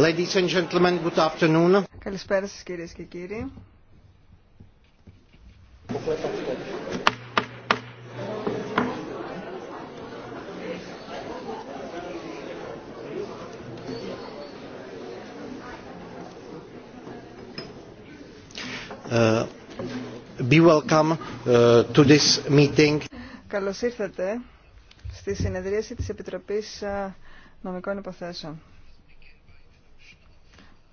Ladies and gentlemen, good afternoon. Καλησπέρα σας κυρίες και κύριοι. Uh, be welcome uh, to this meeting. Καλώς ήρθατε στη συνεδρίαση της Επιτροπής uh, Νομικών Υποθέσεων.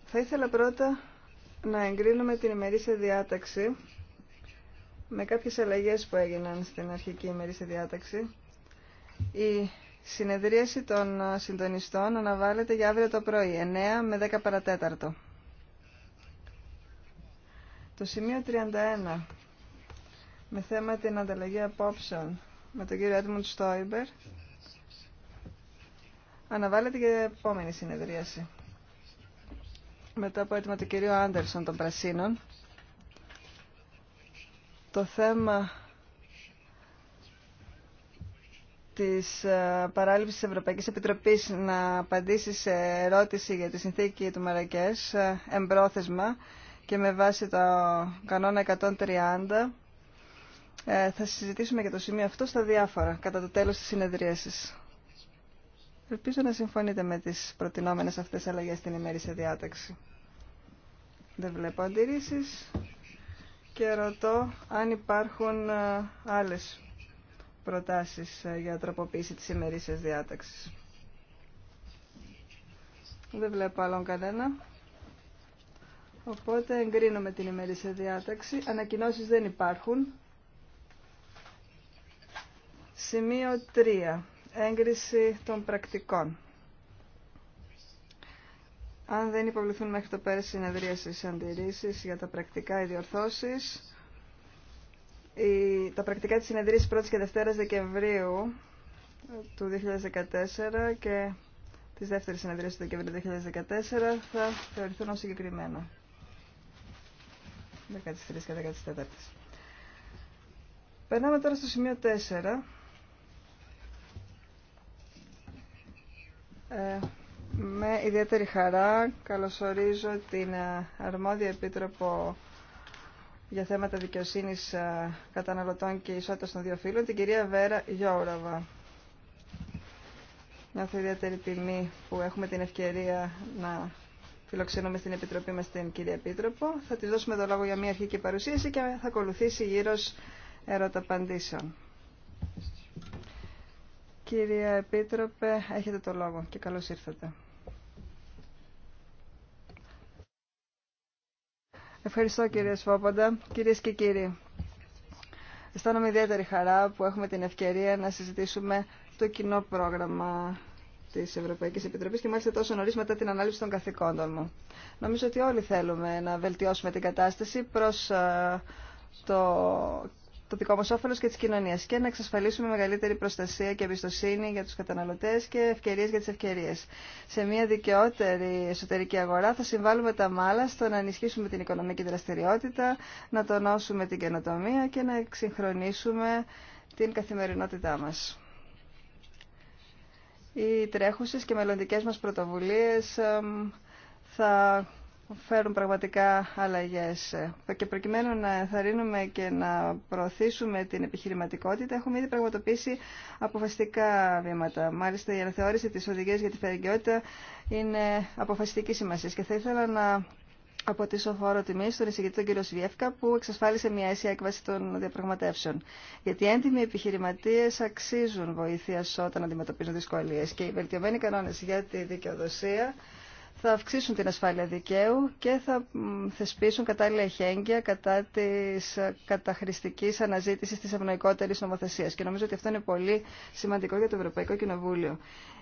Θα ήθελα πρώτα να εγκρίνουμε την ημερήσια διάταξη με κάποιες αλλαγές που έγιναν στην αρχική ημερήσια διάταξη. Η συνεδρίαση των συντονιστών αναβάλλεται για αύριο το πρωί, 9 με 10 παρατέταρτο. Το σημείο 31, με θέμα την ανταλλαγή απόψεων με τον κύριο Έντμουντ Στόιμπερ, αναβάλλεται για επόμενη συνεδρίαση μετά από έτοιμα του κυρίου Άντερσον των Πρασίνων. Το θέμα της ε, παράληψης της Ευρωπαϊκής Επιτροπής να απαντήσει σε ερώτηση για τη συνθήκη του Μαρακές ε, εμπρόθεσμα και με βάση το κανόνα 130 ε, θα συζητήσουμε για το σημείο αυτό στα διάφορα κατά το τέλος της συνεδρίασης. Ελπίζω να συμφωνείτε με τις προτινόμενες αυτές αλλαγές στην ημερήσια διάταξη. Δεν βλέπω αντιρρήσεις και ρωτώ αν υπάρχουν ε, άλλες προτάσεις ε, για τροποποίηση της ημερήσιας διάταξης. Δεν βλέπω άλλον κανένα. Οπότε εγκρίνουμε την ημερήσια διάταξη. Ανακοινώσεις δεν υπάρχουν. Σημείο 3 έγκριση των πρακτικών. Αν δεν υποβληθούν μέχρι το συνεδρία συνεδρίασης αντιρρήσεις για τα πρακτικά ή διορθώσεις, τα πρακτικά της συνεδρίας 1η και 2 η Δεκεμβρίου ε, του 2014 και της η συνεδρίαση του Δεκεμβρίου του 2014 θα θεωρηθούν ως συγκεκριμένα. 13 και 14. Περνάμε τώρα στο σημείο 4 Ε, με ιδιαίτερη χαρά καλωσορίζω την ε, αρμόδια επίτροπο για θέματα δικαιοσύνης ε, καταναλωτών και ισότητας των δύο φύλων, την κυρία Βέρα Γιώραβα. Νιώθω ιδιαίτερη τιμή που έχουμε την ευκαιρία να φιλοξενούμε στην Επιτροπή μας την κυρία Επίτροπο. Θα της δώσουμε το λόγο για μια αρχική παρουσίαση και θα ακολουθήσει γύρω ερωταπαντήσεων. Κύριε Επίτροπε, έχετε το λόγο και καλώς ήρθατε. Ευχαριστώ κύριε Σφόποντα. Κυρίες και κύριοι, αισθάνομαι ιδιαίτερη χαρά που έχουμε την ευκαιρία να συζητήσουμε το κοινό πρόγραμμα τη Ευρωπαϊκή Επιτροπή και μάλιστα τόσο νωρί μετά την ανάλυση των καθηκόντων μου. Νομίζω ότι όλοι θέλουμε να βελτιώσουμε την κατάσταση προ ε, το το δικό μα όφελο και τη κοινωνία και να εξασφαλίσουμε μεγαλύτερη προστασία και εμπιστοσύνη για τους καταναλωτές και ευκαιρίες για τις ευκαιρίες. Σε μια δικαιότερη εσωτερική αγορά θα συμβάλλουμε τα μάλα στο να ενισχύσουμε την οικονομική δραστηριότητα, να τονώσουμε την καινοτομία και να εξυγχρονίσουμε την καθημερινότητά μα. Οι τρέχουσες και μελλοντικές μας πρωτοβουλίες θα φέρουν πραγματικά αλλαγές. Και προκειμένου να ενθαρρύνουμε και να προωθήσουμε την επιχειρηματικότητα, έχουμε ήδη πραγματοποιήσει αποφασιστικά βήματα. Μάλιστα, η αναθεώρηση της οδηγίας για τη φερικαιότητα είναι αποφασιστική σημασία. Και θα ήθελα να αποτίσω φόρο τιμή στον εισηγητή τον κύριο Σβιεύκα που εξασφάλισε μια αίσια έκβαση των διαπραγματεύσεων. Γιατί οι έντιμοι επιχειρηματίε αξίζουν βοήθεια όταν αντιμετωπίζουν δυσκολίε και οι βελτιωμένοι κανόνε για τη δικαιοδοσία θα αυξήσουν την ασφάλεια δικαίου και θα θεσπίσουν κατάλληλα εχέγγυα κατά τη καταχρηστική αναζήτηση τη ευνοϊκότερη νομοθεσία. Και νομίζω ότι αυτό είναι πολύ σημαντικό για το Ευρωπαϊκό Κοινοβούλιο.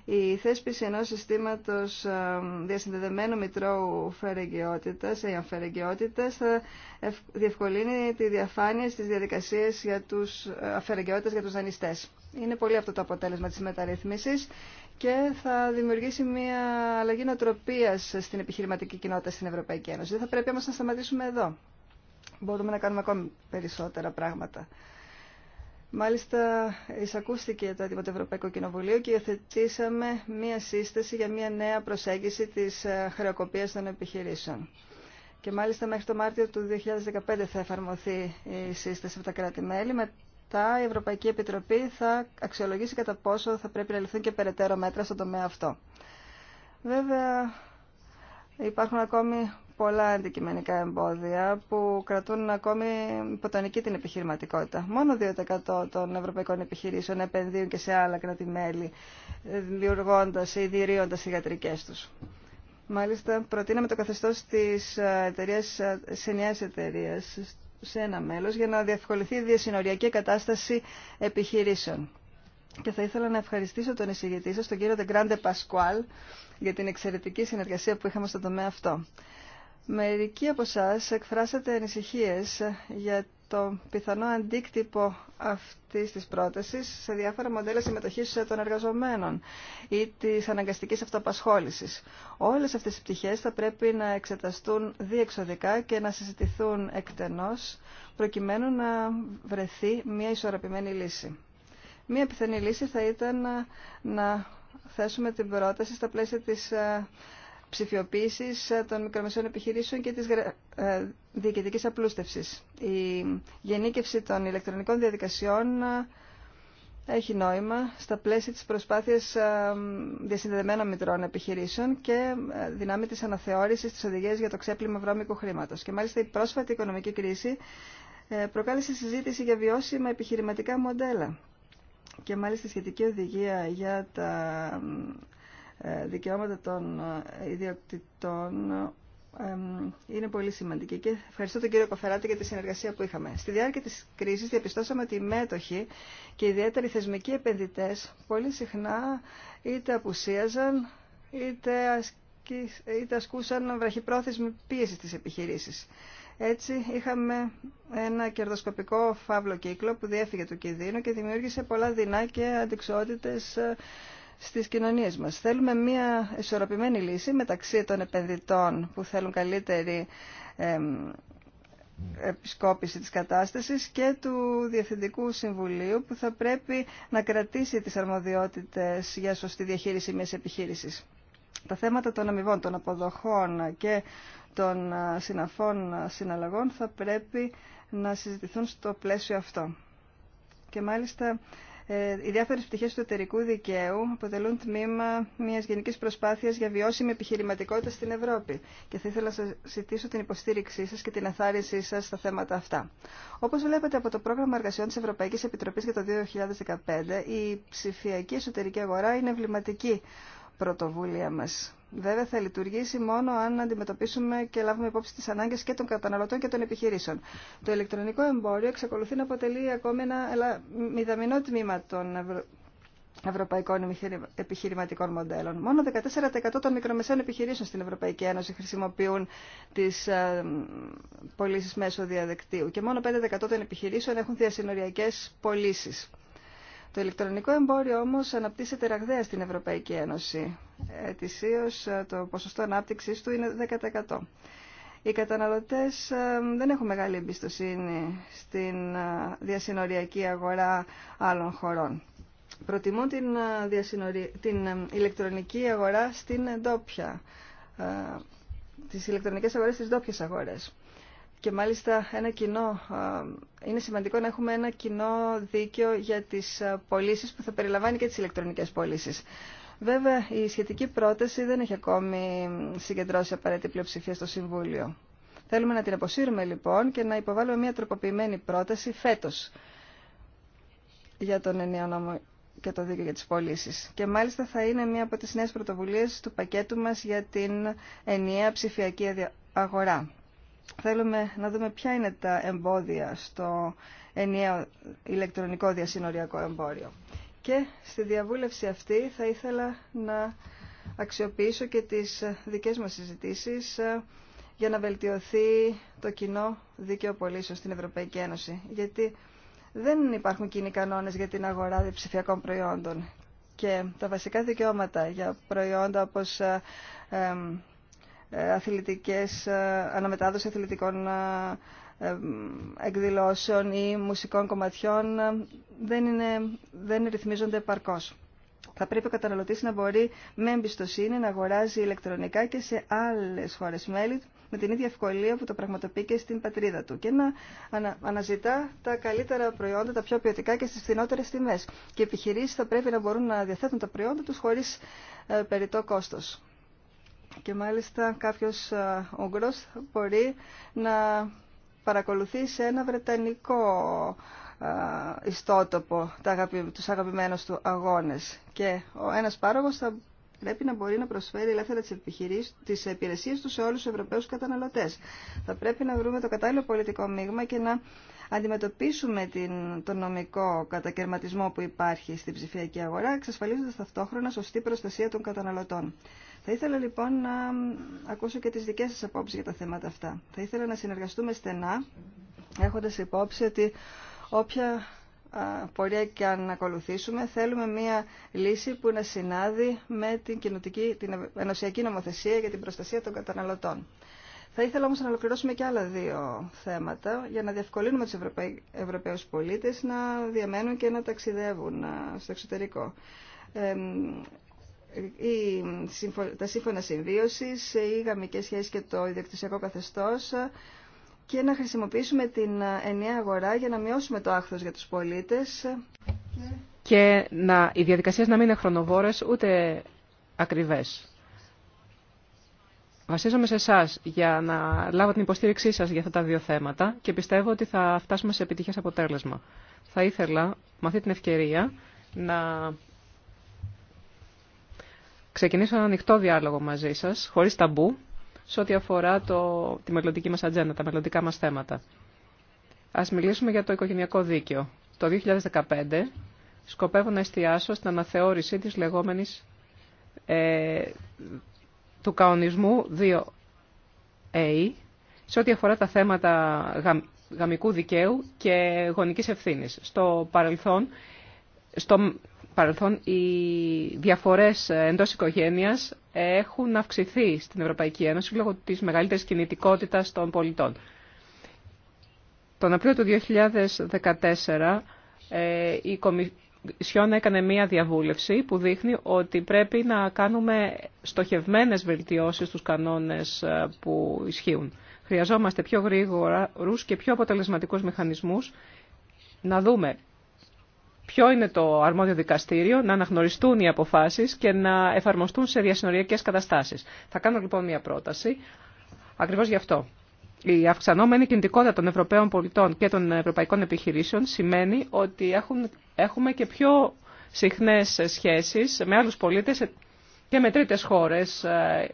Η θέσπιση ενό συστήματος ε, διασυνδεδεμένου μητρώου φερεγγιότητας ή ε, θα διευκολύνει τη διαφάνεια στι διαδικασίε για του ε, για του δανειστέ. Είναι πολύ αυτό το αποτέλεσμα της μεταρρύθμισης και θα δημιουργήσει μια αλλαγή νοοτροπίας στην επιχειρηματική κοινότητα στην Ευρωπαϊκή Ένωση. Δεν θα πρέπει όμως να σταματήσουμε εδώ. Μπορούμε να κάνουμε ακόμη περισσότερα πράγματα. Μάλιστα, εισακούστηκε το έτοιμο του Ευρωπαϊκού Κοινοβουλίου και υιοθετήσαμε μία σύσταση για μία νέα προσέγγιση της ε, χρεοκοπίας των επιχειρήσεων. Και μάλιστα μέχρι το Μάρτιο του 2015 θα εφαρμοθεί η σύσταση από τα κράτη-μέλη με η Ευρωπαϊκή Επιτροπή θα αξιολογήσει κατά πόσο θα πρέπει να ληφθούν και περαιτέρω μέτρα στον τομέα αυτό. Βέβαια, υπάρχουν ακόμη πολλά αντικειμενικά εμπόδια που κρατούν ακόμη υποτονική την επιχειρηματικότητα. Μόνο 2% των ευρωπαϊκών επιχειρήσεων επενδύουν και σε άλλα κράτη-μέλη, δημιουργώντα ή διηρύοντας οι γιατρικές τους. Μάλιστα, προτείναμε το καθεστώς τη εταιρείας, της ε, ενιαίας σε ένα μέλος για να διευκολυθεί η διασυνοριακή κατάσταση επιχειρήσεων. Και θα ήθελα να ευχαριστήσω τον εισηγητή σας, τον κύριο Δεγκράντε Πασκουάλ, για την εξαιρετική συνεργασία που είχαμε στο τομέα αυτό. Μερικοί από εσά εκφράσατε ανησυχίε για το πιθανό αντίκτυπο αυτή τη πρόταση σε διάφορα μοντέλα συμμετοχής των εργαζομένων ή τη αναγκαστική αυτοπασχόλησης. Όλες αυτές οι πτυχέ θα πρέπει να εξεταστούν διεξοδικά και να συζητηθούν εκτενώς προκειμένου να βρεθεί μια ισορροπημένη λύση. Μια πιθανή λύση θα ήταν να θέσουμε την πρόταση στα πλαίσια της ε, ψηφιοποίησης ε, των μικρομεσαίων επιχειρήσεων και τη ε, διοικητική απλούστευση. Η γενίκευση των ηλεκτρονικών διαδικασιών ε, έχει νόημα στα πλαίσια της προσπάθειας διασυνδεδεμένων μητρών επιχειρήσεων και δυνάμει της αναθεώρησης της οδηγίας για το ξέπλυμα βρώμικου χρήματος. Και μάλιστα η πρόσφατη οικονομική κρίση προκάλεσε συζήτηση για βιώσιμα επιχειρηματικά μοντέλα. Και μάλιστα η σχετική οδηγία για τα ε, δικαιώματα των ε, ιδιοκτητών ε, είναι πολύ σημαντική και ευχαριστώ τον κύριο Κοφεράτη για τη συνεργασία που είχαμε. Στη διάρκεια της κρίσης διαπιστώσαμε ότι οι μέτοχοι και ιδιαίτεροι θεσμικοί επενδυτές πολύ συχνά είτε απουσίαζαν είτε, ασκή, είτε ασκούσαν βραχυπρόθεσμη πίεση στις επιχειρήσεις. Έτσι είχαμε ένα κερδοσκοπικό φαύλο κύκλο που διέφυγε του κινδύνου και δημιούργησε πολλά δεινά και αντικσότητες στις κοινωνίες μας. Θέλουμε μια ισορροπημένη λύση μεταξύ των επενδυτών που θέλουν καλύτερη επισκόπηση της κατάστασης και του Διευθυντικού Συμβουλίου που θα πρέπει να κρατήσει τις αρμοδιότητες για σωστή διαχείριση μιας επιχείρησης. Τα θέματα των αμοιβών, των αποδοχών και των συναφών συναλλαγών θα πρέπει να συζητηθούν στο πλαίσιο αυτό. Και μάλιστα ε, οι διάφορε πτυχέ του εταιρικού δικαίου αποτελούν τμήμα μια γενική προσπάθεια για βιώσιμη επιχειρηματικότητα στην Ευρώπη και θα ήθελα να σα ζητήσω την υποστήριξή σα και την αθάρισή σα στα θέματα αυτά. Όπω βλέπετε από το πρόγραμμα εργασιών τη Ευρωπαϊκή Επιτροπή για το 2015, η ψηφιακή εσωτερική αγορά είναι εμβληματική πρωτοβούλια μα βέβαια θα λειτουργήσει μόνο αν αντιμετωπίσουμε και λάβουμε υπόψη τις ανάγκες και των καταναλωτών και των επιχειρήσεων. Το ηλεκτρονικό εμπόριο εξακολουθεί να αποτελεί ακόμη ένα μηδαμινό τμήμα των ευρωπαϊκών επιχειρηματικών μοντέλων. Μόνο 14% των μικρομεσαίων επιχειρήσεων στην Ευρωπαϊκή Ένωση χρησιμοποιούν τις ε, πωλήσει μέσω διαδικτύου και μόνο 5% των επιχειρήσεων έχουν διασυνοριακές πωλήσει. Το ηλεκτρονικό εμπόριο όμως αναπτύσσεται ραγδαία στην Ευρωπαϊκή Ένωση. Ετησίω ε, το ποσοστό ανάπτυξης του είναι 10%. Οι καταναλωτές ε, δεν έχουν μεγάλη εμπιστοσύνη στην ε, διασυνοριακή αγορά άλλων χωρών. Προτιμούν την, διασυνορι... την ηλεκτρονική αγορά στην ντόπια, τις ηλεκτρονικές αγορές στις ντόπιες αγορές και μάλιστα ένα κοινό, είναι σημαντικό να έχουμε ένα κοινό δίκαιο για τις πωλήσει που θα περιλαμβάνει και τις ηλεκτρονικές πωλήσει. Βέβαια, η σχετική πρόταση δεν έχει ακόμη συγκεντρώσει απαραίτητη πλειοψηφία στο Συμβούλιο. Θέλουμε να την αποσύρουμε λοιπόν και να υποβάλουμε μια τροποποιημένη πρόταση φέτος για τον ενιαίο νόμο και το δίκαιο για τις πωλήσει. Και μάλιστα θα είναι μια από τις νέες πρωτοβουλίες του πακέτου μας για την ενιαία ψηφιακή αγορά θέλουμε να δούμε ποια είναι τα εμπόδια στο ενιαίο ηλεκτρονικό διασυνοριακό εμπόριο. Και στη διαβούλευση αυτή θα ήθελα να αξιοποιήσω και τις δικές μας συζητήσεις ε, για να βελτιωθεί το κοινό δίκαιο πολίσεων στην Ευρωπαϊκή Ένωση. Γιατί δεν υπάρχουν κοινοί κανόνες για την αγορά ψηφιακών προϊόντων και τα βασικά δικαιώματα για προϊόντα όπως ε, ε, ε, αθλητικές, ε, αναμετάδοση αθλητικών ε, εκδηλώσεων ή μουσικών κομματιών δεν, είναι, δεν ρυθμίζονται επαρκώς. Θα πρέπει ο καταναλωτής να μπορεί με εμπιστοσύνη να αγοράζει ηλεκτρονικά και σε άλλες χώρες μέλη με την ίδια ευκολία που το πραγματοποιεί και στην πατρίδα του και να αναζητά τα καλύτερα προϊόντα, τα πιο ποιοτικά και στις φθηνότερες τιμές. Και οι επιχειρήσεις θα πρέπει να μπορούν να διαθέτουν τα προϊόντα τους χωρίς περιττό κόστος και μάλιστα κάποιος ε, Ούγγρος μπορεί να παρακολουθεί σε ένα βρετανικό ε, ιστότοπο τα αγαπη, τους αγαπημένους του αγώνες και ο ένας πάροχος θα πρέπει να μπορεί να προσφέρει ελεύθερα τις, τις υπηρεσίες του σε όλους τους Ευρωπαίους καταναλωτές. Θα πρέπει να βρούμε το κατάλληλο πολιτικό μείγμα και να αντιμετωπίσουμε την, τον νομικό κατακαιρματισμό που υπάρχει στην ψηφιακή αγορά, εξασφαλίζοντας ταυτόχρονα σωστή προστασία των καταναλωτών. Θα ήθελα λοιπόν να ακούσω και τις δικές σας απόψεις για τα θέματα αυτά. Θα ήθελα να συνεργαστούμε στενά, έχοντα υπόψη ότι όποια πορεία και αν ακολουθήσουμε, θέλουμε μία λύση που να συνάδει με την, κοινωτική, την ενωσιακή νομοθεσία για την προστασία των καταναλωτών. Θα ήθελα όμως να ολοκληρώσουμε και άλλα δύο θέματα για να διευκολύνουμε τους Ευρωπαί... Ευρωπαίους πολίτες να διαμένουν και να ταξιδεύουν στο εξωτερικό τα σύμφωνα συμβίωσης, οι γαμικές σχέσεις και το ιδιοκτησιακό καθεστώς και να χρησιμοποιήσουμε την ενιαία αγορά για να μειώσουμε το άχθος για τους πολίτες. Και να, οι διαδικασίες να μην είναι χρονοβόρες ούτε ακριβές. Βασίζομαι σε εσά για να λάβω την υποστήριξή σας για αυτά τα δύο θέματα και πιστεύω ότι θα φτάσουμε σε επιτυχές αποτέλεσμα. Θα ήθελα με αυτή την ευκαιρία να ξεκινήσω ένα ανοιχτό διάλογο μαζί σας, χωρίς ταμπού, σε ό,τι αφορά το, τη μελλοντική μας ατζέντα, τα μελλοντικά μας θέματα. Ας μιλήσουμε για το οικογενειακό δίκαιο. Το 2015 σκοπεύω να εστιάσω στην αναθεώρηση της λεγόμενης ε, του καονισμού 2A ε, σε ό,τι αφορά τα θέματα γαμικού δικαίου και γονικής ευθύνης. Στο παρελθόν, στο παρελθόν οι διαφορές εντός οικογένειας έχουν αυξηθεί στην Ευρωπαϊκή Ένωση λόγω της μεγαλύτερης κινητικότητας των πολιτών. Τον Απρίλιο του 2014 ε, η Κομισιόν έκανε μία διαβούλευση που δείχνει ότι πρέπει να κάνουμε στοχευμένες βελτιώσεις στους κανόνες ε, που ισχύουν. Χρειαζόμαστε πιο γρήγορα και πιο αποτελεσματικούς μηχανισμούς να δούμε ποιο είναι το αρμόδιο δικαστήριο, να αναγνωριστούν οι αποφάσεις και να εφαρμοστούν σε διασυνοριακές καταστάσεις. Θα κάνω λοιπόν μια πρόταση ακριβώς γι' αυτό. Η αυξανόμενη κινητικότητα των Ευρωπαίων πολιτών και των ευρωπαϊκών επιχειρήσεων σημαίνει ότι έχουν, έχουμε και πιο συχνές σχέσεις με άλλους πολίτες και με τρίτες χώρες ε,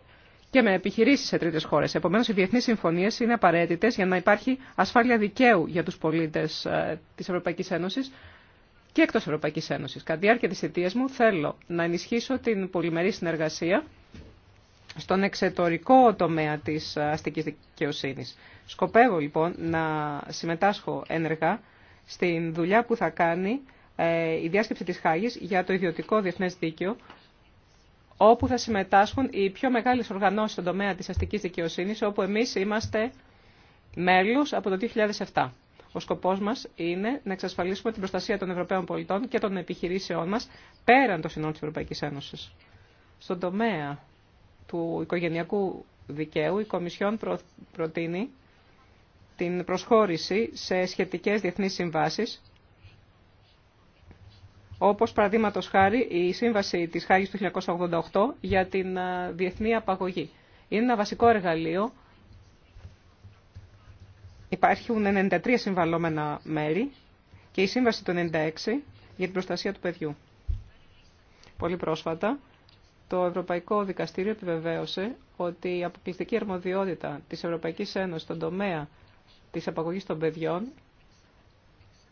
και με επιχειρήσεις σε τρίτες χώρες. Επομένως, οι διεθνείς συμφωνίες είναι απαραίτητες για να υπάρχει ασφάλεια δικαίου για τους πολίτες ε, της Ευρωπαϊκής Ένωσης και εκτός Ευρωπαϊκής Ένωσης. Κατά τη διάρκεια της θητείας μου θέλω να ενισχύσω την πολυμερή συνεργασία στον εξαιτορικό τομέα της αστικής δικαιοσύνης. Σκοπεύω λοιπόν να συμμετάσχω ενεργά στην δουλειά που θα κάνει ε, η διάσκεψη της Χάγης για το ιδιωτικό διεθνές δίκαιο, όπου θα συμμετάσχουν οι πιο μεγάλες οργανώσεις στον τομέα της αστικής δικαιοσύνης, όπου εμείς είμαστε μέλους από το 2007. Ο σκοπός μας είναι να εξασφαλίσουμε την προστασία των Ευρωπαίων πολιτών και των επιχειρήσεών μας πέραν των συνόρων της Ευρωπαϊκής Ένωσης. Στον τομέα του οικογενειακού δικαίου, η Κομισιόν προτείνει την προσχώρηση σε σχετικές διεθνείς συμβάσεις, όπως παραδείγματο χάρη η Σύμβαση της Χάγης του 1988 για την διεθνή απαγωγή. Είναι ένα βασικό εργαλείο Υπάρχουν 93 συμβαλόμενα μέρη και η Σύμβαση του 96 για την προστασία του παιδιού. Πολύ πρόσφατα, το Ευρωπαϊκό Δικαστήριο επιβεβαίωσε ότι η αποκλειστική αρμοδιότητα της Ευρωπαϊκής Ένωσης στον τομέα της απαγωγής των παιδιών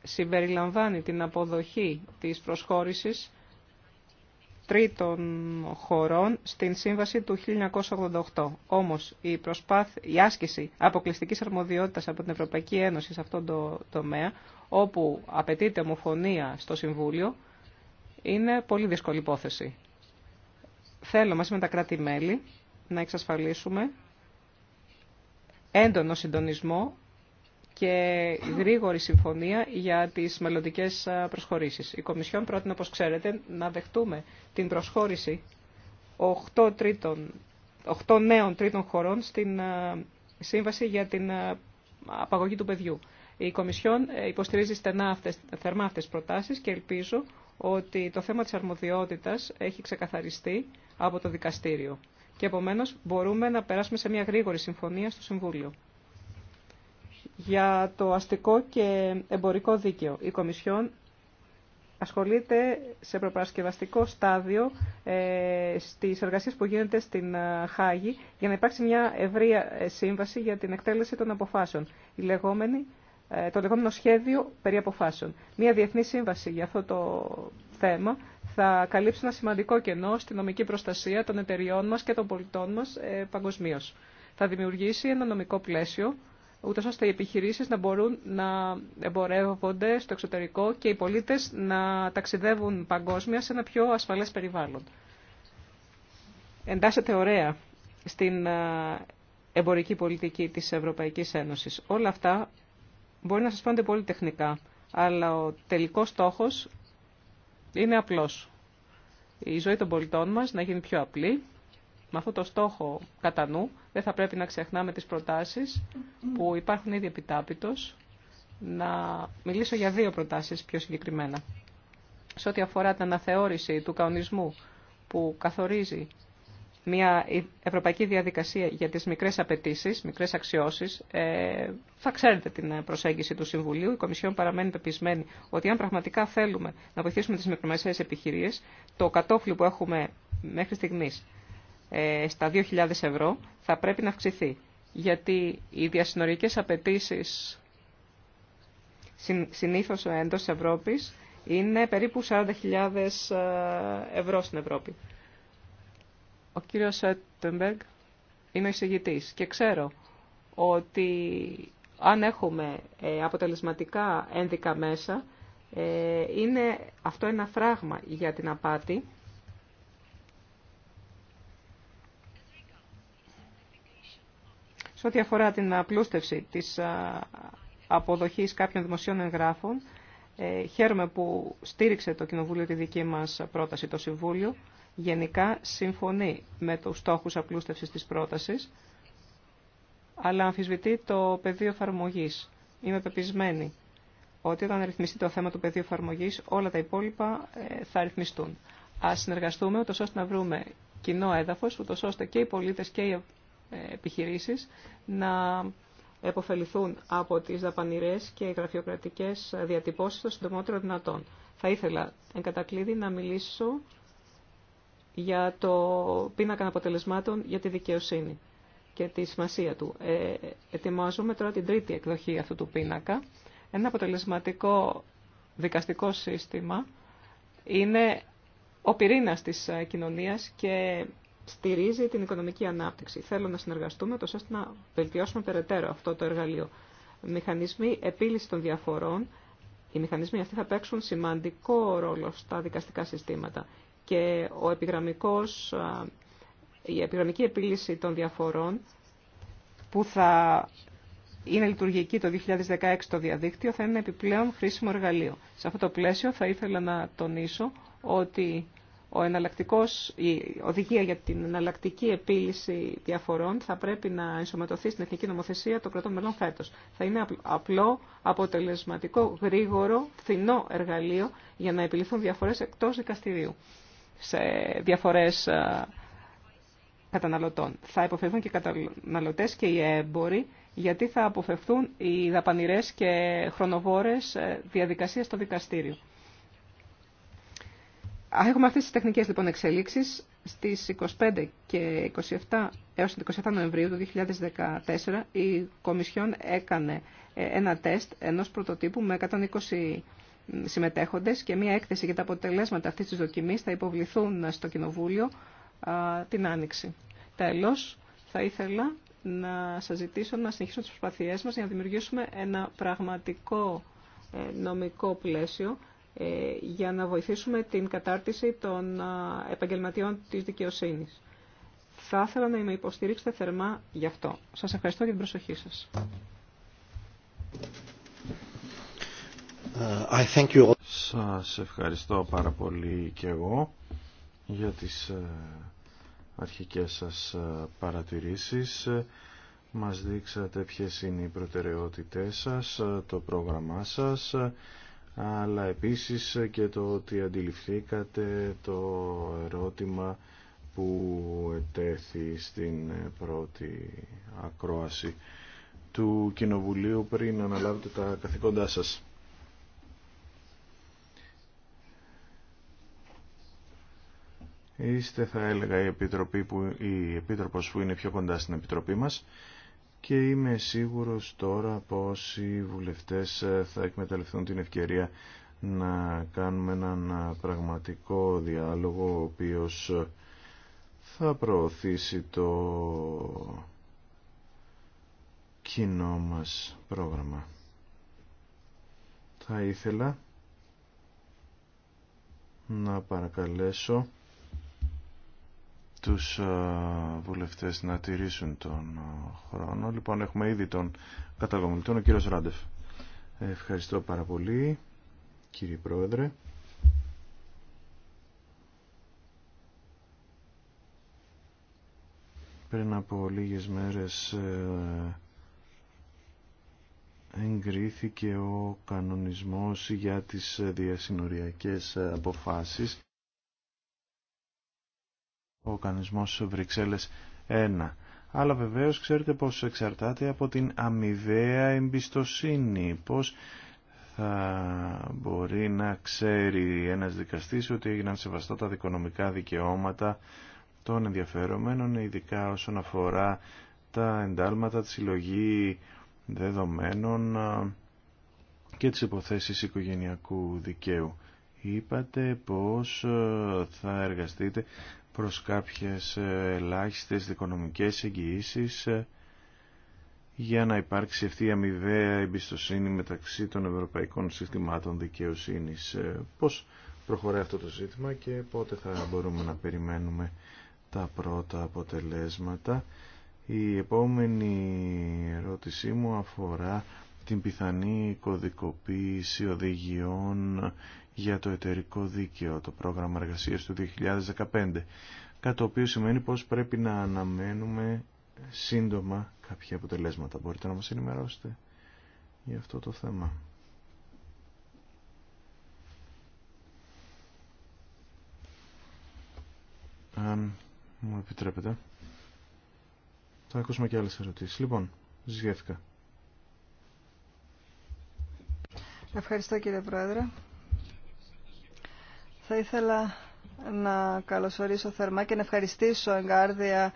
συμπεριλαμβάνει την αποδοχή της προσχώρησης τρίτων χωρών στην Σύμβαση του 1988. Όμως η, προσπάθ... η άσκηση αποκλειστικής αρμοδιότητας από την Ευρωπαϊκή Ένωση σε αυτόν τον τομέα, όπου απαιτείται ομοφωνία στο Συμβούλιο, είναι πολύ δύσκολη υπόθεση. Θέλω μαζί με τα κράτη-μέλη να εξασφαλίσουμε έντονο συντονισμό και γρήγορη συμφωνία για τι μελλοντικέ προσχώρήσει. Η Κομισιόν πρότεινε, όπω ξέρετε, να δεχτούμε την προσχώρηση 8, τρίτων, 8 νέων τρίτων χωρών στην Σύμβαση για την Απαγωγή του Παιδιού. Η Κομισιόν ε, υποστηρίζει στενά αυτές, θερμά αυτές τις προτάσεις και ελπίζω ότι το θέμα της αρμοδιότητας έχει ξεκαθαριστεί από το δικαστήριο. Και επομένως μπορούμε να περάσουμε σε μια γρήγορη συμφωνία στο Συμβούλιο για το αστικό και εμπορικό δίκαιο. Η Κομισιόν ασχολείται σε προπαρασκευαστικό στάδιο ε, στις εργασίες που γίνεται στην ε, Χάγη για να υπάρξει μια ευρεία ε, σύμβαση για την εκτέλεση των αποφάσεων, η λεγόμενη, ε, το λεγόμενο σχέδιο περί αποφάσεων. Μια διεθνή σύμβαση για αυτό το θέμα θα καλύψει ένα σημαντικό κενό στη νομική προστασία των εταιριών μας και των πολιτών μας ε, παγκοσμίω. Θα δημιουργήσει ένα νομικό πλαίσιο ούτως ώστε οι επιχειρήσεις να μπορούν να εμπορεύονται στο εξωτερικό και οι πολίτες να ταξιδεύουν παγκόσμια σε ένα πιο ασφαλές περιβάλλον. Εντάσσεται ωραία στην ε, εμπορική πολιτική της Ευρωπαϊκής Ένωσης. Όλα αυτά μπορεί να σας φαίνονται πολύ τεχνικά, αλλά ο τελικός στόχος είναι απλός. Η ζωή των πολιτών μας να γίνει πιο απλή, με αυτό το στόχο κατά νου δεν θα πρέπει να ξεχνάμε τις προτάσεις που υπάρχουν ήδη επιτάπητος. Να μιλήσω για δύο προτάσεις πιο συγκεκριμένα. Σε ό,τι αφορά την αναθεώρηση του καονισμού που καθορίζει μια ευρωπαϊκή διαδικασία για τις μικρές απαιτήσει, μικρές αξιώσεις. Ε, θα ξέρετε την προσέγγιση του Συμβουλίου. Η Κομισιόν παραμένει πεπισμένη ότι αν πραγματικά θέλουμε να βοηθήσουμε τις μικρομεσαίες επιχειρήσεις, το κατόφλι που έχουμε μέχρι στιγμής ε, στα 2.000 ευρώ θα πρέπει να αυξηθεί. Γιατί οι διασυνοριακές απαιτήσει συνήθως εντός της Ευρώπης είναι περίπου 40.000 ε, ευρώ στην Ευρώπη. Ο κύριος Τεμπεργκ είναι εισηγητής και ξέρω ότι αν έχουμε ε, αποτελεσματικά ένδικα μέσα, είναι αυτό ένα φράγμα για την απάτη Σε ό,τι αφορά την απλούστευση της αποδοχής κάποιων δημοσίων εγγράφων, ε, χαίρομαι που στήριξε το Κοινοβούλιο τη δική μας πρόταση το Συμβούλιο. Γενικά συμφωνεί με τους στόχους απλούστευσης της πρότασης, αλλά αμφισβητεί το πεδίο εφαρμογή. Είμαι πεπισμένη ότι όταν ρυθμιστεί το θέμα του πεδίου εφαρμογή, όλα τα υπόλοιπα ε, θα ρυθμιστούν. Α συνεργαστούμε ούτω ώστε να βρούμε κοινό έδαφο, ούτω ώστε και οι πολίτε και οι επιχειρήσεις να επωφεληθούν από τις δαπανηρές και γραφειοκρατικές διατυπώσεις των συντομότερων δυνατών. Θα ήθελα, εν κατακλείδη, να μιλήσω για το πίνακα αποτελεσμάτων για τη δικαιοσύνη και τη σημασία του. Ε, ετοιμάζουμε τώρα την τρίτη εκδοχή αυτού του πίνακα. Ένα αποτελεσματικό δικαστικό σύστημα είναι ο πυρήνας της ε, κοινωνίας και στηρίζει την οικονομική ανάπτυξη. Θέλω να συνεργαστούμε τόσο ώστε να βελτιώσουμε περαιτέρω αυτό το εργαλείο. Μηχανισμοί επίλυση των διαφορών. Οι μηχανισμοί αυτοί θα παίξουν σημαντικό ρόλο στα δικαστικά συστήματα και ο επιγραμμικός, η επιγραμμική επίλυση των διαφορών που θα είναι λειτουργική το 2016 το διαδίκτυο θα είναι επιπλέον χρήσιμο εργαλείο. Σε αυτό το πλαίσιο θα ήθελα να τονίσω ότι ο εναλλακτικός, η οδηγία για την εναλλακτική επίλυση διαφορών θα πρέπει να ενσωματωθεί στην Εθνική Νομοθεσία των κρατών μελών φέτο. Θα είναι απλό, αποτελεσματικό, γρήγορο, φθηνό εργαλείο για να επιληθούν διαφορές εκτός δικαστηρίου σε διαφορές καταναλωτών. Θα υποφευθούν και οι καταναλωτές και οι έμποροι, γιατί θα αποφευθούν οι δαπανηρές και χρονοβόρε ε, διαδικασίες στο δικαστήριο. Έχουμε αυτές τις τεχνικές λοιπόν εξελίξεις στις 25 και 27 έως 27 Νοεμβρίου του 2014 η Κομισιόν έκανε ε, ένα τεστ ενός πρωτοτύπου με 120 συμμετέχοντες και μια έκθεση για τα αποτελέσματα αυτής της δοκιμής θα υποβληθούν στο Κοινοβούλιο την Άνοιξη. Τέλος, θα ήθελα να σας ζητήσω να συνεχίσουμε τις προσπαθίες μας για να δημιουργήσουμε ένα πραγματικό ε, νομικό πλαίσιο ε, για να βοηθήσουμε την κατάρτιση των επαγγελματιών της δικαιοσύνης. Θα ήθελα να με υποστηρίξετε θερμά γι' αυτό. Σας ευχαριστώ για την προσοχή σας. Ε, I Σας ευχαριστώ πάρα πολύ και εγώ για τις ε, αρχικές σας παρατηρήσεις. Μας δείξατε ποιες είναι οι προτεραιότητές σας, το πρόγραμμά σας αλλά επίσης και το ότι αντιληφθήκατε το ερώτημα που ετέθη στην πρώτη ακρόαση του Κοινοβουλίου πριν αναλάβετε τα καθηκόντά σας. Είστε θα έλεγα η, επιτροπή που, η Επίτροπος που είναι πιο κοντά στην Επιτροπή μας και είμαι σίγουρος τώρα πως οι βουλευτές ε, θα εκμεταλλευτούν την ευκαιρία να κάνουμε έναν ε, πραγματικό διάλογο ο οποίος ε, θα προωθήσει το κοινό μας πρόγραμμα. Θα ήθελα να παρακαλέσω τους ε, βουλευτές να τηρήσουν τον ε, χρόνο. Λοιπόν, έχουμε ήδη τον καταγωγητή, ο κύριος Ράντεφ. Ευχαριστώ πάρα πολύ, κύριε Πρόεδρε. Πριν από λίγες μέρες ε, εγκρίθηκε ο κανονισμός για τις διασυνοριακές αποφάσεις ο κανονισμός Βρυξέλλες 1. Αλλά βεβαίως ξέρετε πως εξαρτάται από την αμοιβαία εμπιστοσύνη, πως θα μπορεί να ξέρει ένας δικαστής ότι έγιναν σεβαστά τα δικονομικά δικαιώματα των ενδιαφερομένων, ειδικά όσον αφορά τα εντάλματα, τη συλλογή δεδομένων ε, και τις υποθέσεις οικογενειακού δικαίου. Είπατε πως ε, θα εργαστείτε προς κάποιες ε, ελάχιστες δικονομικές εγγυήσεις ε, για να υπάρξει αυτή η αμοιβαία εμπιστοσύνη μεταξύ των ευρωπαϊκών συστημάτων δικαιοσύνης. Ε, πώς προχωράει αυτό το ζήτημα και πότε θα μπορούμε να περιμένουμε τα πρώτα αποτελέσματα. Η επόμενη ερώτησή μου αφορά την πιθανή κωδικοποίηση οδηγιών για το εταιρικό δίκαιο, το πρόγραμμα εργασίας του 2015, κάτι το οποίο σημαίνει πως πρέπει να αναμένουμε σύντομα κάποια αποτελέσματα. Μπορείτε να μας ενημερώσετε για αυτό το θέμα. Αν μου επιτρέπετε. Θα ακούσουμε και άλλες ερωτήσεις. Λοιπόν, ζητήθηκα. Ευχαριστώ κύριε Πρόεδρε. Θα ήθελα να καλωσορίσω θερμά και να ευχαριστήσω εγκάρδια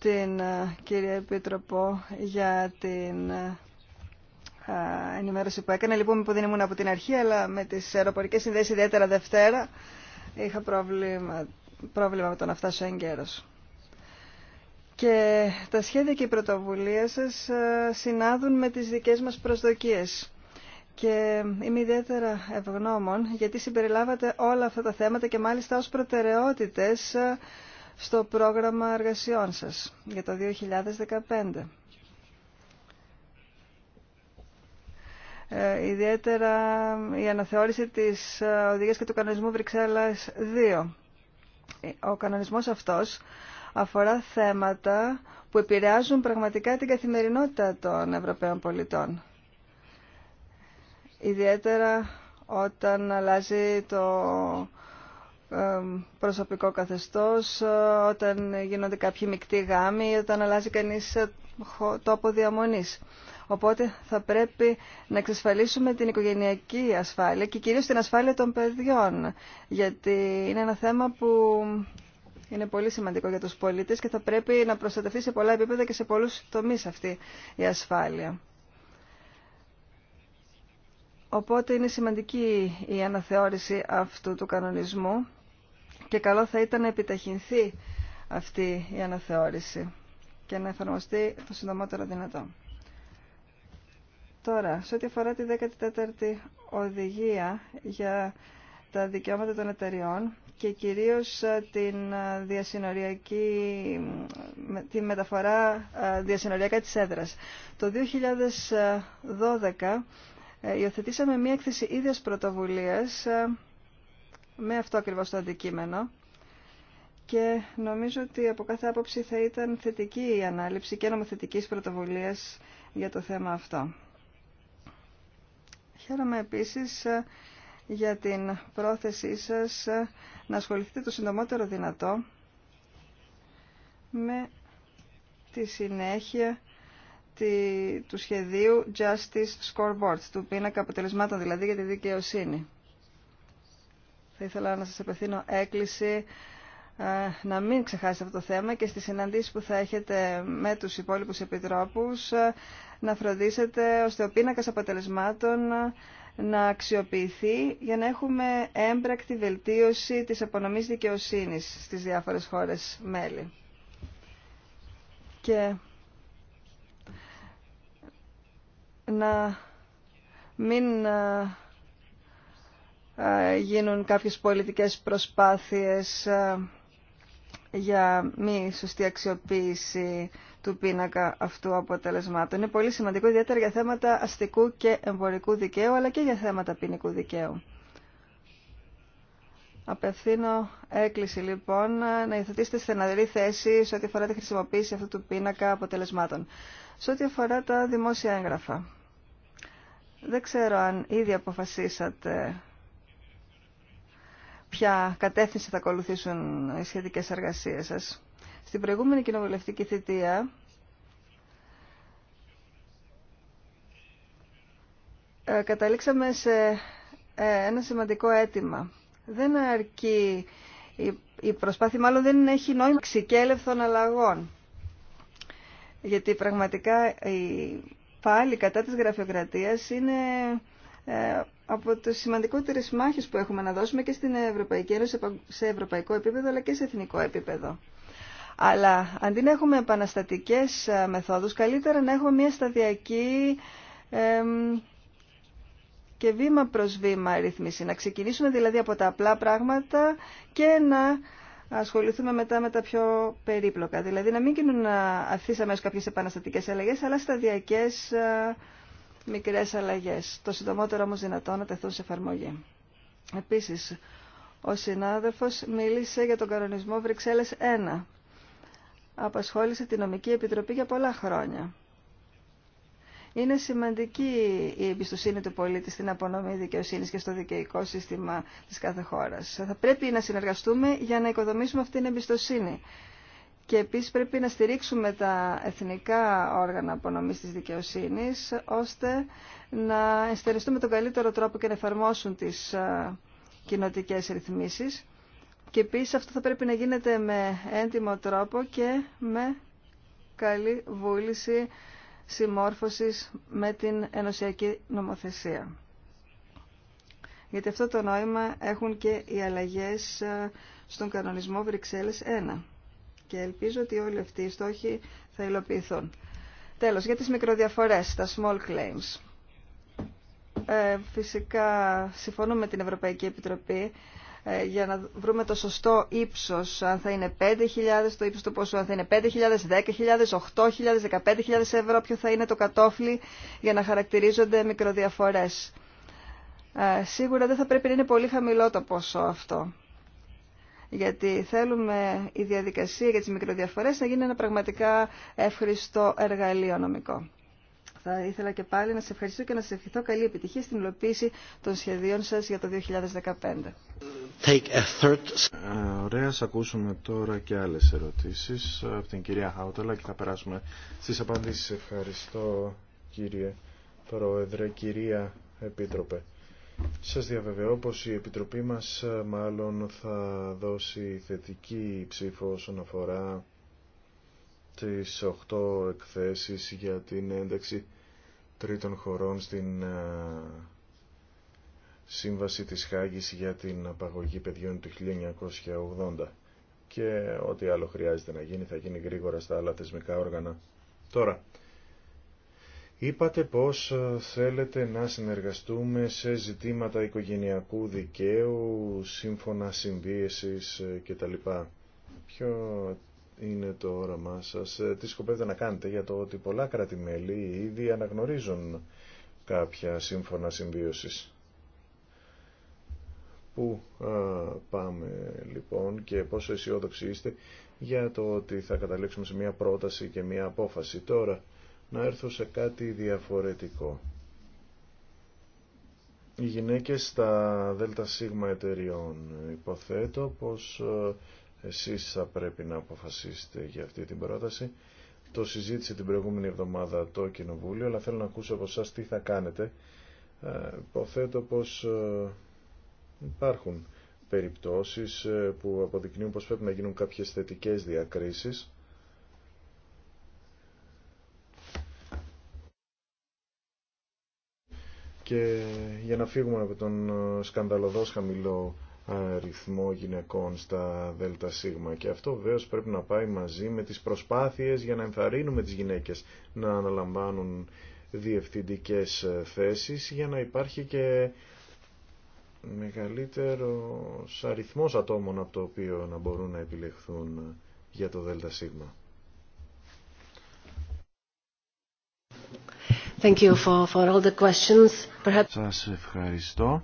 την ε, κυρία Επίτροπο για την ε, ενημέρωση που έκανε. Λυπούμε που δεν ήμουν από την αρχή, αλλά με τις αεροπορικές συνδέσεις, ιδιαίτερα Δευτέρα, είχα πρόβλημα, πρόβλημα με το να φτάσω έγκαιρος. Και τα σχέδια και οι πρωτοβουλία σας ε, συνάδουν με τις δικές μας προσδοκίες και είμαι ιδιαίτερα ευγνώμων γιατί συμπεριλάβατε όλα αυτά τα θέματα και μάλιστα ως προτεραιότητες στο πρόγραμμα εργασιών σας για το 2015. Ε, ιδιαίτερα η αναθεώρηση της οδηγίας και του κανονισμού Βρυξέλλας 2. Ο κανονισμός αυτός αφορά θέματα που επηρεάζουν πραγματικά την καθημερινότητα των Ευρωπαίων πολιτών ιδιαίτερα όταν αλλάζει το προσωπικό καθεστώς, όταν γίνονται κάποιοι μεικτοί γάμοι, όταν αλλάζει κανείς ε, τόπο διαμονής. Οπότε θα πρέπει να εξασφαλίσουμε την οικογενειακή ασφάλεια και κυρίως την ασφάλεια των παιδιών, γιατί είναι ένα θέμα που είναι πολύ σημαντικό για τους πολίτες και θα πρέπει να προστατευτεί σε πολλά επίπεδα και σε πολλούς τομείς αυτή η ασφάλεια. Οπότε είναι σημαντική η αναθεώρηση αυτού του κανονισμού και καλό θα ήταν να επιταχυνθεί αυτή η αναθεώρηση και να εφαρμοστεί το συντομότερο δυνατό. Τώρα, σε ό,τι αφορά τη 14η οδηγία για τα δικαιώματα των εταιριών και κυρίως ε, την ε, διασυνοριακή, τη μεταφορά ε, διασυνοριακά της έδρας. Το 2012 ε, υιοθετήσαμε μία έκθεση ίδιας πρωτοβουλίας ε, με αυτό ακριβώς το αντικείμενο και νομίζω ότι από κάθε άποψη θα ήταν θετική η ανάληψη και νομοθετικής πρωτοβουλίας για το θέμα αυτό. Χαίρομαι επίσης ε, για την πρόθεσή σας να ασχοληθείτε το συντομότερο δυνατό με τη συνέχεια του σχεδίου Justice Scoreboards, του πίνακα αποτελεσμάτων δηλαδή για τη δικαιοσύνη. Θα ήθελα να σας απευθύνω έκκληση ε, να μην ξεχάσετε αυτό το θέμα και στις συναντήσεις που θα έχετε με τους υπόλοιπους επιτρόπους ε, να φροντίσετε ώστε ο πίνακας αποτελεσμάτων ε, να αξιοποιηθεί για να έχουμε έμπρακτη βελτίωση της απονομής δικαιοσύνης στις διάφορες χώρες μέλη. Και να μην ε, ε, γίνουν κάποιες πολιτικές προσπάθειες ε, για μη σωστή αξιοποίηση του πίνακα αυτού αποτελεσμάτων. Είναι πολύ σημαντικό ιδιαίτερα για θέματα αστικού και εμπορικού δικαίου αλλά και για θέματα ποινικού δικαίου. Απευθύνω έκκληση λοιπόν να υιοθετήσετε στεναρή θέση σε ό,τι αφορά τη χρησιμοποίηση αυτού του πίνακα αποτελεσμάτων. Σε ό,τι αφορά τα δημόσια έγγραφα. Δεν ξέρω αν ήδη αποφασίσατε ποια κατεύθυνση θα ακολουθήσουν οι σχετικές εργασίες σας. Στην προηγούμενη κοινοβουλευτική θητεία ε, καταλήξαμε σε ε, ένα σημαντικό αίτημα. Δεν αρκεί η προσπάθεια, μάλλον δεν έχει νόημα ξεκέλευθων αλλαγών. Γιατί πραγματικά η πάλι κατά της γραφειοκρατίας είναι ε, από τις σημαντικότερες μάχες που έχουμε να δώσουμε και στην Ευρωπαϊκή Ένωση σε ευρωπαϊκό επίπεδο αλλά και σε εθνικό επίπεδο. Αλλά αντί να έχουμε επαναστατικές ε, μεθόδους, καλύτερα να έχουμε μια σταδιακή και βήμα προς βήμα ρυθμίση. Να ξεκινήσουμε δηλαδή από τα απλά πράγματα και να ασχοληθούμε μετά με τα πιο περίπλοκα. Δηλαδή να μην γίνουν αυθείς αμέσω κάποιες επαναστατικές αλλαγές, αλλά σταδιακές μικρές αλλαγές. Το συντομότερο όμω δυνατό να τεθούν σε εφαρμογή. Επίσης, ο συνάδελφο μίλησε για τον κανονισμό Βρυξέλλες 1. Απασχόλησε τη νομική επιτροπή για πολλά χρόνια. Είναι σημαντική η εμπιστοσύνη του πολίτη στην απονομή δικαιοσύνη και στο δικαιικό σύστημα τη κάθε χώρα. Θα πρέπει να συνεργαστούμε για να οικοδομήσουμε αυτή την εμπιστοσύνη. Και επίσης πρέπει να στηρίξουμε τα εθνικά όργανα απονομή τη δικαιοσύνης, ώστε να ενστεριστούμε τον καλύτερο τρόπο και να εφαρμόσουν τι ε, κοινοτικέ ρυθμίσει. Και επίση αυτό θα πρέπει να γίνεται με έντιμο τρόπο και με καλή βούληση συμμόρφωσης με την ενωσιακή νομοθεσία. Γιατί αυτό το νόημα έχουν και οι αλλαγές ε, στον κανονισμό Βρυξέλλες 1. Και ελπίζω ότι όλοι αυτοί οι στόχοι θα υλοποιηθούν. Τέλος, για τις μικροδιαφορές, τα small claims. Ε, φυσικά συμφωνούμε με την Ευρωπαϊκή Επιτροπή ε, για να βρούμε το σωστό ύψος, αν θα είναι 5.000 το ύψος του ποσού, αν θα είναι 5.000, 10.000, 8.000, 15.000 ευρώ, ποιο θα είναι το κατόφλι για να χαρακτηρίζονται μικροδιαφορές. Ε, σίγουρα δεν θα πρέπει να είναι πολύ χαμηλό το ποσό αυτό. Γιατί θέλουμε η διαδικασία για τις μικροδιαφορές να γίνει ένα πραγματικά εύχριστο εργαλείο νομικό. Θα ήθελα και πάλι να σε ευχαριστώ και να σε ευχηθώ καλή επιτυχία στην υλοποίηση των σχεδίων σας για το 2015. Take a third. Ε, ωραία, θα ακούσουμε τώρα και άλλες ερωτήσεις από την κυρία Χάουτελα και θα περάσουμε στις απαντήσεις. Ευχαριστώ κύριε Πρόεδρε, κυρία Επίτροπε. Σας διαβεβαιώ πως η Επιτροπή μας ε, μάλλον θα δώσει θετική ψήφο όσον αφορά στις 8 εκθέσεις για την ένταξη τρίτων χωρών στην ε, Σύμβαση της Χάγης για την απαγωγή παιδιών του 1980 και ό,τι άλλο χρειάζεται να γίνει θα γίνει γρήγορα στα άλλα θεσμικά όργανα. Τώρα, είπατε πως ε, θέλετε να συνεργαστούμε σε ζητήματα οικογενειακού δικαίου, σύμφωνα συμβίεσης ε, κτλ. Ποιο είναι το όραμά σας, ε, τι σκοπεύετε να κάνετε για το ότι πολλά κράτη-μέλη ήδη αναγνωρίζουν κάποια σύμφωνα συμβίωσης. Πού πάμε λοιπόν και πόσο αισιόδοξοι είστε για το ότι θα καταλήξουμε σε μια πρόταση και μια απόφαση. Τώρα να έρθω σε κάτι διαφορετικό. Οι γυναίκες στα ΔΣ εταιριών υποθέτω πως εσείς θα πρέπει να αποφασίσετε για αυτή την πρόταση. Το συζήτησε την προηγούμενη εβδομάδα το Κοινοβούλιο, αλλά θέλω να ακούσω από εσά τι θα κάνετε. Ε, υποθέτω πως ε, υπάρχουν περιπτώσεις ε, που αποδεικνύουν πως πρέπει να γίνουν κάποιες θετικές διακρίσεις. Και για να φύγουμε από τον σκανδαλωδός χαμηλό αριθμό γυναικών στα ΔΣ και αυτό βέβαια πρέπει να πάει μαζί με τις προσπάθειες για να ενθαρρύνουμε τις γυναίκες να αναλαμβάνουν διευθυντικές θέσεις για να υπάρχει και μεγαλύτερος αριθμός ατόμων από το οποίο να μπορούν να επιλεχθούν για το ΔΣ. Thank you for, all the questions. Perhaps... Σας ευχαριστώ.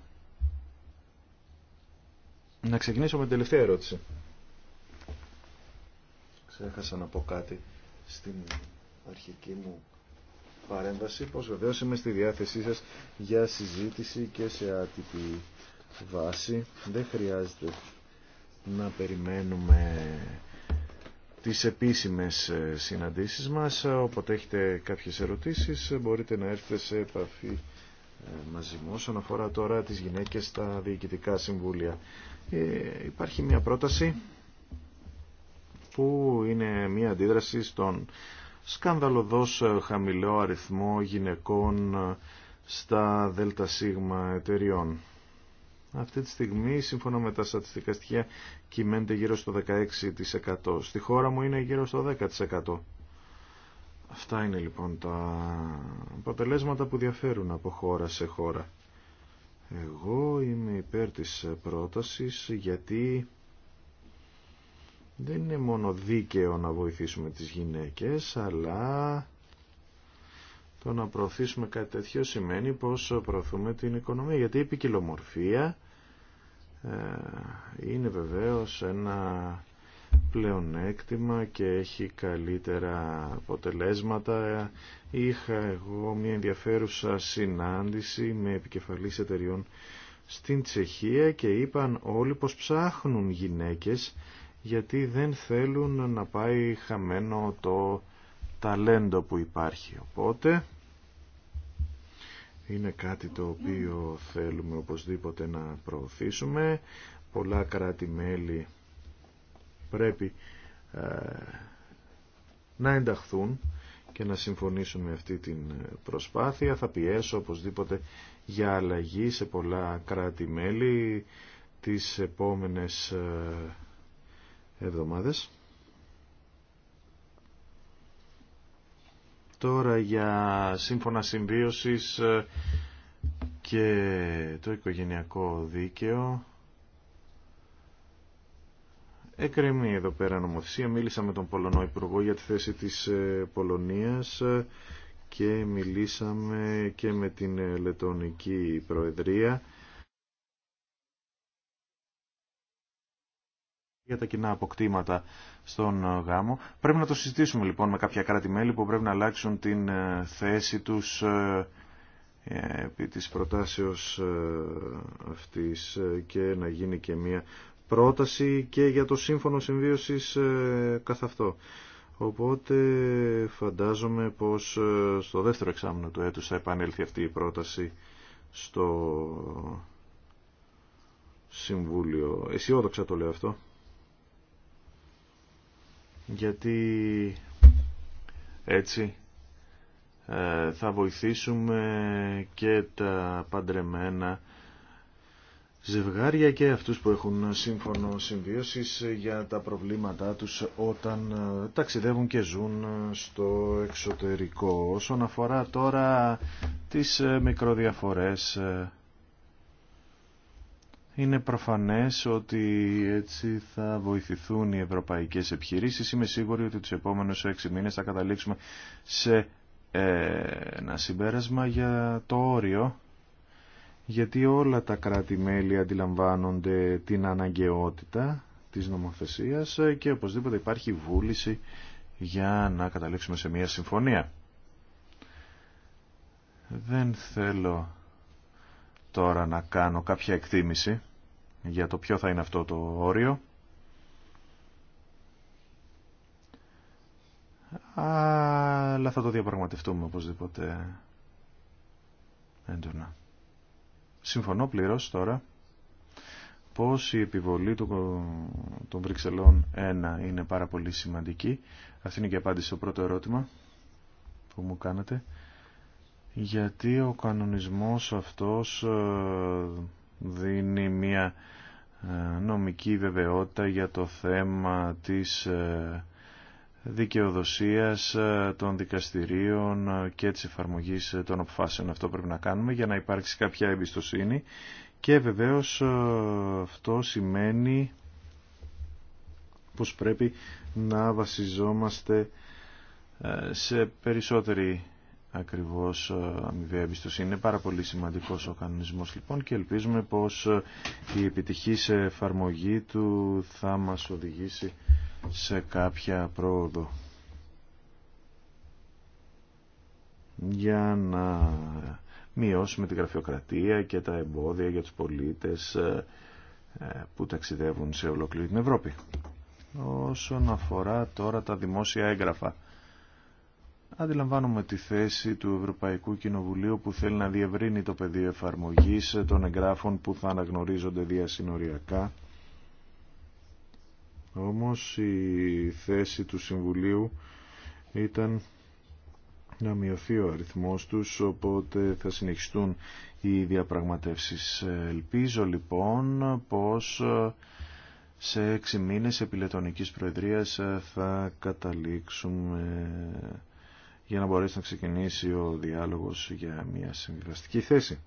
Να ξεκινήσω με την τελευταία ερώτηση. Ξέχασα να πω κάτι στην αρχική μου παρέμβαση, πως βεβαίω είμαι στη διάθεσή σας για συζήτηση και σε άτυπη βάση. Δεν χρειάζεται να περιμένουμε τις επίσημες ε, συναντήσεις μας. Όποτε έχετε κάποιες ερωτήσεις μπορείτε να έρθετε σε επαφή ε, μαζί μου. Όσον αφορά τώρα τις γυναίκες στα διοικητικά συμβούλια, ε, υπάρχει μια πρόταση που είναι μια αντίδραση στον σκανδαλωδώς ε, χαμηλό αριθμό γυναικών στα ΔΣ εταιριών. Αυτή τη στιγμή, σύμφωνα με τα στατιστικά στοιχεία, κυμαίνεται γύρω στο 16%. Στη χώρα μου είναι γύρω στο 10%. Αυτά είναι λοιπόν τα αποτελέσματα που διαφέρουν από χώρα σε χώρα. Εγώ είμαι υπέρ της πρότασης γιατί δεν είναι μόνο δίκαιο να βοηθήσουμε τις γυναίκες, αλλά το να προωθήσουμε κάτι τέτοιο σημαίνει πως προωθούμε την οικονομία, γιατί η ποικιλομορφία ε, είναι βεβαίως ένα πλεονέκτημα και έχει καλύτερα αποτελέσματα. Είχα εγώ μια ενδιαφέρουσα συνάντηση με επικεφαλής εταιριών στην Τσεχία και είπαν όλοι πως ψάχνουν γυναίκες γιατί δεν θέλουν να πάει χαμένο το ταλέντο που υπάρχει. Οπότε είναι κάτι το οποίο θέλουμε οπωσδήποτε να προωθήσουμε. Πολλά κράτη-μέλη πρέπει ε, να ενταχθούν και να συμφωνήσουν με αυτή την προσπάθεια. Θα πιέσω οπωσδήποτε για αλλαγή σε πολλά κράτη-μέλη τις επόμενες ε, εβδομάδες. Τώρα για σύμφωνα συμβίωσης ε, και το οικογενειακό δίκαιο Εκκρεμεί εδώ πέρα νομοθεσία. Μίλησα με τον Πολωνό Υπουργό για τη θέση της ε, Πολωνίας ε, και μιλήσαμε και με την ε, Λετωνική Προεδρία για τα κοινά αποκτήματα στον γάμο. Πρέπει να το συζητήσουμε λοιπόν με κάποια κράτη-μέλη που πρέπει να αλλάξουν την θέση τους επί της προτάσεως αυτής και να γίνει και μια πρόταση και για το σύμφωνο συμβίωσης ε, καθ' αυτό. Οπότε φαντάζομαι πως ε, στο δεύτερο εξάμεινο του έτους θα επανέλθει αυτή η πρόταση στο Συμβούλιο. Αισιόδοξα το λέω αυτό. Γιατί έτσι ε, θα βοηθήσουμε και τα παντρεμένα ζευγάρια και αυτούς που έχουν σύμφωνο συμβίωσης για τα προβλήματά τους όταν ε, ταξιδεύουν και ζουν ε, στο εξωτερικό. Όσον αφορά τώρα τις ε, μικροδιαφορές, είναι προφανές ότι έτσι θα βοηθηθούν οι ευρωπαϊκές επιχειρήσεις. Είμαι σίγουροι ότι τους επόμενους έξι μήνες θα καταλήξουμε σε ένα συμπέρασμα για το όριο γιατί όλα τα κράτη-μέλη αντιλαμβάνονται την αναγκαιότητα της νομοθεσίας και οπωσδήποτε υπάρχει βούληση για να καταλήξουμε σε μια συμφωνία. Δεν θέλω τώρα να κάνω κάποια εκτίμηση για το ποιο θα είναι αυτό το όριο. Αλλά θα το διαπραγματευτούμε οπωσδήποτε έντονα συμφωνώ πλήρως τώρα πως η επιβολή του, των Βρυξελών 1 είναι πάρα πολύ σημαντική. Αυτή είναι και η απάντηση στο πρώτο ερώτημα που μου κάνατε. Γιατί ο κανονισμός αυτός ε, δίνει μια ε, νομική βεβαιότητα για το θέμα της ε, δικαιοδοσίας ε, των δικαστηρίων ε, και της εφαρμογής ε, των αποφάσεων. Αυτό πρέπει να κάνουμε για να υπάρξει κάποια εμπιστοσύνη και βεβαίως αυτό σημαίνει πως πρέπει να βασιζόμαστε σε περισσότερη ακριβώς αμοιβαία εμπιστοσύνη. Είναι πάρα πολύ σημαντικός ο κανονισμός λοιπόν και ελπίζουμε πως η επιτυχής εφαρμογή του θα μας οδηγήσει σε κάποια πρόοδο. Για να μειώσουμε την γραφειοκρατία και τα εμπόδια για τους πολίτες ε, ε, που ταξιδεύουν σε ολόκληρη την Ευρώπη. Όσον αφορά τώρα τα δημόσια έγγραφα. Αντιλαμβάνομαι τη θέση του Ευρωπαϊκού Κοινοβουλίου που θέλει να διευρύνει το πεδίο εφαρμογής των εγγράφων που θα αναγνωρίζονται διασυνοριακά όμως η θέση του Συμβουλίου ήταν να μειωθεί ο αριθμός τους, οπότε θα συνεχιστούν οι διαπραγματεύσεις. Ελπίζω λοιπόν πως σε έξι μήνες επιλετονικής Προεδρίας θα καταλήξουμε για να μπορέσει να ξεκινήσει ο διάλογος για μια συμβιβαστική θέση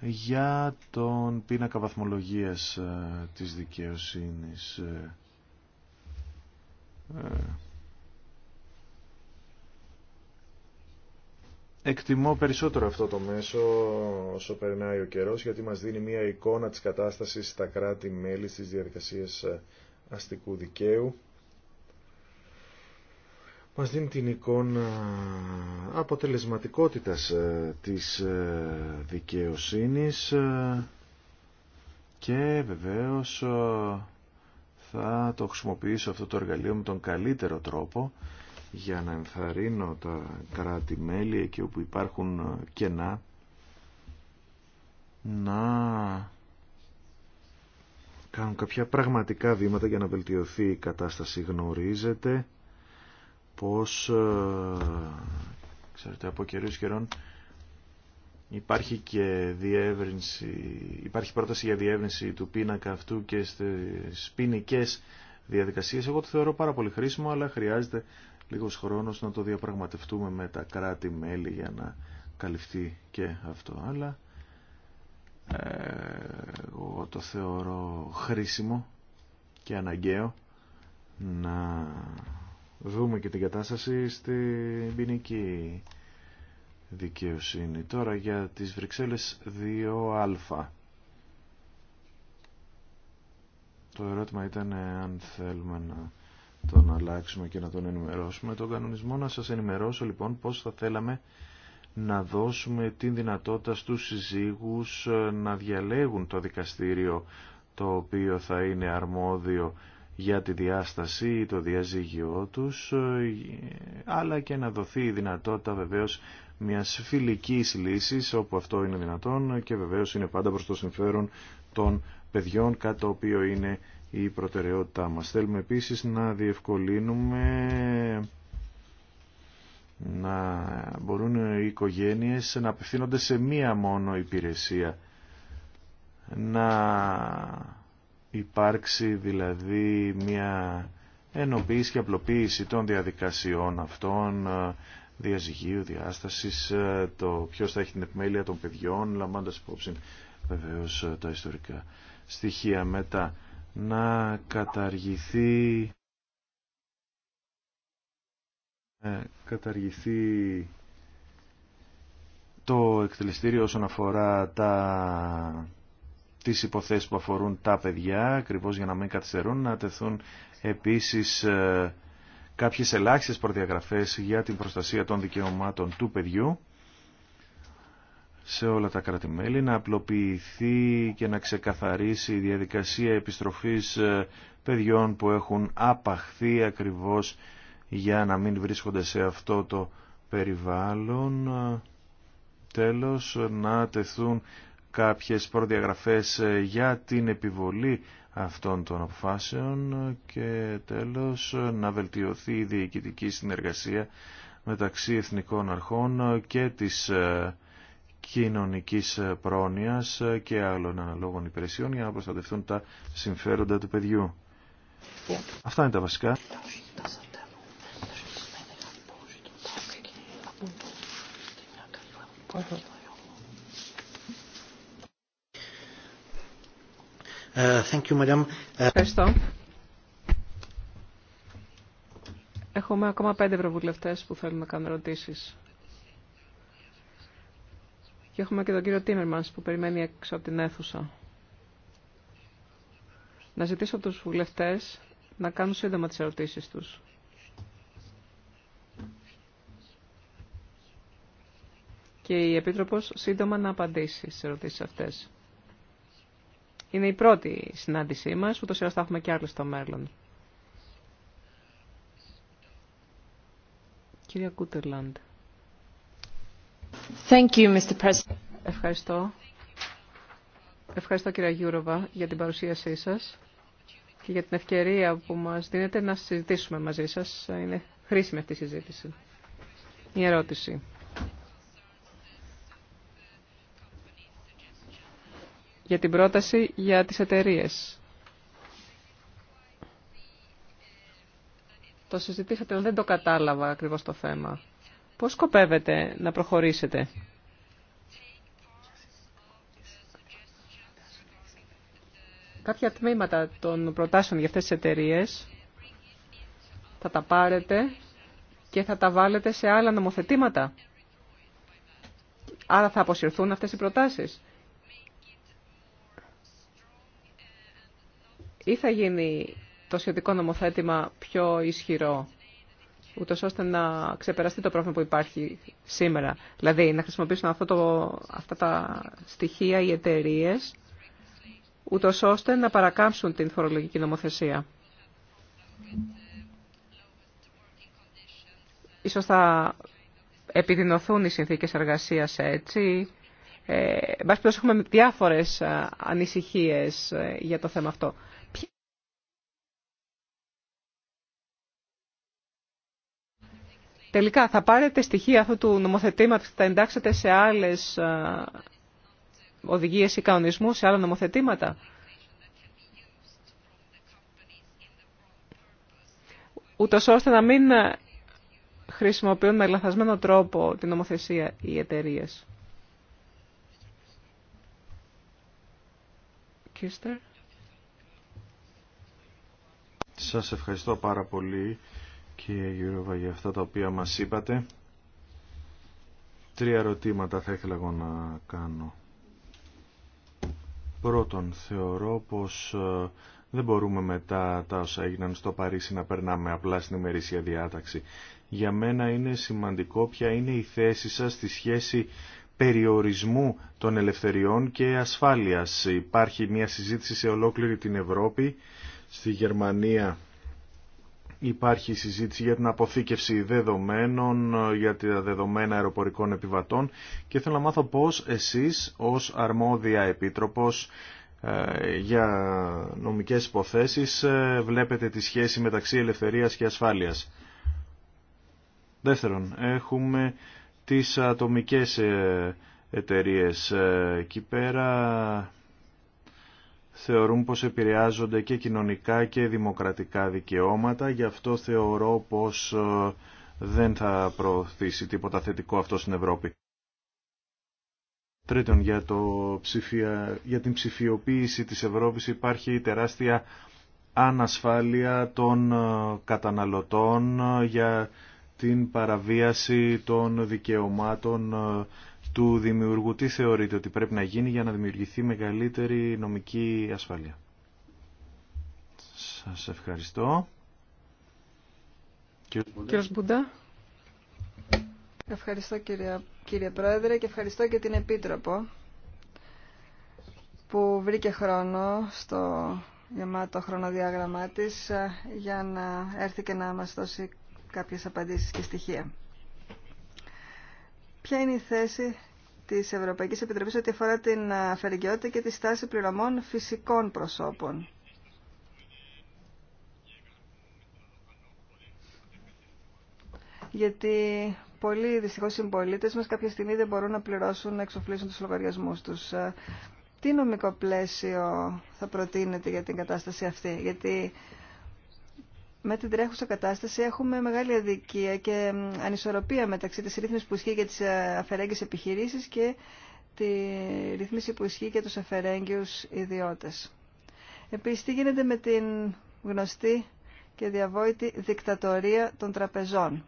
για τον πίνακα βαθμολογίας ε, της δικαιοσύνης. Ε, ε, εκτιμώ περισσότερο αυτό το μέσο όσο περνάει ο καιρός γιατί μας δίνει μια εικόνα της κατάστασης στα κράτη-μέλη στις διαδικασίες αστικού δικαίου μας δίνει την εικόνα αποτελεσματικότητας ε, της ε, δικαιοσύνης ε, και βεβαίως θα το χρησιμοποιήσω αυτό το εργαλείο με τον καλύτερο τρόπο για να ενθαρρύνω τα κράτη-μέλη εκεί όπου υπάρχουν κενά να κάνουν κάποια πραγματικά βήματα για να βελτιωθεί η κατάσταση γνωρίζετε πως ε, ξέρετε, από καιρού καιρών υπάρχει και διεύρυνση, υπάρχει πρόταση για διεύρυνση του πίνακα αυτού και στις ποινικές διαδικασίες. Εγώ το θεωρώ πάρα πολύ χρήσιμο, αλλά χρειάζεται λίγος χρόνος να το διαπραγματευτούμε με τα κράτη-μέλη για να καλυφθεί και αυτό. Αλλά ε, εγώ το θεωρώ χρήσιμο και αναγκαίο να δούμε και την κατάσταση στην ποινική δικαιοσύνη. Τώρα για τις Βρυξέλλες 2α. Το ερώτημα ήταν αν θέλουμε να τον αλλάξουμε και να τον ενημερώσουμε. Τον κανονισμό να σας ενημερώσω λοιπόν πώς θα θέλαμε να δώσουμε την δυνατότητα στους συζύγους να διαλέγουν το δικαστήριο το οποίο θα είναι αρμόδιο για τη διάσταση ή το διαζύγιο τους, ε, αλλά και να δοθεί η δυνατότητα βεβαίως μιας φιλικής λύσης όπου αυτό είναι δυνατόν και βεβαίως είναι πάντα προς το συμφέρον των παιδιών, κάτι το οποίο είναι η προτεραιότητά μας. Θέλουμε επίσης να διευκολύνουμε να μπορούν οι οικογένειες να απευθύνονται σε μία μόνο υπηρεσία να υπάρξει δηλαδή μια ενοποίηση και απλοποίηση των διαδικασιών αυτών, ε, διαζυγίου, διάστασης, ε, το ποιος θα έχει την επιμέλεια των παιδιών, λαμβάνοντας υπόψη βεβαίως ε, τα ιστορικά στοιχεία μετά να καταργηθεί καταργηθεί το εκτελεστήριο όσον αφορά τα τις υποθέσεις που αφορούν τα παιδιά, ακριβώ για να μην καθυστερούν, να τεθούν επίσης ε, κάποιες ελάχιστες προδιαγραφές για την προστασία των δικαιωμάτων του παιδιού σε όλα τα κρατη να απλοποιηθεί και να ξεκαθαρίσει η διαδικασία επιστροφής ε, παιδιών που έχουν απαχθεί ακριβώς για να μην βρίσκονται σε αυτό το περιβάλλον. Ε, τέλος, να τεθούν κάποιες προδιαγραφές ε, για την επιβολή αυτών των αποφάσεων και τέλος ε, να βελτιωθεί η διοικητική συνεργασία μεταξύ εθνικών αρχών και της ε, κοινωνικής πρόνοιας και άλλων αναλόγων υπηρεσιών για να προστατευτούν τα συμφέροντα του παιδιού. Αυτά είναι τα βασικά. Ε, ε, έχουμε ακόμα πέντε ευρωβουλευτές που θέλουν να κάνουν ερωτήσεις. Και έχουμε και τον κύριο Τίμερμανς που περιμένει έξω από την αίθουσα. Να ζητήσω από τους βουλευτές να κάνουν σύντομα τις ερωτήσεις τους. Και η Επίτροπος σύντομα να απαντήσει στις ερωτήσεις αυτές. Είναι η πρώτη συνάντησή μας, ούτως ή θα έχουμε και άλλες στο μέλλον. Κυρία Κούτερλαντ. Ευχαριστώ. Ευχαριστώ κυρία Γιούροβα για την παρουσίασή σας και για την ευκαιρία που μας δίνετε να συζητήσουμε μαζί σας. Είναι χρήσιμη αυτή η συζήτηση. Η ερώτηση. για την πρόταση για τις εταιρείε. Το συζητήσατε, δεν το κατάλαβα ακριβώς το θέμα. Πώς σκοπεύετε να προχωρήσετε. Κάποια τμήματα των προτάσεων για αυτές τις εταιρείε θα τα πάρετε και θα τα βάλετε σε άλλα νομοθετήματα. Άρα θα αποσυρθούν αυτές οι προτάσεις ή θα γίνει το σχετικό νομοθέτημα πιο ισχυρό, ούτω ώστε να ξεπεραστεί το πρόβλημα που υπάρχει σήμερα. Δηλαδή να χρησιμοποιήσουν το, αυτά τα στοιχεία οι εταιρείε, ούτω ώστε να παρακάμψουν την φορολογική νομοθεσία. Ίσως θα επιδεινωθούν οι συνθήκες εργασίας έτσι. Ε, έχουμε διάφορες ε, ανησυχίες ε, για το θέμα αυτό. Τελικά θα πάρετε στοιχεία αυτού του νομοθετήματος και θα εντάξετε σε άλλες ε, οδηγίες ή κανονισμού, σε άλλα νομοθετήματα. ούτω ώστε να μην χρησιμοποιούν με λαθασμένο τρόπο την νομοθεσία οι εταιρείε. Σας ευχαριστώ πάρα πολύ κύριε Γιούροβα για αυτά τα οποία μας είπατε. Τρία ερωτήματα θα ήθελα εγώ να κάνω. Πρώτον, θεωρώ πως ε, δεν μπορούμε μετά τα όσα έγιναν στο Παρίσι να περνάμε απλά στην ημερήσια διάταξη. Για μένα είναι σημαντικό ποια είναι η θέση σας στη σχέση περιορισμού των ελευθεριών και ασφάλειας. Υπάρχει μια συζήτηση σε ολόκληρη την Ευρώπη, στη Γερμανία υπάρχει συζήτηση για την αποθήκευση δεδομένων, για τα δεδομένα αεροπορικών επιβατών και θέλω να μάθω πώς εσείς ως αρμόδια επίτροπος ε, για νομικές υποθέσεις ε, βλέπετε τη σχέση μεταξύ ελευθερίας και ασφάλειας. Δεύτερον, έχουμε τις ατομικές ε, εταιρείες. Εκεί πέρα θεωρούν πως επηρεάζονται και κοινωνικά και δημοκρατικά δικαιώματα. Γι' αυτό θεωρώ πως ε, δεν θα προωθήσει τίποτα θετικό αυτό στην Ευρώπη. Τρίτον, για, το ψηφια... για την ψηφιοποίηση της Ευρώπης υπάρχει η τεράστια ανασφάλεια των ε, καταναλωτών ε, για την παραβίαση των δικαιωμάτων του δημιουργού. Τι θεωρείτε ότι πρέπει να γίνει για να δημιουργηθεί μεγαλύτερη νομική ασφάλεια. Σας ευχαριστώ. Κύριος Μπουντά. Ευχαριστώ κύριε, κύριε Πρόεδρε και ευχαριστώ και την Επίτροπο που βρήκε χρόνο στο γεμάτο χρονοδιάγραμμά της ε, για να έρθει και να μας δώσει κάποιες απαντήσεις και στοιχεία. Ποια είναι η θέση τη Ευρωπαϊκής Επιτροπής ότι αφορά την αφαιρεγκαιότητα και τη στάση πληρωμών φυσικών προσώπων. Γιατί πολλοί δυστυχώς συμπολίτε μας κάποια στιγμή δεν μπορούν να πληρώσουν, να εξοφλήσουν τους λογαριασμούς τους. Τι νομικό πλαίσιο θα προτείνετε για την κατάσταση αυτή, γιατί με την τρέχουσα κατάσταση έχουμε μεγάλη αδικία και ανισορροπία μεταξύ της ρύθμισης που ισχύει για τις ε, αφαιρέγγες επιχειρήσεις και τη ρύθμιση που ισχύει για τους αφαιρέγγιους ιδιώτες. Επίσης, τι γίνεται με την γνωστή και διαβόητη δικτατορία των τραπεζών.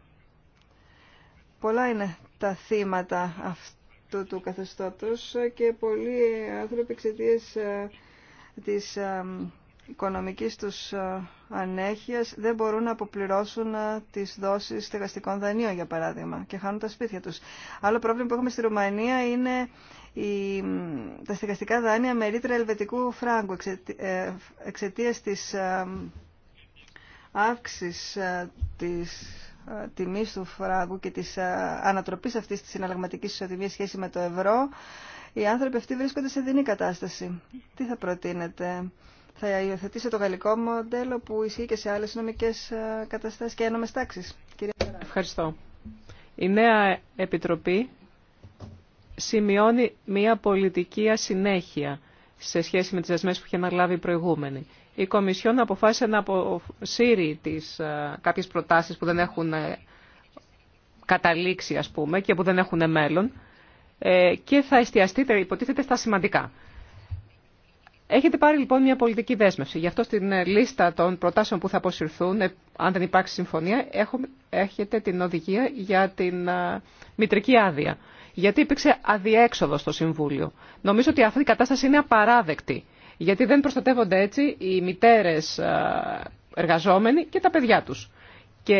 Πολλά είναι τα θύματα αυτού του καθεστώτος και πολλοί άνθρωποι εξαιτία ε, της ε, οικονομικής τους ε, ανέχειας δεν μπορούν να αποπληρώσουν ε, τις δόσεις στεγαστικών δανείων, για παράδειγμα, και χάνουν τα σπίτια τους. Άλλο πρόβλημα που έχουμε στη Ρουμανία είναι η, τα στεγαστικά δάνεια με ρήτρα ελβετικού φράγκου εξαιτία ε, της αύξησης της τιμής του φράγκου και της ανατροπής αυτής της συναλλαγματικής ισοτιμίας σχέση με το ευρώ, οι άνθρωποι αυτοί βρίσκονται σε δινή κατάσταση. Τι θα προτείνετε θα υιοθετήσει το γαλλικό μοντέλο που ισχύει και σε άλλες νομικές ε, καταστάσεις και ένομες τάξεις. Ευχαριστώ. Η νέα Επιτροπή σημειώνει μια πολιτική ασυνέχεια σε σχέση με τις δεσμές που είχε αναλάβει η προηγούμενη. Η Κομισιόν αποφάσισε να αποσύρει τις, ε, κάποιες προτάσεις που δεν έχουν ε, καταλήξει, ας πούμε, και που δεν έχουν μέλλον και θα εστιαστεί, υποτίθεται, στα σημαντικά. Έχετε πάρει λοιπόν μια πολιτική δέσμευση. Γι' αυτό στην ε, λίστα των προτάσεων που θα αποσυρθούν, ε, αν δεν υπάρξει συμφωνία, έχετε την οδηγία για την ε, μητρική άδεια. Γιατί υπήρξε αδιέξοδο στο Συμβούλιο. Νομίζω ότι αυτή η κατάσταση είναι απαράδεκτη. Γιατί δεν προστατεύονται έτσι οι μητέρε εργαζόμενοι και τα παιδιά του. Και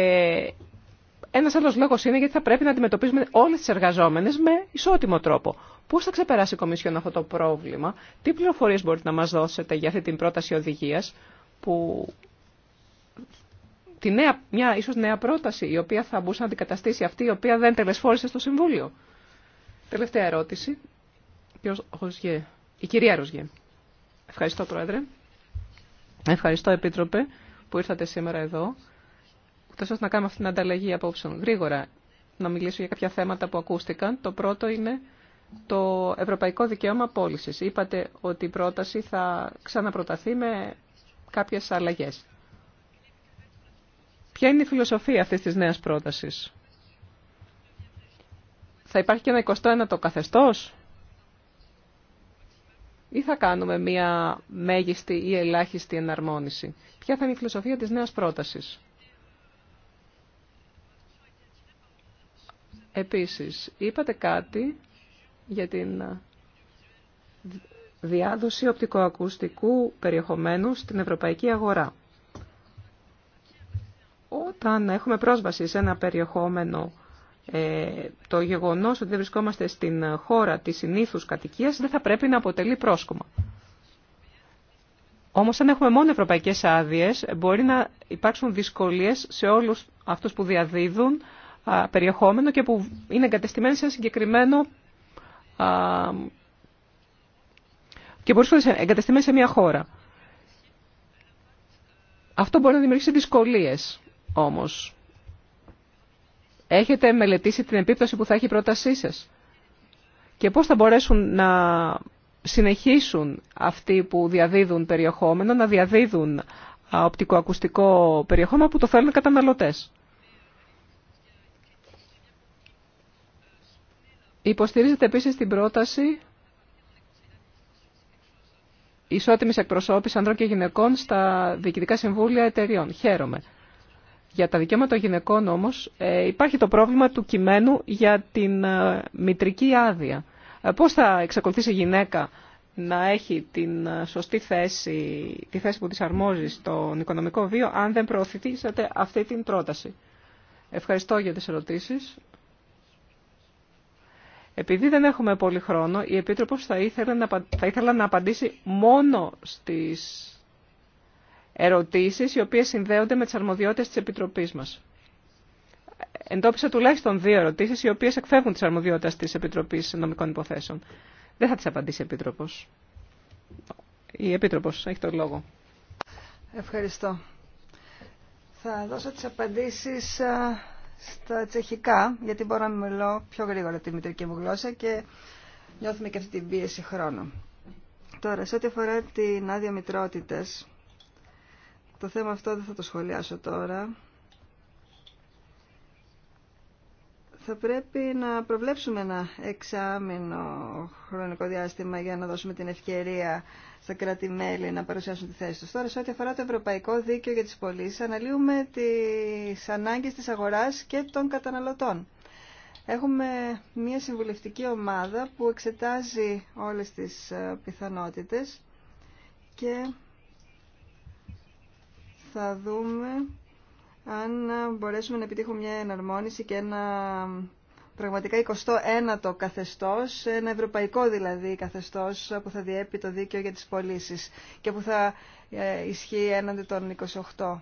ένα άλλο λόγο είναι γιατί θα πρέπει να αντιμετωπίζουμε όλε τι εργαζόμενε με ισότιμο τρόπο. Πώ θα ξεπεράσει η Κομισιόν αυτό το πρόβλημα, τι πληροφορίε μπορείτε να μα δώσετε για αυτή την πρόταση οδηγία που. Τη νέα, μια ίσως νέα πρόταση η οποία θα μπορούσε να αντικαταστήσει αυτή η οποία δεν τελεσφόρησε στο Συμβούλιο. Τελευταία ερώτηση. Η κυρία Ροζιέ. Ευχαριστώ Πρόεδρε. Ευχαριστώ Επίτροπε που ήρθατε σήμερα εδώ. Θα σας να κάνουμε αυτή την ανταλλαγή απόψεων. Γρήγορα να μιλήσω για κάποια θέματα που ακούστηκαν. Το πρώτο είναι το ευρωπαϊκό δικαίωμα πώληση. Είπατε ότι η πρόταση θα ξαναπροταθεί με κάποιες αλλαγές. Ποια είναι η φιλοσοφία αυτής της νέας πρότασης. Θα υπάρχει και ένα το καθεστώς ή θα κάνουμε μία μέγιστη ή ελάχιστη εναρμόνιση. Ποια θα είναι η φιλοσοφία της νέας πρότασης. Επίσης, είπατε κάτι για την ε, διάδοση οπτικοακουστικού περιεχομένου στην ευρωπαϊκή αγορά. Όταν έχουμε πρόσβαση σε ένα περιεχόμενο, ε, το γεγονός ότι δεν βρισκόμαστε στην χώρα της συνήθους κατοικίας δεν θα πρέπει να αποτελεί πρόσκομα. Όμως αν έχουμε μόνο ευρωπαϊκές άδειε μπορεί να υπάρξουν δυσκολίες σε όλους αυτούς που διαδίδουν περιεχόμενο και που είναι εγκατεστημένοι σε ένα συγκεκριμένο και μπορούσαν να εγκαταστηθούν σε μια χώρα. Αυτό μπορεί να δημιουργήσει δυσκολίες όμως. Έχετε μελετήσει την επίπτωση που θα έχει η πρότασή σας και πώς θα μπορέσουν να συνεχίσουν αυτοί που διαδίδουν περιεχόμενο να διαδίδουν οπτικοακουστικό περιεχόμενο που το θέλουν καταναλωτές. Υποστηρίζεται επίσης την πρόταση ισότιμης εκπροσώπης ανδρών και γυναικών στα διοικητικά συμβούλια εταιριών. Χαίρομαι. Για τα δικαιώματα των γυναικών όμως ε, υπάρχει το πρόβλημα του κειμένου για την ε, μητρική άδεια. Ε, πώς θα εξακολουθήσει η γυναίκα να έχει την σωστή θέση, τη θέση που της αρμόζει στον οικονομικό βίο, αν δεν προωθηθήσετε αυτή την πρόταση. Ευχαριστώ για τις ερωτήσεις. Επειδή δεν έχουμε πολύ χρόνο, η Επίτροπος θα ήθελα να, θα ήθελα να απαντήσει μόνο στις ερωτήσεις οι οποίες συνδέονται με τις αρμοδιότητες της Επιτροπής μας. Εντόπισα τουλάχιστον δύο ερωτήσεις οι οποίες εκφεύγουν τις αρμοδιότητες της Επιτροπής Νομικών Υποθέσεων. Δεν θα τις απαντήσει η Επίτροπος. Η Επίτροπος έχει τον λόγο. Ευχαριστώ. Θα δώσω τις απαντήσεις στα τσεχικά, γιατί μπορώ να μιλώ πιο γρήγορα τη μητρική μου γλώσσα και νιώθουμε και αυτή την πίεση χρόνου. Τώρα, σε ό,τι αφορά την άδεια το θέμα αυτό δεν θα το σχολιάσω τώρα. θα πρέπει να προβλέψουμε ένα εξάμεινο χρονικό διάστημα για να δώσουμε την ευκαιρία στα κράτη-μέλη να παρουσιάσουν τη θέση τους. Τώρα, σε ό,τι αφορά το Ευρωπαϊκό Δίκαιο για τις πωλήσει, αναλύουμε τις ανάγκες της αγοράς και των καταναλωτών. Έχουμε μια συμβουλευτική ομάδα που εξετάζει όλες τις ε, πιθανότητες και θα δούμε αν μπορέσουμε να επιτύχουμε μια εναρμόνιση και ένα 21 29ο καθεστώς, ένα ευρωπαϊκό δηλαδή καθεστώς που θα διέπει το δίκαιο για τις πωλήσει και που θα ε, ισχύει έναντι των 28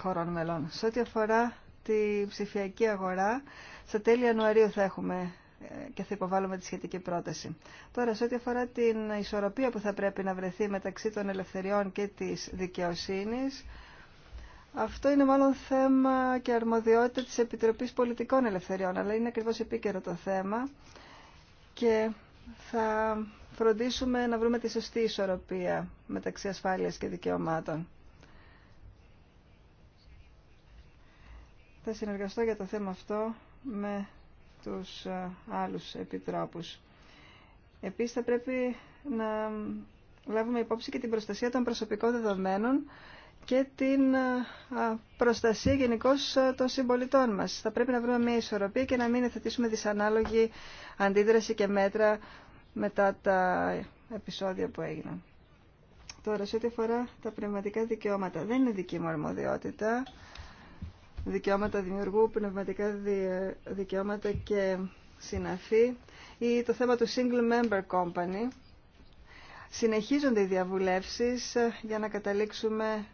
χωρών μελών. Σε ό,τι αφορά τη ψηφιακή αγορά, στα τέλη Ιανουαρίου θα έχουμε ε, και θα υποβάλουμε τη σχετική πρόταση. Τώρα, σε ό,τι αφορά την ισορροπία που θα πρέπει να βρεθεί μεταξύ των ελευθεριών και της δικαιοσύνης, αυτό είναι μάλλον θέμα και αρμοδιότητα της Επιτροπής Πολιτικών Ελευθεριών, αλλά είναι ακριβώς επίκαιρο το θέμα και θα φροντίσουμε να βρούμε τη σωστή ισορροπία μεταξύ ασφάλειας και δικαιωμάτων. Θα συνεργαστώ για το θέμα αυτό με τους ε, άλλους επιτρόπους. Επίσης θα πρέπει να λάβουμε υπόψη και την προστασία των προσωπικών δεδομένων και την προστασία γενικώ των συμπολιτών μας. Θα πρέπει να βρούμε μια ισορροπία και να μην εθετήσουμε δυσανάλογη αντίδραση και μέτρα μετά τα επεισόδια που έγιναν. Τώρα, σε ό,τι αφορά τα πνευματικά δικαιώματα, δεν είναι δική μου αρμοδιότητα. Δικαιώματα δημιουργού, πνευματικά δικαιώματα και συναφή ή το θέμα του single member company. Συνεχίζονται οι διαβουλεύσεις ε, για να καταλήξουμε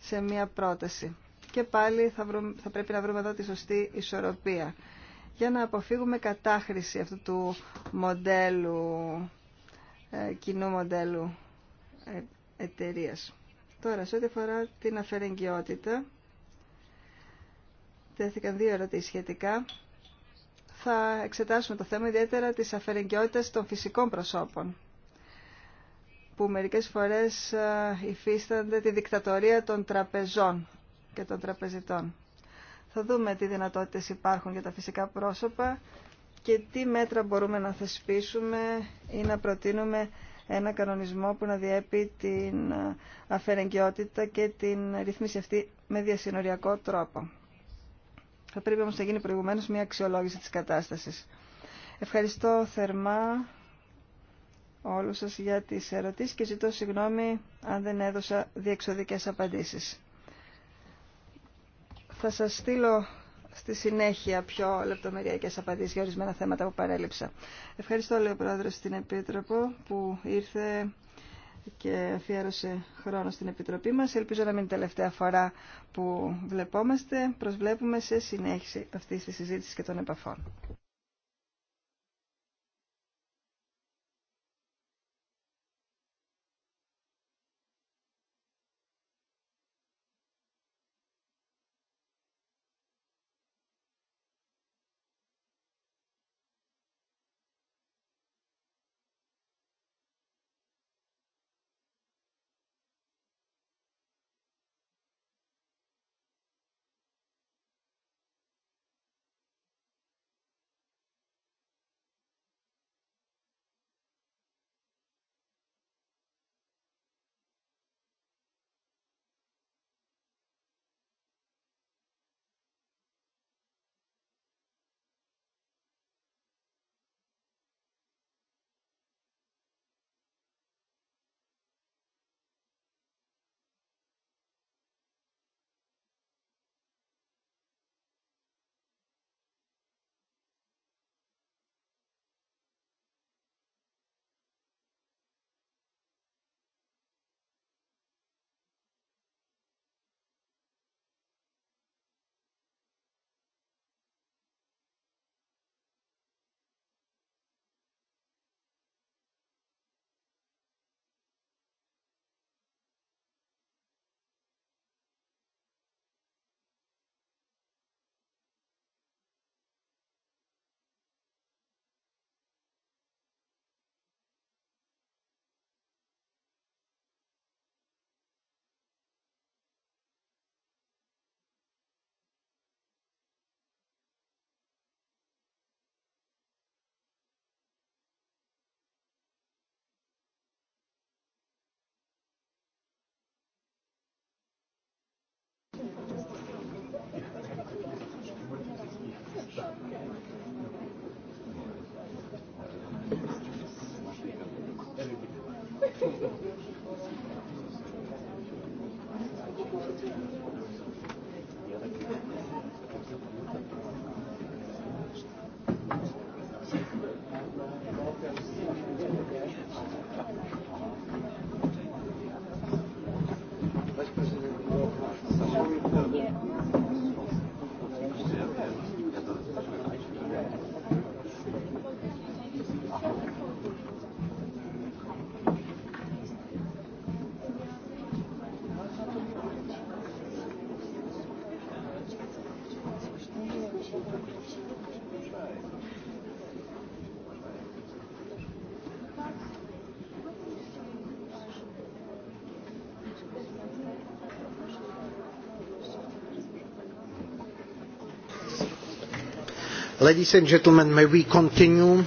σε μία πρόταση. Και πάλι θα, θα πρέπει να βρούμε εδώ τη σωστή ισορροπία για να αποφύγουμε κατάχρηση αυτού του μοντέλου, ε, κοινού μοντέλου ε, εταιρεία. Τώρα, σε ό,τι αφορά την αφαιρεγκαιότητα, τέθηκαν δύο ερωτήσει σχετικά. Θα εξετάσουμε το θέμα ιδιαίτερα της αφαιρεγγιότητας των φυσικών προσώπων που μερικές φορές ε, υφίστανται τη δικτατορία των τραπεζών και των τραπεζιτών. Θα δούμε τι δυνατότητες υπάρχουν για τα φυσικά πρόσωπα και τι μέτρα μπορούμε να θεσπίσουμε ή να προτείνουμε ένα κανονισμό που να διέπει την ε, αφαιρεγκαιότητα και την ρυθμίση αυτή με διασυνοριακό τρόπο. Θα πρέπει όμως να γίνει προηγουμένως μια αξιολόγηση της κατάστασης. Ευχαριστώ θερμά όλους σας για τις ερωτήσεις και ζητώ συγγνώμη αν δεν έδωσα διεξοδικές απαντήσεις. Θα σας στείλω στη συνέχεια πιο λεπτομεριακές απαντήσεις για ορισμένα θέματα που παρέλειψα. Ευχαριστώ, λέει ο Πρόεδρος, στην Επίτροπο που ήρθε και αφιέρωσε χρόνο στην Επιτροπή μας. Ελπίζω να μην είναι τελευταία φορά που βλεπόμαστε. Προσβλέπουμε σε συνέχιση αυτής της συζήτησης και των επαφών. Ladies and gentlemen, may we continue?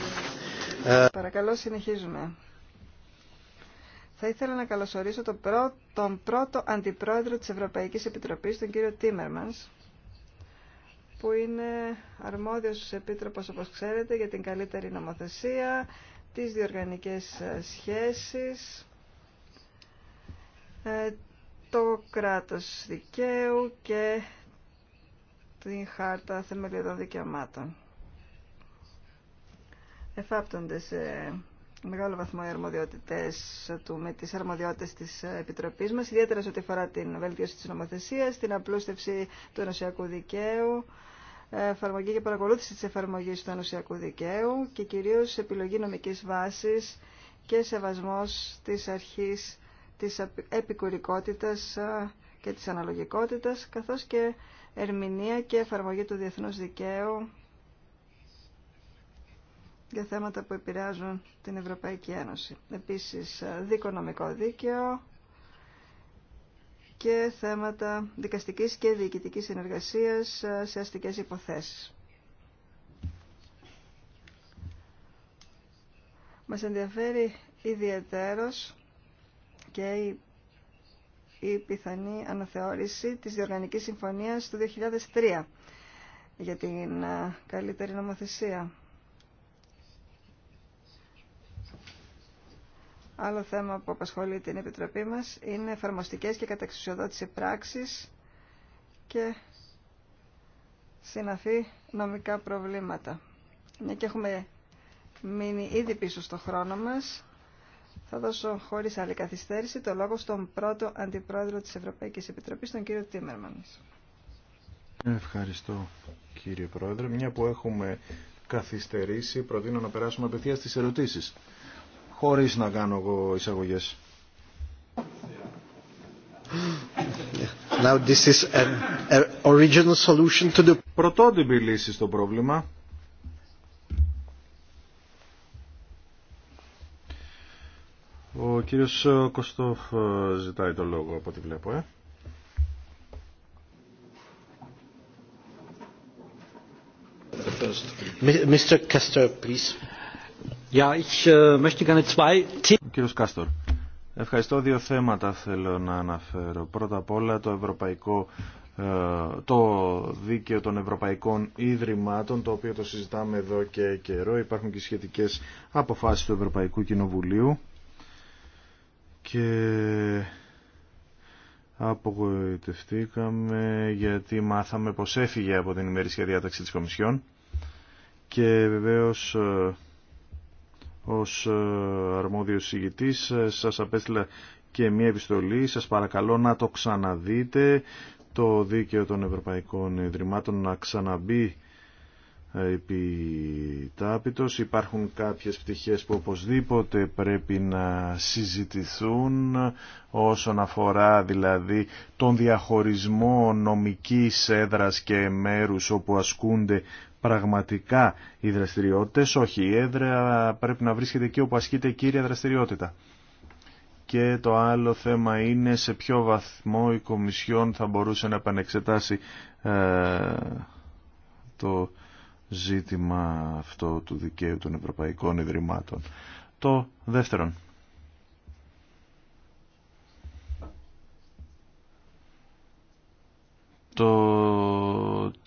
Uh, Παρακαλώ συνεχίζουμε. Θα ήθελα να καλωσορίσω τον πρώτο, τον πρώτο αντιπρόεδρο της Ευρωπαϊκής Επιτροπής, τον κύριο Τίμερμανς, που είναι αρμόδιος επίτροπος, όπως ξέρετε, για την καλύτερη νομοθεσία, τις διοργανικές ε, σχέσεις, ε, το κράτος δικαίου και την Χάρτα Θεμελιωδών Δικαιωμάτων εφάπτονται σε μεγάλο βαθμό οι αρμοδιότητε του με τι αρμοδιότητε τη Επιτροπή μα, ιδιαίτερα σε ό,τι αφορά την βελτίωση τη νομοθεσία, την απλούστευση του ενωσιακού δικαίου, εφαρμογή και παρακολούθηση τη εφαρμογή του ενωσιακού δικαίου και κυρίω επιλογή νομική βάση και σεβασμό τη αρχή τη επικουρικότητα και της αναλογικότητας, καθώς και ερμηνεία και εφαρμογή του διεθνούς δικαίου για θέματα που επηρεάζουν την Ευρωπαϊκή Ένωση. Επίσης, ε, δικονομικό δίκαιο και θέματα δικαστικής και διοικητικής συνεργασίας ε, σε αστικές υποθέσεις. Μας ενδιαφέρει ιδιαίτερος και η, πιθανή αναθεώρηση της Διοργανικής Συμφωνίας του 2003 για την ε, καλύτερη νομοθεσία. Άλλο θέμα που απασχολεί την Επιτροπή μας είναι εφαρμοστικές και καταξουσιοδότηση πράξης και συναφή νομικά προβλήματα. Μια και έχουμε μείνει ήδη πίσω στο χρόνο μας, θα δώσω χωρίς άλλη καθυστέρηση το λόγο στον πρώτο Αντιπρόεδρο της Ευρωπαϊκής Επιτροπής, τον κύριο Τίμερμαν. Ευχαριστώ κύριε Πρόεδρε. Μια που έχουμε καθυστερήσει, προτείνω να περάσουμε απευθείας στις ερωτήσεις χωρίς να κάνω εγώ εισαγωγές. Now this is an original solution to the... Πρωτότυπη λύση στο πρόβλημα. Ο κύριος ε, Κωστόφ ε, ζητάει το λόγο από ό,τι βλέπω, ε. Mr. Kester, please. Äh, Κύριο Κάστορ, ευχαριστώ. Δύο θέματα θέλω να αναφέρω. Πρώτα απ' όλα το ευρωπαϊκό ε, το δίκαιο των Ευρωπαϊκών Ιδρυμάτων, το οποίο το συζητάμε εδώ και καιρό. Υπάρχουν και σχετικές αποφάσεις του Ευρωπαϊκού Κοινοβουλίου και απογοητευτήκαμε γιατί μάθαμε πως έφυγε από την ημερήσια διάταξη της Κομισιόν και βεβαίως ε, ως ε, αρμόδιος ηγητής ε, σας απέστειλα και μία επιστολή. Σας παρακαλώ να το ξαναδείτε το δίκαιο των Ευρωπαϊκών Ιδρυμάτων να ξαναμπεί ε, επί Υπάρχουν κάποιες πτυχές που οπωσδήποτε πρέπει να συζητηθούν όσον αφορά δηλαδή τον διαχωρισμό νομικής έδρας και μέρους όπου ασκούνται πραγματικά οι δραστηριότητες. Όχι, η έδρα πρέπει να βρίσκεται εκεί όπου ασκείται η κύρια δραστηριότητα. Και το άλλο θέμα είναι σε ποιο βαθμό η Κομισιόν θα μπορούσε να επανεξετάσει ε, το ζήτημα αυτό του δικαίου των Ευρωπαϊκών Ιδρυμάτων. Το δεύτερον. Το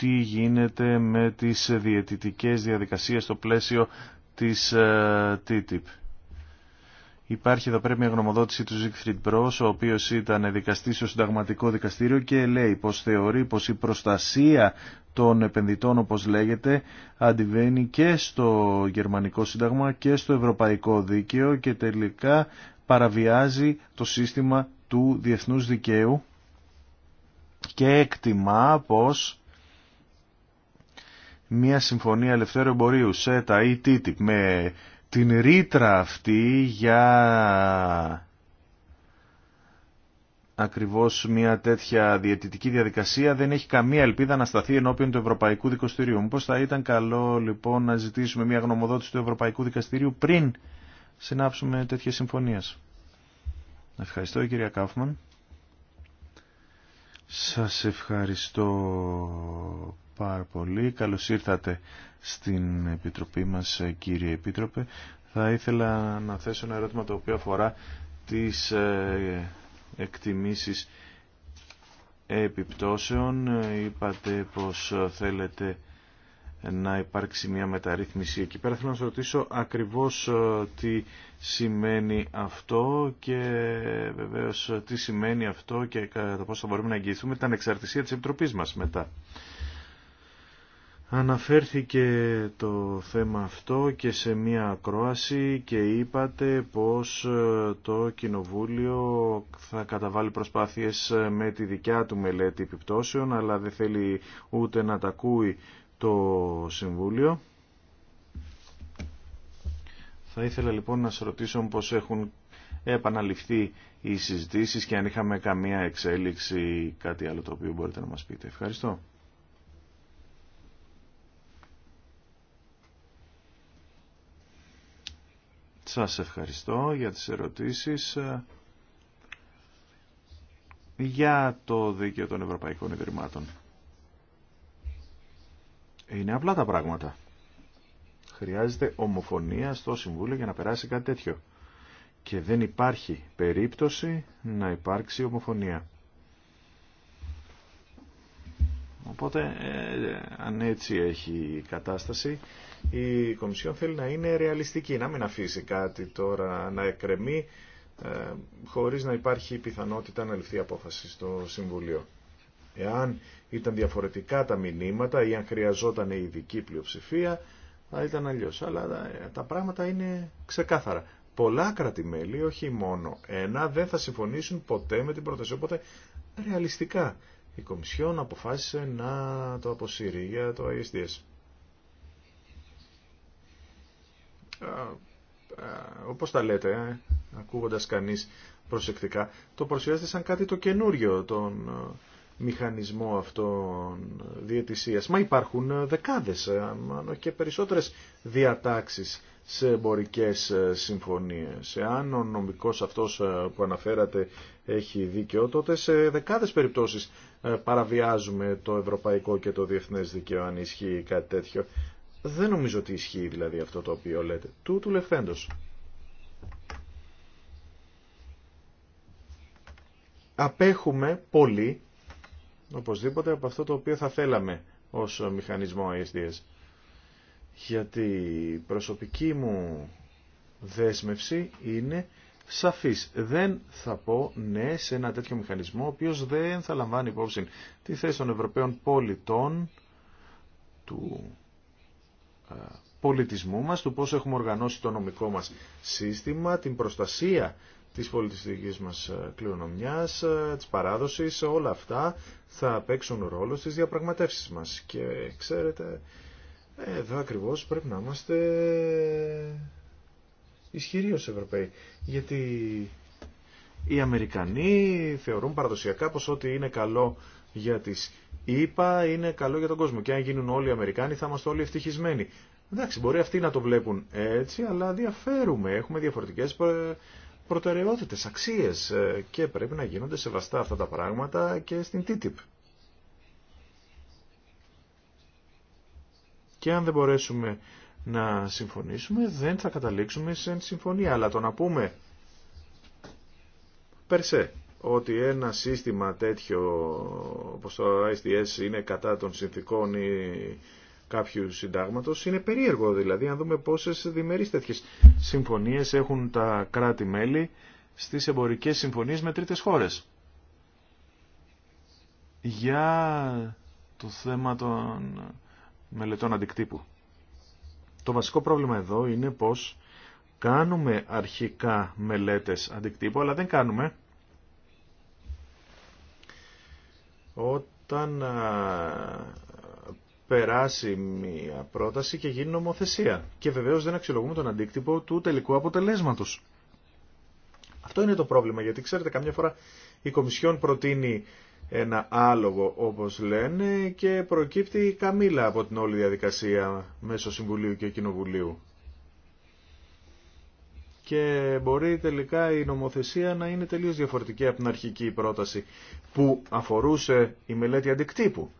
τι γίνεται με τις διαιτητικές διαδικασίες στο πλαίσιο της ε, TTIP. Υπάρχει εδώ πρέπει μια γνωμοδότηση του Ζίγκφριντ Bros ο οποίος ήταν δικαστής στο Συνταγματικό Δικαστήριο και λέει πως θεωρεί πως η προστασία των επενδυτών, όπως λέγεται, αντιβαίνει και στο Γερμανικό Σύνταγμα και στο Ευρωπαϊκό Δίκαιο και τελικά παραβιάζει το σύστημα του διεθνούς δικαίου και εκτιμά πως μια συμφωνία ελευθέρου εμπορίου, ΣΕΤΑ ή TTIP, με την ρήτρα αυτή για ακριβώς μια τέτοια διαιτητική διαδικασία δεν έχει καμία ελπίδα να σταθεί ενώπιον του Ευρωπαϊκού Δικαστηρίου. Πώς θα ήταν καλό λοιπόν να ζητήσουμε μια γνωμοδότηση του Ευρωπαϊκού Δικαστηρίου πριν συνάψουμε τέτοιες συμφωνίες. Ευχαριστώ κυρία Κάφμαν. Σας ευχαριστώ πάρα πολύ. Καλώς ήρθατε στην Επιτροπή μας, κύριε Επίτροπε. Θα ήθελα να θέσω ένα ερώτημα το οποίο αφορά τις ε, εκτιμήσεις επιπτώσεων. Είπατε πως θέλετε να υπάρξει μια μεταρρύθμιση εκεί πέρα. Θέλω να σας ρωτήσω ακριβώς ε, τι σημαίνει αυτό και βεβαίως τι σημαίνει αυτό και κατά πώς θα μπορούμε να εγγυηθούμε την ανεξαρτησία της Επιτροπής μας μετά. Αναφέρθηκε το θέμα αυτό και σε μία ακρόαση και είπατε πως ε, το Κοινοβούλιο θα καταβάλει προσπάθειες ε, με τη δικιά του μελέτη επιπτώσεων αλλά δεν θέλει ούτε να τα ακούει το Συμβούλιο. Θα ήθελα λοιπόν να σα ρωτήσω πως έχουν επαναληφθεί οι συζητήσεις και αν είχαμε καμία εξέλιξη ή κάτι άλλο το οποίο μπορείτε να μας πείτε. Ευχαριστώ. Σας ευχαριστώ για τις ερωτήσεις. Ε, για το δίκαιο των Ευρωπαϊκών Ιδρυμάτων. Είναι απλά τα πράγματα. Χρειάζεται ομοφωνία στο Συμβούλιο για να περάσει κάτι τέτοιο. Και δεν υπάρχει περίπτωση να υπάρξει ομοφωνία. Οπότε, ε, ε, αν έτσι έχει η κατάσταση, η Κομισιόν θέλει να είναι ρεαλιστική, να μην αφήσει κάτι τώρα να εκκρεμεί ε, χωρίς να υπάρχει πιθανότητα να ληφθεί απόφαση στο Συμβουλίο. Εάν ήταν διαφορετικά τα μηνύματα ή αν χρειαζόταν ειδική πλειοψηφία, θα ήταν αλλιω Αλλά ε, τα πράγματα είναι ξεκάθαρα. Πολλά κρατημέλη, όχι μόνο ένα, δεν θα συμφωνήσουν ποτέ με την πρόταση. Οπότε, ρεαλιστικά, η Κομισιόν αποφάσισε να το αποσύρει για το ISDS. Ε, ε, όπως τα λέτε, ε, ακούγοντας κανείς προσεκτικά, το παρουσιάζεται σαν κάτι το καινούριο τον ε, μηχανισμό αυτών διαιτησίας. Μα υπάρχουν δεκάδες, αν και περισσότερες διατάξεις σε εμπορικές συμφωνίες. Εάν ο νομικός αυτός που αναφέρατε έχει δίκαιο, τότε σε δεκάδες περιπτώσεις παραβιάζουμε το ευρωπαϊκό και το διεθνές δίκαιο αν ισχύει κάτι τέτοιο. Δεν νομίζω ότι ισχύει δηλαδή αυτό το οποίο λέτε. Του του Απέχουμε πολύ, οπωσδήποτε, από αυτό το οποίο θα θέλαμε ως μηχανισμό ISDS. Γιατί η προσωπική μου δέσμευση είναι σαφής. Δεν θα πω ναι σε ένα τέτοιο μηχανισμό, ο οποίος δεν θα λαμβάνει υπόψη τη θέση των Ευρωπαίων πολιτών του ε, πολιτισμού μας, του πώς έχουμε οργανώσει το νομικό μας σύστημα, την προστασία της πολιτιστικής μας ε, κληρονομιάς, ε, της παράδοσης, όλα αυτά θα παίξουν ρόλο στις διαπραγματεύσεις μας. Και ξέρετε, εδώ ακριβώς πρέπει να είμαστε ισχυροί ως Ευρωπαίοι. Γιατί οι Αμερικανοί θεωρούν παραδοσιακά πως ό,τι είναι καλό για τις είπα είναι καλό για τον κόσμο και αν γίνουν όλοι οι Αμερικάνοι θα είμαστε όλοι ευτυχισμένοι. Εντάξει, μπορεί αυτοί να το βλέπουν έτσι, αλλά διαφέρουμε. Έχουμε διαφορετικές προτεραιότητες, αξίες ε, και πρέπει να γίνονται σεβαστά αυτά τα πράγματα και στην TTIP. Και αν δεν μπορέσουμε να συμφωνήσουμε, δεν θα καταλήξουμε σε συμφωνία. Αλλά το να πούμε, περσέ, ότι ένα σύστημα τέτοιο όπως το ISDS είναι κατά των συνθήκων ή κάποιου συντάγματος είναι περίεργο δηλαδή αν δούμε πόσες διμερείς τέτοιες συμφωνίες έχουν τα κράτη-μέλη στις εμπορικές συμφωνίες με τρίτες χώρες. Για το θέμα των μελετών αντικτύπου. Το βασικό πρόβλημα εδώ είναι πως κάνουμε αρχικά μελέτες αντικτύπου αλλά δεν κάνουμε όταν περάσει μια πρόταση και γίνει νομοθεσία. Και βεβαίως δεν αξιολογούμε τον αντίκτυπο του τελικού αποτελέσματος. Αυτό είναι το πρόβλημα, γιατί ξέρετε καμιά φορά η Κομισιόν προτείνει ένα άλογο όπως λένε και προκύπτει καμήλα από την όλη διαδικασία μέσω Συμβουλίου και Κοινοβουλίου και μπορεί τελικά η νομοθεσία να είναι τελείως διαφορετική από την αρχική πρόταση που αφορούσε η μελέτη αντικτύπου.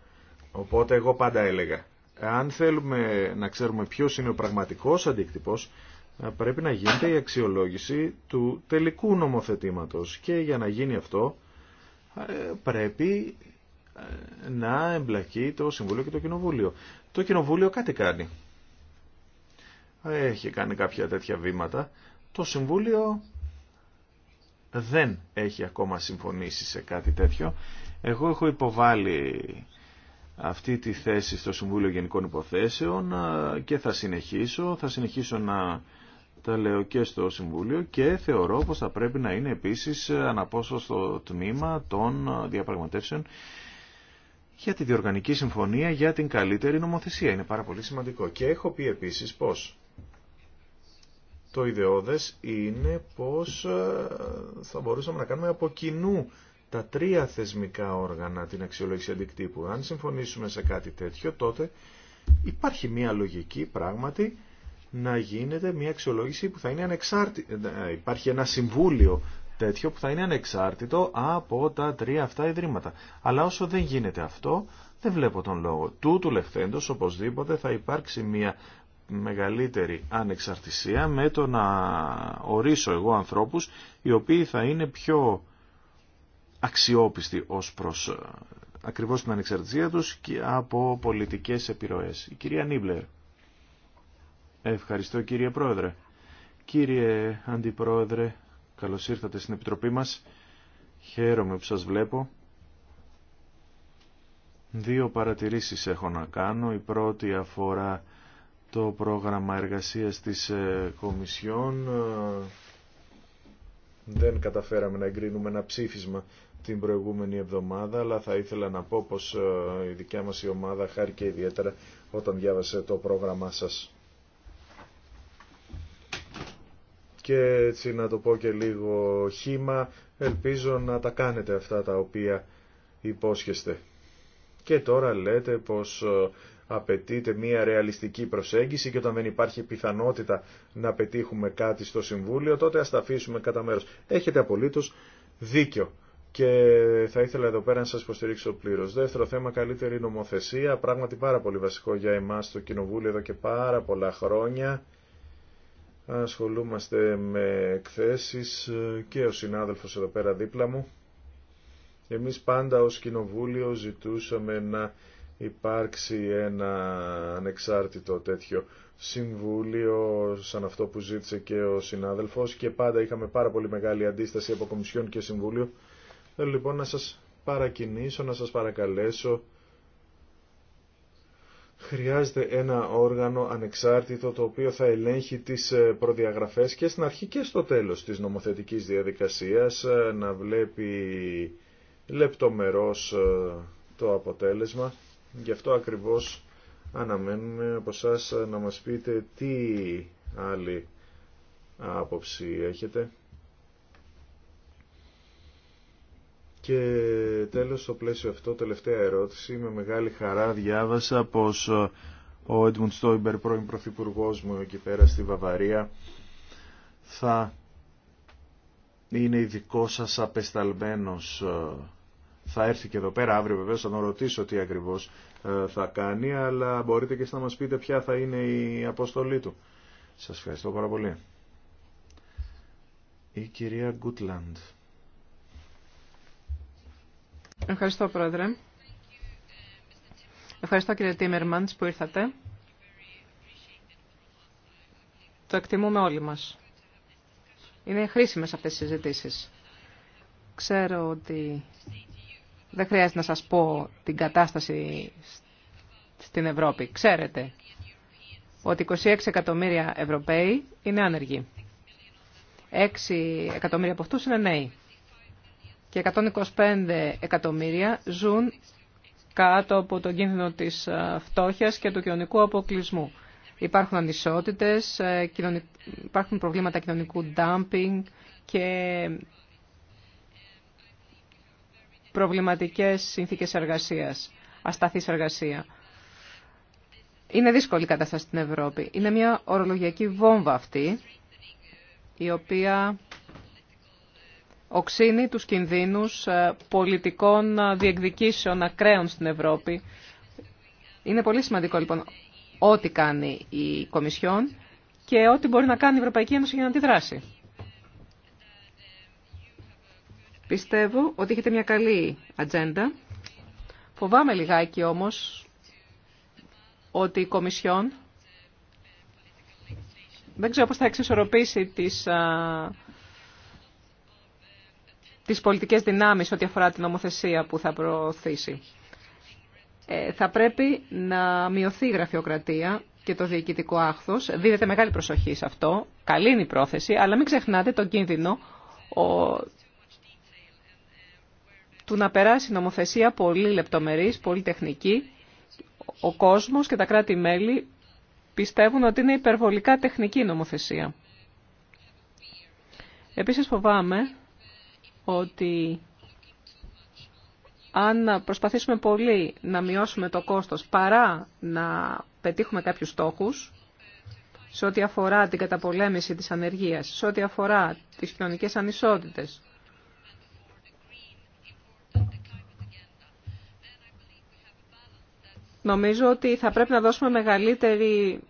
Οπότε εγώ πάντα έλεγα, αν θέλουμε να ξέρουμε ποιος είναι ο πραγματικός αντίκτυπος, ε, πρέπει να γίνεται η αξιολόγηση του τελικού νομοθετήματος και για να γίνει αυτό ε, πρέπει ε, να εμπλακεί το Συμβούλιο και το Κοινοβούλιο. Το Κοινοβούλιο κάτι κάνει. Έχει κάνει κάποια τέτοια βήματα το Συμβούλιο δεν έχει ακόμα συμφωνήσει σε κάτι τέτοιο. Εγώ έχω υποβάλει αυτή τη θέση στο Συμβούλιο Γενικών Υποθέσεων και θα συνεχίσω. Θα συνεχίσω να τα λέω και στο Συμβούλιο και θεωρώ πως θα πρέπει να είναι επίσης αναπόσω στο τμήμα των διαπραγματεύσεων για τη Διοργανική Συμφωνία για την καλύτερη νομοθεσία. Είναι πάρα πολύ σημαντικό. Και έχω πει επίσης πως το ιδεώδες είναι πως ε, θα μπορούσαμε να κάνουμε από κοινού τα τρία θεσμικά όργανα την αξιολόγηση αντικτύπου. Αν συμφωνήσουμε σε κάτι τέτοιο, τότε υπάρχει μια λογική πράγματι να γίνεται μια αξιολόγηση που θα είναι ανεξάρτητη. Ε, ε, υπάρχει ένα συμβούλιο τέτοιο που θα είναι ανεξάρτητο από τα τρία αυτά ιδρύματα. Αλλά όσο δεν γίνεται αυτό, δεν βλέπω τον λόγο. Τούτου λεχθέντος οπωσδήποτε θα υπάρξει μια μεγαλύτερη ανεξαρτησία με το να ορίσω εγώ ανθρώπους οι οποίοι θα είναι πιο αξιόπιστοι ως προς ε, ακριβώς την ανεξαρτησία τους και από πολιτικές επιρροές. Η κυρία Νίμπλερ. Ευχαριστώ κύριε Πρόεδρε. Κύριε Αντιπρόεδρε, καλώς ήρθατε στην Επιτροπή μας. Χαίρομαι που σας βλέπω. Δύο παρατηρήσεις έχω να κάνω. Η πρώτη αφορά το πρόγραμμα εργασίας της ε, Κομισιόν. Ε, δεν καταφέραμε να εγκρίνουμε ένα ψήφισμα την προηγούμενη εβδομάδα, αλλά θα ήθελα να πω πως ε, η δικιά μας η ομάδα χάρηκε ιδιαίτερα όταν διάβασε το πρόγραμμά σας. Και έτσι να το πω και λίγο χήμα, ελπίζω να τα κάνετε αυτά τα οποία υπόσχεστε. Και τώρα λέτε πως απαιτείται μια ρεαλιστική προσέγγιση και όταν δεν υπάρχει πιθανότητα να πετύχουμε κάτι στο Συμβούλιο, τότε ας τα αφήσουμε κατά μέρος. Έχετε απολύτως δίκιο. Και θα ήθελα εδώ πέρα να σας υποστηρίξω πλήρως. Δεύτερο θέμα, καλύτερη νομοθεσία. Πράγματι πάρα πολύ βασικό για εμάς το Κοινοβούλιο εδώ και πάρα πολλά χρόνια. Ασχολούμαστε με εκθέσεις και ο συνάδελφος εδώ πέρα δίπλα μου. Εμείς πάντα ως Κοινοβούλιο ζητούσαμε να υπάρξει ένα ανεξάρτητο τέτοιο συμβούλιο σαν αυτό που ζήτησε και ο συνάδελφος και πάντα είχαμε πάρα πολύ μεγάλη αντίσταση από Κομισιόν και Συμβούλιο. Θέλω λοιπόν να σας παρακινήσω, να σας παρακαλέσω χρειάζεται ένα όργανο ανεξάρτητο το οποίο θα ελέγχει τις ε, προδιαγραφές και στην αρχή και στο τέλος της νομοθετικής διαδικασίας ε, να βλέπει λεπτομερώς ε, το αποτέλεσμα Γι' αυτό ακριβώς αναμένουμε από σας να μας πείτε τι άλλη άποψη έχετε. Και τέλος, στο πλαίσιο αυτό, τελευταία ερώτηση. Με μεγάλη χαρά διάβασα πως ο Έντμουντ Στόιμπερ, πρώην Πρωθυπουργός μου εκεί πέρα στη Βαβαρία, θα είναι ειδικό σας απεσταλμένος ε, θα έρθει και εδώ πέρα αύριο βεβαίως, θα τον ρωτήσω τι ακριβώς ε, θα κάνει, αλλά μπορείτε και να μας πείτε ποια θα είναι η αποστολή του. Σας ευχαριστώ πάρα πολύ. Η κυρία Γκούτλαντ. Ευχαριστώ, Πρόεδρε. Ευχαριστώ, κύριε Τίμερμαντς, που ήρθατε. Το εκτιμούμε όλοι μας. Είναι χρήσιμες αυτές οι συζητήσεις. Ξέρω ότι δεν χρειάζεται να σας πω την κατάσταση στην Ευρώπη. Ξέρετε ότι 26 εκατομμύρια Ευρωπαίοι είναι άνεργοι. 6 εκατομμύρια από αυτούς είναι νέοι. Και 125 εκατομμύρια ζουν κάτω από τον κίνδυνο της ε, φτώχειας και του κοινωνικού αποκλεισμού. Υπάρχουν ανισότητες, ε, υπάρχουν προβλήματα κοινωνικού dumping και προβληματικές συνθήκες εργασίας, ασταθής εργασία. Είναι δύσκολη η κατάσταση στην Ευρώπη. Είναι μια ορολογιακή βόμβα αυτή, η οποία οξύνει τους κινδύνους ε, πολιτικών ε, διεκδικήσεων ακραίων στην Ευρώπη. Είναι πολύ σημαντικό λοιπόν ό,τι κάνει η Κομισιόν και ό,τι μπορεί να κάνει η Ευρωπαϊκή Ένωση για να αντιδράσει. Πιστεύω ότι έχετε μια καλή ατζέντα. Φοβάμαι λιγάκι όμως ότι η Κομισιόν δεν ξέρω πώς θα εξισορροπήσει τις, α, τις πολιτικές δυνάμεις ό,τι αφορά την νομοθεσία που θα προωθήσει. Ε, θα πρέπει να μειωθεί η γραφειοκρατία και το διοικητικό άχθος. Δίδεται μεγάλη προσοχή σε αυτό. Καλή είναι η πρόθεση, αλλά μην ξεχνάτε τον κίνδυνο ο, του να περάσει νομοθεσία πολύ λεπτομερής, πολύ τεχνική. Ο κόσμος και τα κράτη-μέλη πιστεύουν ότι είναι υπερβολικά τεχνική νομοθεσία. Επίσης φοβάμαι ότι αν προσπαθήσουμε πολύ να μειώσουμε το κόστος παρά να πετύχουμε κάποιους στόχους, σε ό,τι αφορά την καταπολέμηση της ανεργίας, σε ό,τι αφορά τις κοινωνικές ανισότητες, Νομίζω ότι θα πρέπει να δώσουμε μεγαλύτερη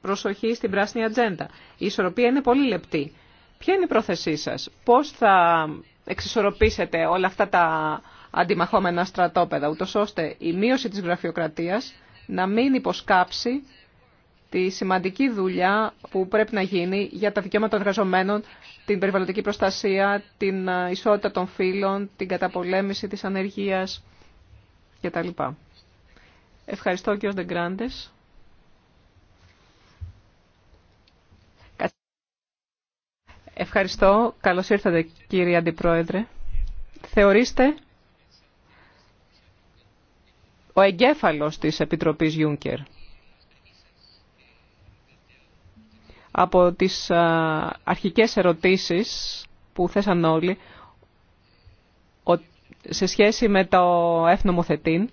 προσοχή στην πράσινη ατζέντα. Η ισορροπία είναι πολύ λεπτή. Ποια είναι η πρόθεσή σας, πώς θα εξισορροπήσετε όλα αυτά τα αντιμαχόμενα στρατόπεδα, ούτως ώστε η μείωση της γραφειοκρατίας να μην υποσκάψει τη σημαντική δουλειά που πρέπει να γίνει για τα δικαιώματα των εργαζομένων, την περιβαλλοντική προστασία, την ε, ισότητα των φύλων, την καταπολέμηση της ανεργίας κτλ. Ευχαριστώ κύριο Ντεγκράντες. Ευχαριστώ. Καλώς ήρθατε κύριε Αντιπρόεδρε. Θεωρήστε ο εγκέφαλος της Επιτροπής ιούνκερ Από τις αρχικές ερωτήσεις που θέσαν όλοι σε σχέση με το έθνομοθετήν,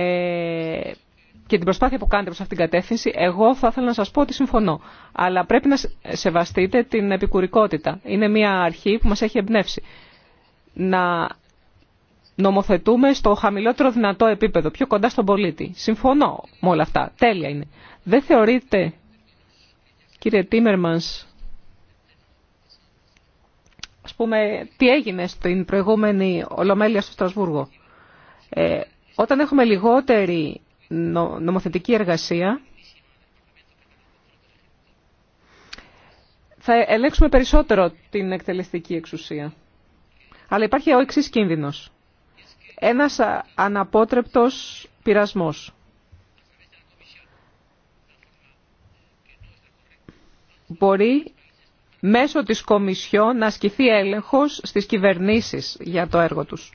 ε, και την προσπάθεια που κάνετε προς αυτήν την κατεύθυνση, εγώ θα ήθελα να σας πω ότι συμφωνώ. Αλλά πρέπει να σεβαστείτε την επικουρικότητα. Είναι μια αρχή που μας έχει εμπνεύσει. Να νομοθετούμε στο χαμηλότερο δυνατό επίπεδο, πιο κοντά στον πολίτη. Συμφωνώ με όλα αυτά. Τέλεια είναι. Δεν θεωρείτε, κύριε Τίμερμανς, ας πούμε, τι έγινε στην προηγούμενη Ολομέλεια στο Στρασβούργο. Ε, όταν έχουμε λιγότερη νομοθετική εργασία, θα ελέγξουμε περισσότερο την εκτελεστική εξουσία. Αλλά υπάρχει ο εξής κίνδυνος. Ένας αναπότρεπτος πειρασμός. Μπορεί μέσω της Κομισιό να ασκηθεί έλεγχος στις κυβερνήσεις για το έργο τους.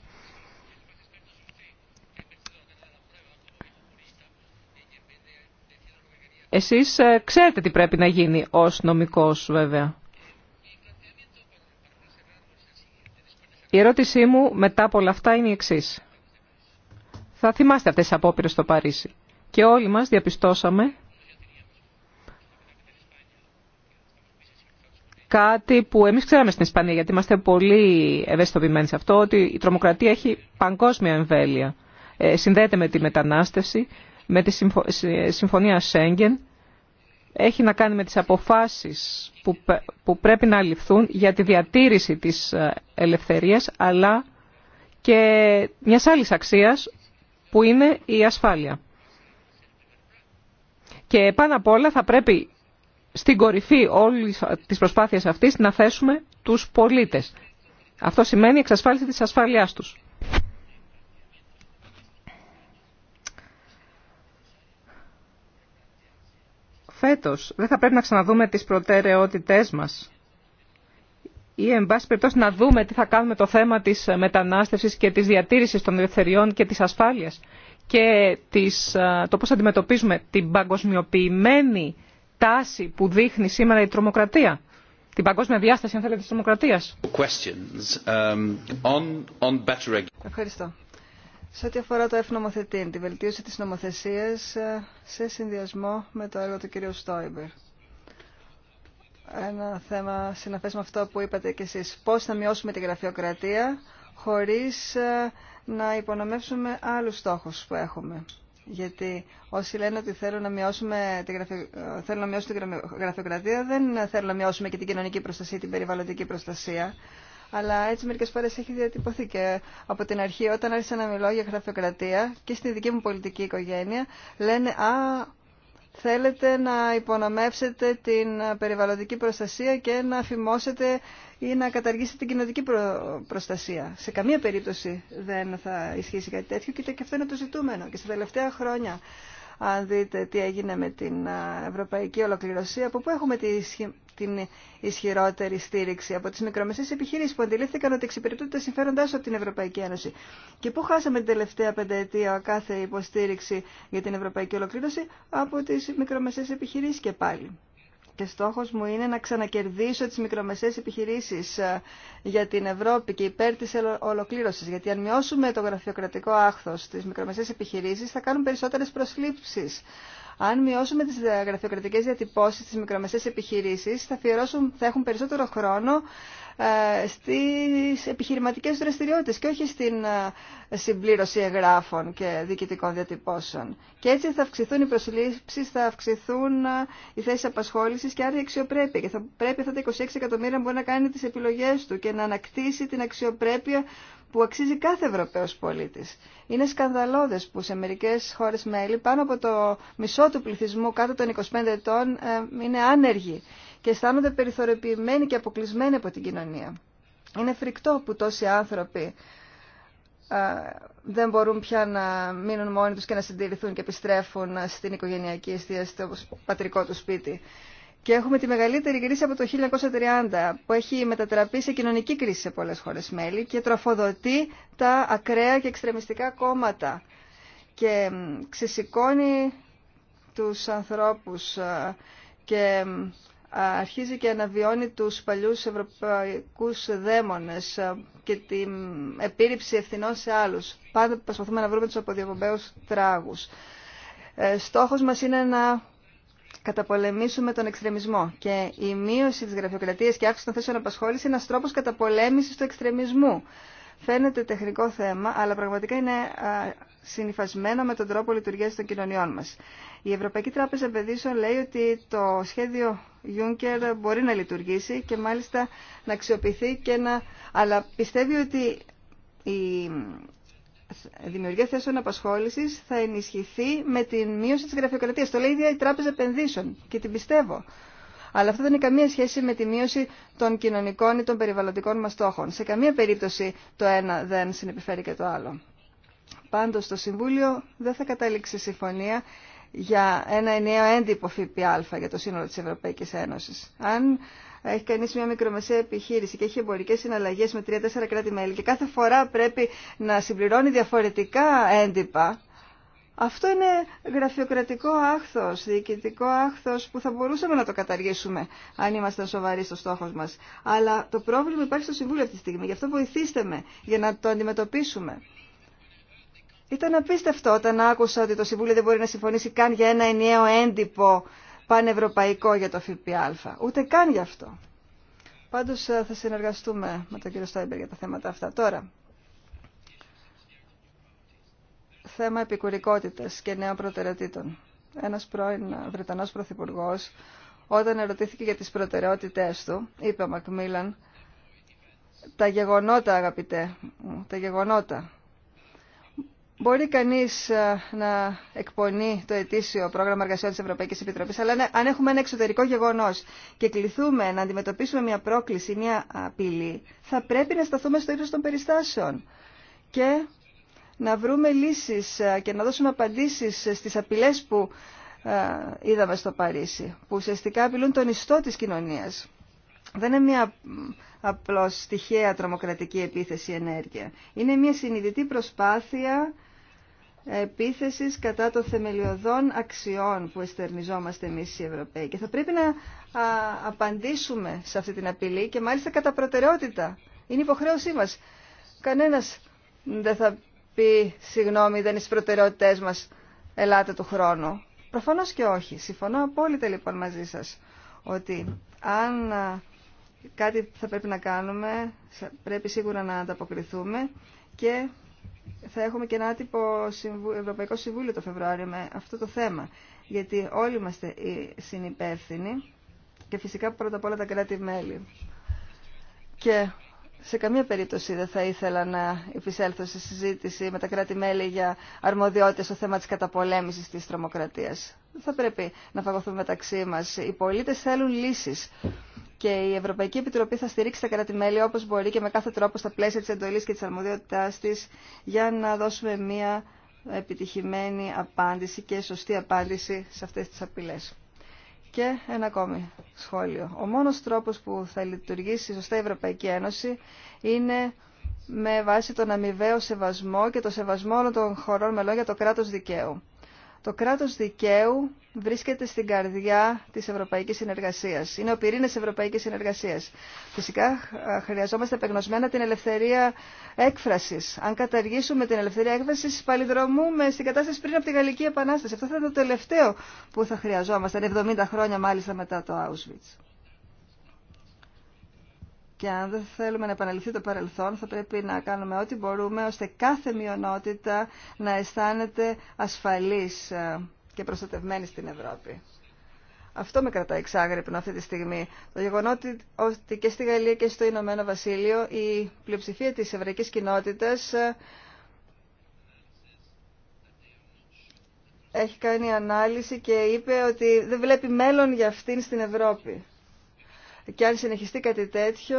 Εσείς ε, ξέρετε τι πρέπει να γίνει ως νομικός βέβαια. Η ερώτησή μου μετά από όλα αυτά είναι η εξή. Θα θυμάστε αυτές τις απόπειρες στο Παρίσι. Και όλοι μας διαπιστώσαμε κάτι που εμείς ξέραμε στην Ισπανία, γιατί είμαστε πολύ ευαισθητοποιημένοι σε αυτό, ότι η τρομοκρατία έχει παγκόσμια εμβέλεια. Ε, συνδέεται με τη μετανάστευση με τη Συμφωνία Σέγγεν έχει να κάνει με τις αποφάσεις που πρέπει να ληφθούν για τη διατήρηση της ε, ελευθερίας αλλά και μια άλλης αξίας που είναι η ασφάλεια. Και πάνω απ' όλα θα πρέπει στην κορυφή όλης της προσπάθειας αυτής να θέσουμε τους πολίτες. Αυτό σημαίνει εξασφάλιση της ασφάλειάς τους. δεν θα πρέπει να ξαναδούμε τις προτεραιότητές μας ή εν πάση περιπτώσει να δούμε τι θα κάνουμε το θέμα της μετανάστευσης και της διατήρησης των ελευθεριών και της ασφάλειας και της, το πώς αντιμετωπίζουμε την παγκοσμιοποιημένη τάση που δείχνει σήμερα η τρομοκρατία. Την παγκόσμια διάσταση, αν θέλετε, της τρομοκρατίας. Um, Ευχαριστώ σε ό,τι αφορά το εφνομοθετήν, τη βελτίωση της νομοθεσίας ε, σε συνδυασμό με το έργο του κυρίου Στόιμπερ. Ένα θέμα συναφές με αυτό που είπατε και εσείς. Πώς θα μειώσουμε τη γραφειοκρατία χωρίς ε, να υπονομεύσουμε άλλους στόχους που έχουμε. Γιατί όσοι λένε ότι θέλουν να μειώσουμε τη, ε, τη γραφειοκρατία, δεν θέλουν να μειώσουμε και την κοινωνική προστασία, την περιβαλλοντική προστασία αλλά έτσι μερικές φορές έχει διατυπωθεί και από την αρχή όταν άρχισα να μιλώ για γραφειοκρατία και στη δική μου πολιτική οικογένεια λένε «Α, θέλετε να υπονομεύσετε την περιβαλλοντική προστασία και να φημώσετε ή να καταργήσετε την κοινωτική προστασία. Σε καμία περίπτωση δεν θα ισχύσει κάτι τέτοιο και αυτό είναι το ζητούμενο. Και στα τελευταία χρόνια αν δείτε τι έγινε με την ευρωπαϊκή ολοκληρωσή, από πού έχουμε την ισχυρότερη στήριξη, από τις μικρομεσαίες επιχειρήσεις που αντιλήφθηκαν ότι εξυπηρετούν τα συμφέροντά από την Ευρωπαϊκή Ένωση. Και πού χάσαμε την τελευταία πενταετία κάθε υποστήριξη για την ευρωπαϊκή ολοκλήρωση, από τις μικρομεσαίες επιχειρήσεις και πάλι και στόχος μου είναι να ξανακερδίσω τις μικρομεσαίες επιχειρήσεις ε, για την Ευρώπη και υπέρ της ολοκλήρωσης. Γιατί αν μειώσουμε το γραφειοκρατικό άχθος στις μικρομεσαίες επιχειρήσεις θα κάνουν περισσότερες προσλήψεις. Αν μειώσουμε τις ε, γραφειοκρατικές διατυπώσεις στις μικρομεσαίες επιχειρήσεις θα έχουν περισσότερο χρόνο ε, στις επιχειρηματικές δραστηριότητες και όχι στην ε, συμπλήρωση εγγράφων και διοικητικών διατυπώσεων. Και έτσι θα αυξηθούν οι προσλήψεις, θα αυξηθούν ε, οι θέσεις απασχόλησης και άρα η αξιοπρέπεια. Και θα πρέπει αυτά τα 26 εκατομμύρια να μπορεί να κάνει τις επιλογές του και να ανακτήσει την αξιοπρέπεια που αξίζει κάθε Ευρωπαίος πολίτης. Είναι σκανδαλώδες που σε μερικές χώρες μέλη πάνω από το μισό του πληθυσμού κάτω των 25 ετών είναι άνεργοι και αισθάνονται περιθωριοποιημένοι και αποκλεισμένοι από την κοινωνία. Είναι φρικτό που τόσοι άνθρωποι δεν μπορούν πια να μείνουν μόνοι τους και να συντηρηθούν και επιστρέφουν στην οικογενειακή αιστεία, στο πατρικό του σπίτι. Και έχουμε τη μεγαλύτερη κρίση από το 1930, που έχει μετατραπεί σε κοινωνική κρίση σε πολλές χώρες μέλη και τροφοδοτεί τα ακραία και εξτρεμιστικά κόμματα και ξεσηκώνει τους ανθρώπους και αρχίζει και αναβιώνει τους παλιούς ευρωπαϊκούς δαίμονες ε, και την επίρρηψη ευθυνών σε άλλους. Πάντα προσπαθούμε να βρούμε τους αποδιοπομπαίους τράγους. Ε, στόχος μας είναι να καταπολεμήσουμε τον εξτρεμισμό και η μείωση της γραφειοκρατίας και αύξηση των θέσεων απασχόληση είναι ένας τρόπος καταπολέμησης του εξτρεμισμού. Φαίνεται τεχνικό θέμα, αλλά πραγματικά είναι συνυφασμένο με τον τρόπο λειτουργίας των κοινωνιών μας. Η Ευρωπαϊκή Τράπεζα Επενδύσεων λέει ότι το σχέδιο Juncker μπορεί να λειτουργήσει και μάλιστα να αξιοποιηθεί και να... Αλλά πιστεύει ότι η δημιουργία θέσεων απασχόλησης θα ενισχυθεί με τη μείωση της γραφειοκρατίας. Το λέει ίδια η Τράπεζα Επενδύσεων και την πιστεύω. Αλλά αυτό δεν έχει καμία σχέση με τη μείωση των κοινωνικών ή των περιβαλλοντικών μας στόχων. Σε καμία περίπτωση το ένα δεν συνεπιφέρει και το άλλο. Πάντως το Συμβούλιο δεν θα καταλήξει συμφωνία για ένα ενιαίο έντυπο ΦΠΑ για το σύνολο της Ευρωπαϊκής Ένωσης. Αν έχει κανείς μια μικρομεσαία επιχείρηση και έχει εμπορικές συναλλαγές με 3-4 κράτη-μέλη και κάθε φορά πρέπει να συμπληρώνει διαφορετικά έντυπα, αυτό είναι γραφειοκρατικό άχθος, διοικητικό άχθος που θα μπορούσαμε να το καταργήσουμε αν ήμασταν σοβαροί στο στόχο μας. Αλλά το πρόβλημα υπάρχει στο Συμβούλιο αυτή τη στιγμή, γι' αυτό βοηθήστε με για να το αντιμετωπίσουμε. Ήταν απίστευτο όταν άκουσα ότι το Συμβούλιο δεν μπορεί να συμφωνήσει καν για ένα ενιαίο έντυπο πανευρωπαϊκό για το ΦΠΑ. Ούτε καν γι' αυτό. Πάντως ε, θα συνεργαστούμε με τον κύριο Στάιμπερ για τα θέματα αυτά. Τώρα, θέμα επικουρικότητα και νέων προτεραιοτήτων. Ένας πρώην ε, Βρετανό Πρωθυπουργό, όταν ερωτήθηκε για τι προτεραιότητε του, είπε ο Μακμίλαν, τα γεγονότα αγαπητέ τα γεγονότα. Μπορεί κανεί ε, να εκπονεί το ετήσιο πρόγραμμα εργασιών τη Ευρωπαϊκή Επιτροπή, αλλά ναι, αν έχουμε ένα εξωτερικό γεγονό και κληθούμε να αντιμετωπίσουμε μια πρόκληση, μια απειλή, θα πρέπει να σταθούμε στο ύψο των περιστάσεων και να βρούμε λύσει ε, και να δώσουμε απαντήσει στι απειλέ που ε, είδαμε στο Παρίσι, που ουσιαστικά απειλούν τον ιστό τη κοινωνία. Δεν είναι μια απλώς τυχαία τρομοκρατική επίθεση ενέργεια. Είναι μια συνειδητή προσπάθεια επίθεσης κατά των θεμελιωδών αξιών που εστερνιζόμαστε εμεί οι Ευρωπαίοι. Και θα πρέπει να απαντήσουμε σε αυτή την απειλή και μάλιστα κατά προτεραιότητα. Είναι υποχρέωσή μας. Κανένας δεν θα πει συγγνώμη, δεν είναι στι προτεραιότητές μας, ελάτε του χρόνου. Προφανώ και όχι. Συμφωνώ απόλυτα λοιπόν μαζί σα ότι αν κάτι θα πρέπει να κάνουμε, πρέπει σίγουρα να ανταποκριθούμε και θα έχουμε και ένα άτυπο Ευρωπαϊκό Συμβούλιο το Φεβρουάριο με αυτό το θέμα. Γιατί όλοι είμαστε οι συνυπεύθυνοι και φυσικά πρώτα απ' όλα τα κράτη-μέλη. Και σε καμία περίπτωση δεν θα ήθελα να υπησέλθω σε συζήτηση με τα κράτη-μέλη για αρμοδιότητες στο θέμα της καταπολέμησης της τρομοκρατίας. Δεν θα πρέπει να φαγωθούμε μεταξύ μας. Οι πολίτες θέλουν λύσεις και η Ευρωπαϊκή Επιτροπή θα στηρίξει τα κράτη-μέλη όπως μπορεί και με κάθε τρόπο στα πλαίσια της εντολής και της αρμοδιότητάς της για να δώσουμε μια επιτυχημένη απάντηση και σωστή απάντηση σε αυτές τις απειλές. Και ένα ακόμη σχόλιο. Ο μόνος τρόπος που θα λειτουργήσει σωστά η Ευρωπαϊκή Ένωση είναι με βάση τον αμοιβαίο σεβασμό και το σεβασμό όλων των χωρών μελών για το κράτος δικαίου. Το κράτος δικαίου βρίσκεται στην καρδιά της ευρωπαϊκής συνεργασίας. Είναι ο πυρήνας ευρωπαϊκής συνεργασίας. Φυσικά χρειαζόμαστε επεγνωσμένα την ελευθερία έκφρασης. Αν καταργήσουμε την ελευθερία έκφρασης παλιδρομούμε στην κατάσταση πριν από τη Γαλλική Επανάσταση. Αυτό θα είναι το τελευταίο που θα χρειαζόμασταν 70 χρόνια μάλιστα μετά το Auschwitz. Και αν δεν θέλουμε να επαναληφθεί το παρελθόν, θα πρέπει να κάνουμε ό,τι μπορούμε, ώστε κάθε μειονότητα να αισθάνεται ασφαλής ε, και προστατευμένη στην Ευρώπη. Αυτό με κρατάει εξάγρυπνο αυτή τη στιγμή. Το γεγονό ότι και στη Γαλλία και στο Ηνωμένο Βασίλειο η πλειοψηφία της ευρωπαϊκής κοινότητας ε, έχει κάνει ανάλυση και είπε ότι δεν βλέπει μέλλον για αυτήν στην Ευρώπη. Και αν συνεχιστεί κάτι τέτοιο,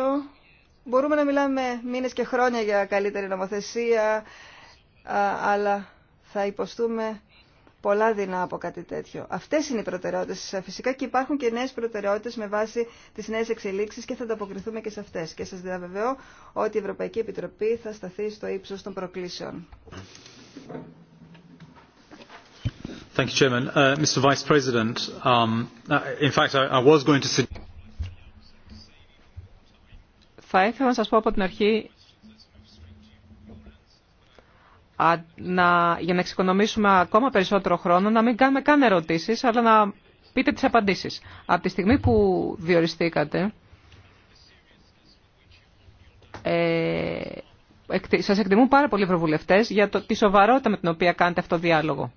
μπορούμε να μιλάμε μήνες και χρόνια για καλύτερη νομοθεσία, αλλά θα υποστούμε πολλά δεινά από κάτι τέτοιο. Αυτές είναι οι προτεραιότητες. Φυσικά και υπάρχουν και νέες προτεραιότητες με βάση τις νέες εξελίξεις και θα τα αποκριθούμε και σε αυτές. Και σας διαβεβαιώ ότι η Ευρωπαϊκή Επιτροπή θα σταθεί στο ύψος των προκλήσεων. Θα ήθελα να σας πω από την αρχή να, για να εξοικονομήσουμε ακόμα περισσότερο χρόνο, να μην κάνουμε καν ερωτήσεις, αλλά να πείτε τις απαντήσεις. Από τη στιγμή που διοριστήκατε, ε, σας εκτιμούν πάρα πολλοί προβουλευτές για το, τη σοβαρότητα με την οποία κάνετε αυτό το διάλογο.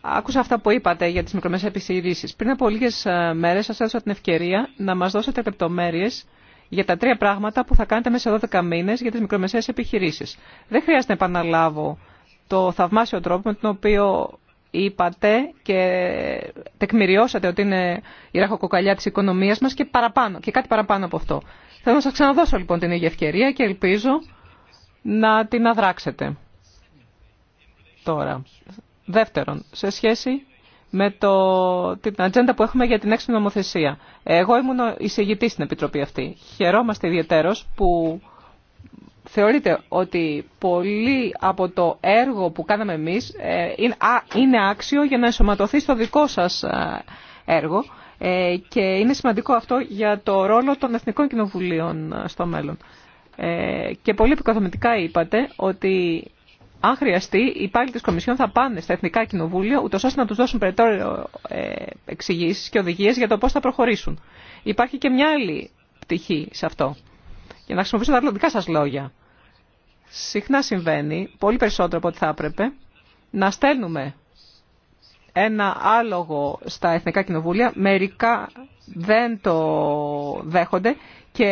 Άκουσα αυτά που είπατε για τις μικρομεσαίες επιχειρήσεις. Πριν από λίγες ε, μέρες σας έδωσα την ευκαιρία να μας δώσετε λεπτομέρειες για τα τρία πράγματα που θα κάνετε μέσα σε 12 μήνες για τις μικρομεσαίες επιχειρήσεις. Δεν χρειάζεται να επαναλάβω το θαυμάσιο τρόπο με τον οποίο είπατε και τεκμηριώσατε ότι είναι η ραχοκοκαλιά της οικονομίας μας και παραπάνω, και κάτι παραπάνω από αυτό. Θέλω να σας ξαναδώσω λοιπόν την ίδια ευκαιρία και ελπίζω να την αδράξετε. Τώρα, δεύτερον, σε σχέση με το, την ατζέντα που έχουμε για την έξυπνη νομοθεσία. Εγώ ήμουν εισηγητή στην Επιτροπή αυτή. Χαιρόμαστε ιδιαίτερω που θεωρείται ότι πολύ από το έργο που κάναμε εμείς ε, είναι άξιο για να ενσωματωθεί στο δικό σας ε, έργο ε, και είναι σημαντικό αυτό για το ρόλο των Εθνικών Κοινοβουλίων στο μέλλον. Και πολύ επικοδομητικά είπατε ότι αν χρειαστεί, οι υπάλληλοι τη Κομισιόν θα πάνε στα Εθνικά Κοινοβούλια, ούτω ώστε να του δώσουν περαιτέρω ε, εξηγήσει και οδηγίε για το πώ θα προχωρήσουν. Υπάρχει και μια άλλη πτυχή σε αυτό. Για να χρησιμοποιήσω τα δικά σα λόγια. Συχνά συμβαίνει, πολύ περισσότερο από ό,τι θα έπρεπε, να στέλνουμε ένα άλογο στα Εθνικά Κοινοβούλια. Μερικά δεν το δέχονται και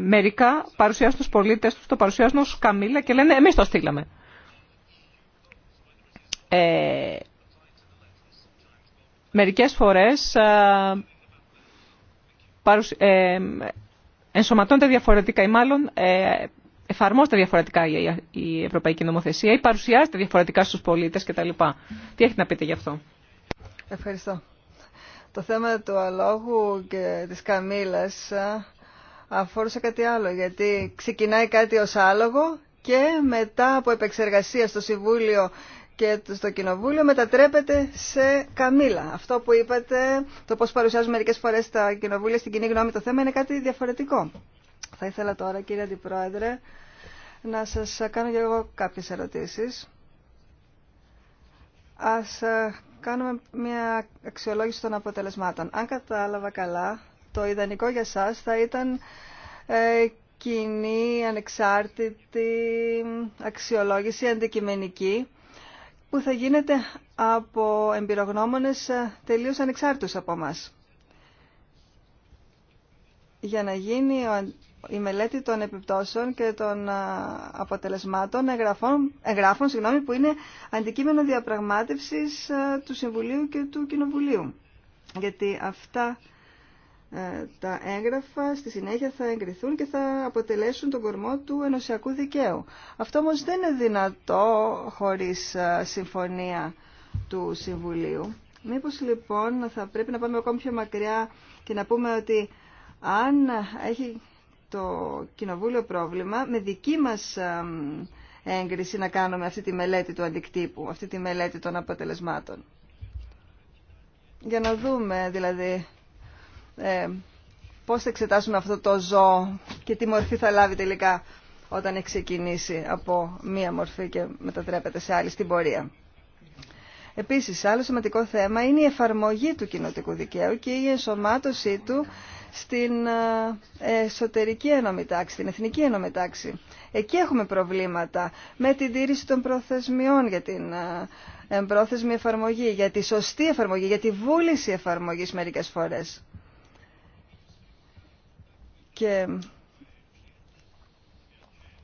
μερικά παρουσιάζουν του πολίτε του, το παρουσιάζουν ω καμήλα και λένε εμεί το στείλαμε. Ε, μερικές φορές ε, ε ενσωματώνται διαφορετικά ή μάλλον ε, εφαρμόζεται διαφορετικά η, ευρωπαϊκή νομοθεσία ή παρουσιάζεται διαφορετικά στους πολίτες κτλ. Τι έχετε να πείτε γι' αυτό. Ευχαριστώ. Το θέμα του αλόγου και της καμήλας ε, αφορούσε κάτι άλλο, γιατί ξεκινάει κάτι ως άλογο και μετά από επεξεργασία στο Συμβούλιο και στο κοινοβούλιο μετατρέπεται σε καμήλα. Αυτό που είπατε, το πώς παρουσιάζουν μερικές φορές τα κοινοβούλια στην κοινή γνώμη το θέμα είναι κάτι διαφορετικό. Θα ήθελα τώρα κύριε Αντιπρόεδρε να σας κάνω και εγώ κάποιες ερωτήσεις. Ας ε, κάνουμε μια αξιολόγηση των αποτελεσμάτων. Αν κατάλαβα καλά, το ιδανικό για σας θα ήταν ε, κοινή, ανεξάρτητη αξιολόγηση, αντικειμενική, που θα γίνεται από εμπειρογνώμονες ε, τελείως ανεξάρτητους από μας. Για να γίνει η μελέτη των επιπτώσεων και των ε, αποτελεσμάτων εγγραφών, εγγράφων συγγνώμη, που είναι αντικείμενο διαπραγμάτευσης ε, του Συμβουλίου και του Κοινοβουλίου. Γιατί αυτά ε, τα έγγραφα στη συνέχεια θα εγκριθούν και θα αποτελέσουν τον κορμό του ενωσιακού δικαίου. Αυτό όμως δεν είναι δυνατό χωρίς ε, συμφωνία του Συμβουλίου. Μήπως λοιπόν θα πρέπει να πάμε ακόμη πιο μακριά και να πούμε ότι αν έχει το Κοινοβούλιο πρόβλημα, με δική μας ε, έγκριση να κάνουμε αυτή τη μελέτη του αντικτύπου, αυτή τη μελέτη των αποτελεσμάτων. Για να δούμε δηλαδή ε, πώς θα εξετάσουμε αυτό το ζώο και τι μορφή θα λάβει τελικά όταν έχει ξεκινήσει από μία μορφή και μετατρέπεται σε άλλη στην πορεία. Επίσης, άλλο σημαντικό θέμα είναι η εφαρμογή του κοινοτικού δικαίου και η ενσωμάτωσή του στην ε, εσωτερική τάξη, την εθνική τάξη. Εκεί έχουμε προβλήματα με την τήρηση των προθεσμιών για την ε, εμπρόθεσμη εφαρμογή, για τη σωστή εφαρμογή, για τη βούληση εφαρμογής μερικές φορές. Και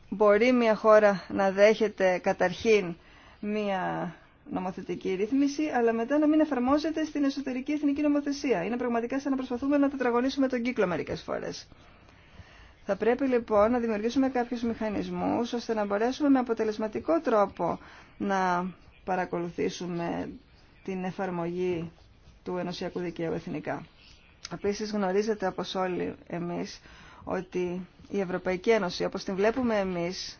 μπορεί μια χώρα να δέχεται καταρχήν μια νομοθετική ρύθμιση, αλλά μετά να μην εφαρμόζεται στην εσωτερική εθνική νομοθεσία. Είναι πραγματικά σαν να προσπαθούμε να τετραγωνίσουμε τον κύκλο μερικέ φορέ. Θα πρέπει λοιπόν να δημιουργήσουμε κάποιους μηχανισμούς ώστε να μπορέσουμε με αποτελεσματικό τρόπο να παρακολουθήσουμε την εφαρμογή του ενωσιακού δικαίου εθνικά. Επίσης γνωρίζετε από όλοι εμείς ότι η Ευρωπαϊκή Ένωση, όπως την βλέπουμε εμείς,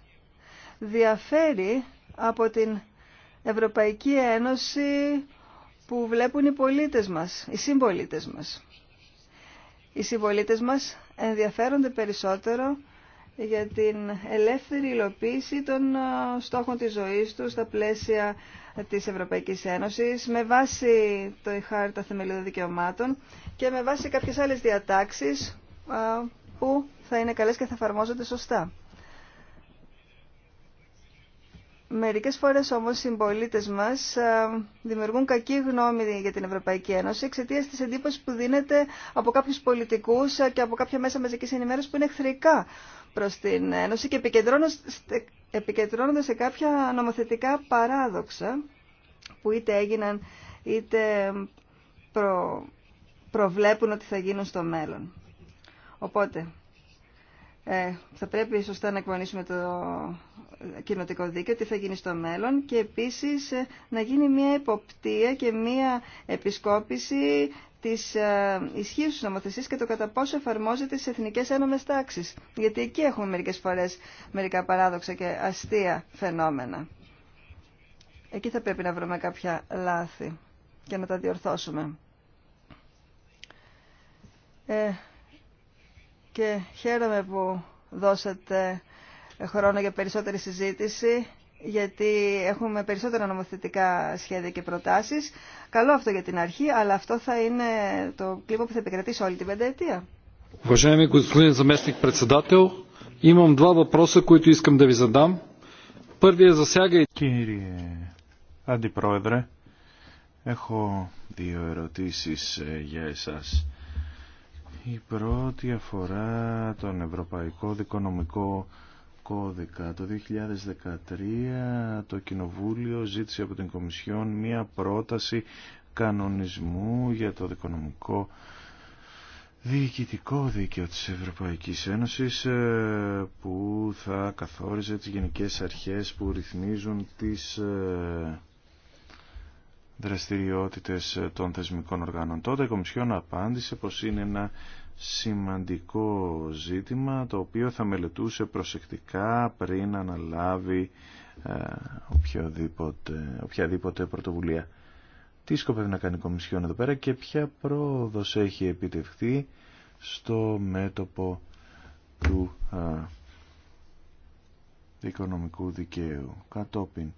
διαφέρει από την Ευρωπαϊκή Ένωση που βλέπουν οι πολίτες μας, οι συμπολίτες μας. Οι συμπολίτες μας ενδιαφέρονται περισσότερο για την ελεύθερη υλοποίηση των στόχων της ζωής τους στα πλαίσια της Ευρωπαϊκής Ένωσης με βάση το Χάρτα θεμελιώδη Δικαιωμάτων και με βάση κάποιες άλλες διατάξεις που θα είναι καλές και θα εφαρμόζονται σωστά. Μερικές φορές όμως οι συμπολίτε μας δημιουργούν κακή γνώμη για την Ευρωπαϊκή Ένωση εξαιτίας της εντύπωσης που δίνεται από κάποιους πολιτικούς και από κάποια μέσα μαζικής ενημέρωσης που είναι εχθρικά προς την Ένωση και επικεντρώνονται σε κάποια νομοθετικά παράδοξα που είτε έγιναν είτε προ προβλέπουν ότι θα γίνουν στο μέλλον. Οπότε, ε, θα πρέπει σωστά να εκπονήσουμε το κοινοτικό δίκαιο, τι θα γίνει στο μέλλον και επίσης ε, να γίνει μια υποπτία και μια επισκόπηση της ε, ισχύω της νομοθεσίας και το κατά πόσο εφαρμόζεται στις εθνικές ένωμες τάξεις. Γιατί εκεί έχουμε μερικές φορές μερικά παράδοξα και αστεία φαινόμενα. Εκεί θα πρέπει να βρούμε κάποια λάθη και να τα διορθώσουμε. Ε, και χαίρομαι που δώσατε χρόνο για περισσότερη συζήτηση γιατί έχουμε περισσότερα νομοθετικά σχέδια και προτάσεις. Καλό αυτό για την αρχή, αλλά αυτό θα είναι το κλίμα που θα επικρατήσει όλη την πενταετία. Κύριε Αντιπρόεδρε, έχω δύο ερωτήσεις ε, για εσάς. Η πρώτη αφορά τον Ευρωπαϊκό Δικονομικό Κώδικα. Το 2013 το Κοινοβούλιο ζήτησε από την Κομισιόν μία πρόταση κανονισμού για το δικονομικό διοικητικό δίκαιο της Ευρωπαϊκής Ένωσης ε, που θα καθόριζε τις γενικές αρχές που ρυθμίζουν τις ε, δραστηριότητες ε, των θεσμικών οργάνων. Τότε η Κομισιόν απάντησε πως είναι ένα σημαντικό ζήτημα το οποίο θα μελετούσε προσεκτικά πριν αναλάβει ε, οποιαδήποτε, οποιαδήποτε πρωτοβουλία. Τι σκοπεύει να κάνει η Κομισιόν εδώ πέρα και ποια πρόοδος έχει επιτευχθεί στο μέτωπο του ε, οικονομικού δικαίου. Κατόπιν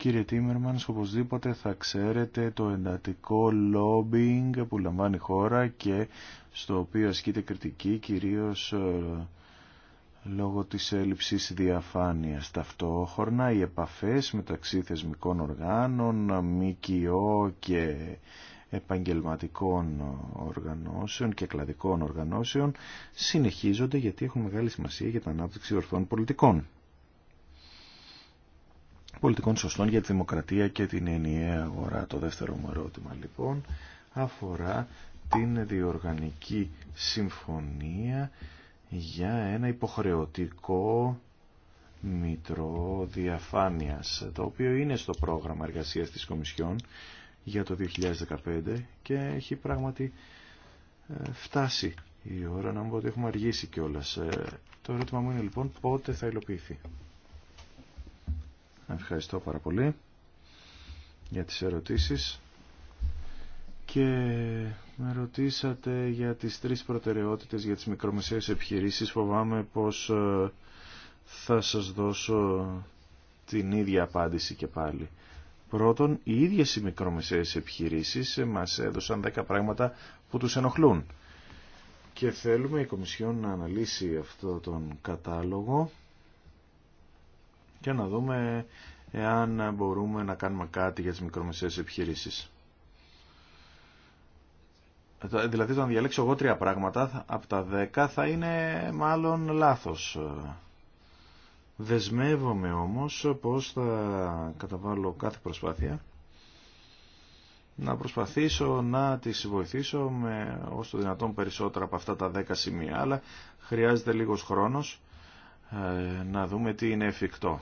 Κύριε Τίμερμανς, οπωσδήποτε θα ξέρετε το εντατικό lobbying που λαμβάνει η χώρα και στο οποίο ασκείται κριτική κυρίως ε, λόγω της έλλειψης διαφάνειας. Ταυτόχρονα οι επαφές μεταξύ θεσμικών οργάνων, ΜΚΟ και επαγγελματικών οργανώσεων και κλαδικών οργανώσεων συνεχίζονται γιατί έχουν μεγάλη σημασία για την ανάπτυξη ορθών πολιτικών πολιτικών σωστών για τη δημοκρατία και την ενιαία αγορά. Το δεύτερο μου ερώτημα λοιπόν αφορά την διοργανική συμφωνία για ένα υποχρεωτικό μητρό διαφάνειας, το οποίο είναι στο πρόγραμμα εργασίας της Κομισιόν για το 2015 και έχει πράγματι ε, φτάσει η ώρα να μου πω ότι έχουμε αργήσει κιόλας. Ε, το ερώτημα μου είναι λοιπόν πότε θα υλοποιηθεί. Ευχαριστώ πάρα πολύ για τις ερωτήσεις και με ρωτήσατε για τις τρεις προτεραιότητες για τις μικρομεσαίες επιχειρήσεις. Φοβάμαι πως ε, θα σας δώσω την ίδια απάντηση και πάλι. Πρώτον, οι ίδιες οι μικρομεσαίες επιχειρήσεις ε, μας έδωσαν 10 πράγματα που τους ενοχλούν. Και θέλουμε η Κομισιόν να αναλύσει αυτό τον κατάλογο και να δούμε εάν μπορούμε να κάνουμε κάτι για τις μικρομεσαίες επιχειρήσεις. Δηλαδή, όταν διαλέξω εγώ τρία πράγματα, από τα δέκα θα είναι μάλλον λάθος. Δεσμεύομαι όμως πως θα καταβάλω κάθε προσπάθεια να προσπαθήσω να τις βοηθήσω με όσο δυνατόν περισσότερα από αυτά τα 10 σημεία αλλά χρειάζεται λίγος χρόνος ε, να δούμε τι είναι εφικτό.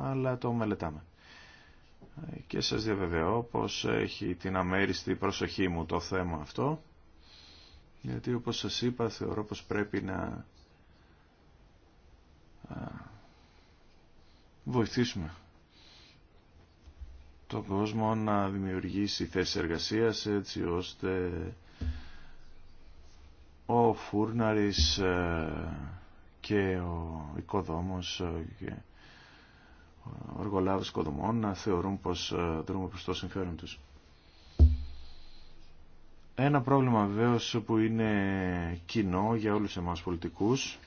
Αλλά το μελετάμε. Ε, και σας διαβεβαιώ πως έχει την αμέριστη προσοχή μου το θέμα αυτό, γιατί όπως σας είπα θεωρώ πως πρέπει να βοηθήσουμε τον κόσμο να δημιουργήσει θέσεις εργασίας έτσι ώστε ο φούρναρης ε, και ο οικοδόμος και ο εργολάβος οικοδομών να θεωρούν πως ε, δρούμε προς το συμφέρον τους. Ένα πρόβλημα βεβαίω που είναι κοινό για όλους εμάς πολιτικούς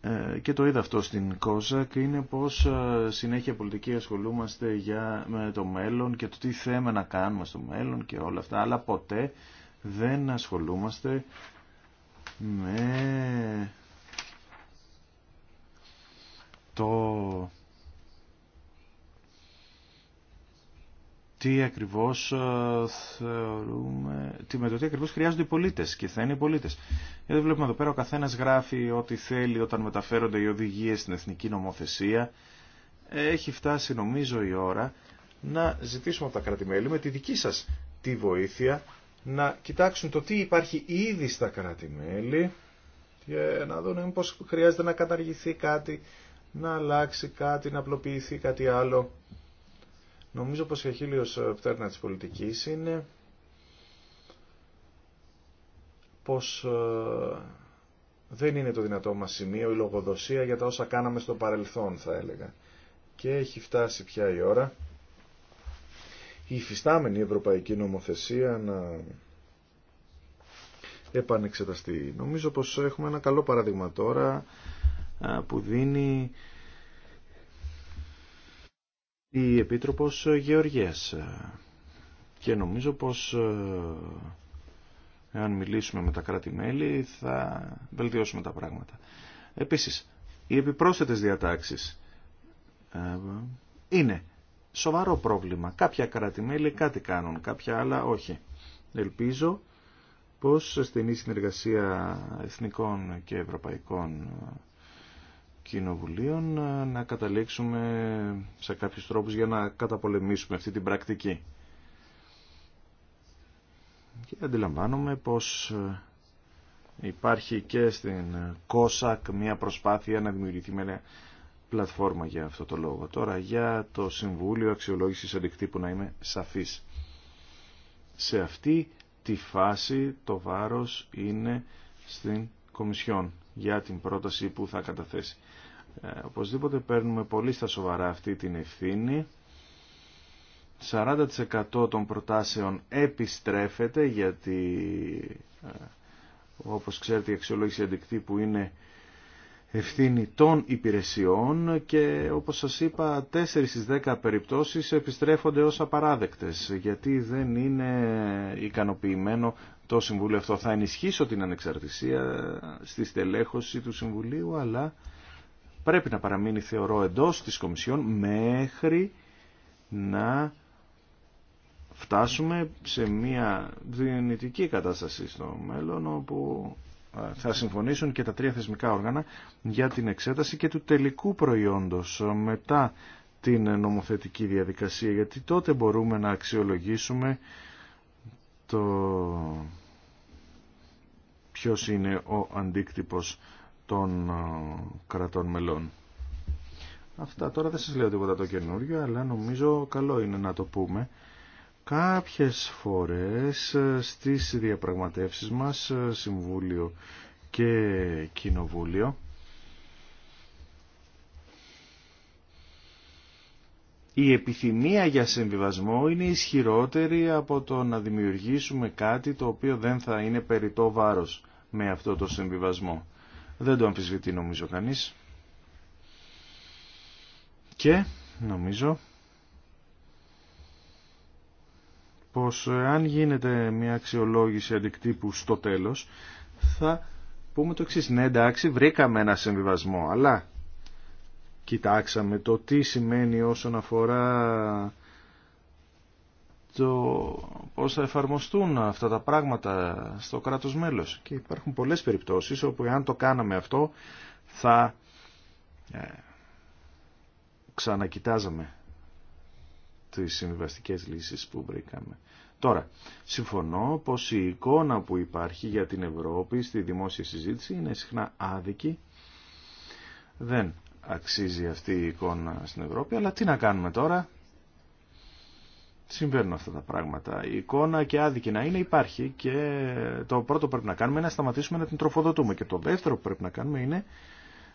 ε, και το είδα αυτό στην ΚΟΖΑΚ είναι πως ε, συνέχεια πολιτική ασχολούμαστε για, με το μέλλον και το τι θέμα να κάνουμε στο μέλλον και όλα αυτά αλλά ποτέ δεν ασχολούμαστε με το τι ακριβώς ε, θεωρούμε, τι, με το τι ακριβώς χρειάζονται οι πολίτες και θα είναι οι πολίτες. Γιατί βλέπουμε εδώ πέρα ο καθένας γράφει ό,τι θέλει όταν μεταφέρονται οι οδηγίες στην εθνική νομοθεσία. Έχει φτάσει νομίζω η ώρα να ζητήσουμε από τα κράτη-μέλη με τη δική σας τη βοήθεια να κοιτάξουν το τι υπάρχει ήδη στα κράτη-μέλη και να δουν πώς χρειάζεται να καταργηθεί κάτι, να αλλάξει κάτι, να απλοποιηθεί κάτι άλλο. Νομίζω πως η αχίλιος πτέρνα της πολιτικής είναι πως ε, δεν είναι το δυνατό μας σημείο η λογοδοσία για τα όσα κάναμε στο παρελθόν θα έλεγα. Και έχει φτάσει πια η ώρα η υφιστάμενη ευρωπαϊκή νομοθεσία να επανεξεταστεί. Νομίζω πως έχουμε ένα καλό παράδειγμα τώρα που δίνει η Επίτροπος Γεωργίας. Και νομίζω πως εάν μιλήσουμε με τα κράτη-μέλη θα βελτιώσουμε τα πράγματα. Επίσης, οι επιπρόσθετες διατάξεις είναι σοβαρό πρόβλημα. Κάποια κρατημέλη κάτι κάνουν, κάποια άλλα όχι. Ελπίζω πως στενή συνεργασία εθνικών και ευρωπαϊκών ε, κοινοβουλίων ε, να καταλήξουμε σε κάποιους τρόπους για να καταπολεμήσουμε αυτή την πρακτική. Και αντιλαμβάνομαι πως ε, υπάρχει και στην ΚΟΣΑΚ μια προσπάθεια να δημιουργηθεί με πλατφόρμα για αυτό το λόγο. Τώρα για το Συμβούλιο Αξιολόγησης Αντικτύπου να είμαι σαφής. Σε αυτή τη φάση το βάρος είναι στην Κομισιόν για την πρόταση που θα καταθέσει. Ε, οπωσδήποτε παίρνουμε πολύ στα σοβαρά αυτή την ευθύνη. 40% των προτάσεων επιστρέφεται γιατί ε, όπως ξέρετε η αξιολόγηση αντικτύπου είναι ευθύνη των υπηρεσιών και όπως σας είπα 4 στις 10 περιπτώσεις επιστρέφονται ως απαράδεκτες γιατί δεν είναι ικανοποιημένο το Συμβούλιο αυτό. Θα ενισχύσω την ανεξαρτησία στη στελέχωση του Συμβουλίου αλλά πρέπει να παραμείνει θεωρώ εντός της Κομισιόν μέχρι να φτάσουμε σε μια δυνητική κατάσταση στο μέλλον όπου θα συμφωνήσουν και τα τρία θεσμικά όργανα για την εξέταση και του τελικού προϊόντος μετά την νομοθετική διαδικασία γιατί τότε μπορούμε να αξιολογήσουμε το ποιος είναι ο αντίκτυπος των ε, κρατών μελών. Αυτά τώρα δεν σας λέω τίποτα το καινούριο αλλά νομίζω καλό είναι να το πούμε Κάποιες φορές ε, στις διαπραγματεύσεις μας, ε, Συμβούλιο και Κοινοβούλιο, η επιθυμία για συμβιβασμό είναι ισχυρότερη από το να δημιουργήσουμε κάτι το οποίο δεν θα είναι περιττό βάρος με αυτό το συμβιβασμό. Δεν το αμφισβητεί νομίζω κανείς. Και νομίζω πως ε, αν γίνεται μια αξιολόγηση αντικτύπου στο τέλος θα πούμε το εξής ναι εντάξει βρήκαμε ένα συμβιβασμό αλλά κοιτάξαμε το τι σημαίνει όσον αφορά το πώς θα εφαρμοστούν αυτά τα πράγματα στο κράτος μέλος και υπάρχουν πολλές περιπτώσεις όπου αν το κάναμε αυτό θα ε, ξανακοιτάζαμε τις συμβιβαστικές λύσεις που βρήκαμε. Τώρα, συμφωνώ πως η εικόνα που υπάρχει για την Ευρώπη στη δημόσια συζήτηση είναι συχνά άδικη. Δεν αξίζει αυτή η εικόνα στην Ευρώπη, αλλά τι να κάνουμε τώρα. Συμβαίνουν αυτά τα πράγματα. Η εικόνα και άδικη να είναι υπάρχει και το πρώτο που πρέπει να κάνουμε είναι να σταματήσουμε να την τροφοδοτούμε και το δεύτερο που πρέπει να κάνουμε είναι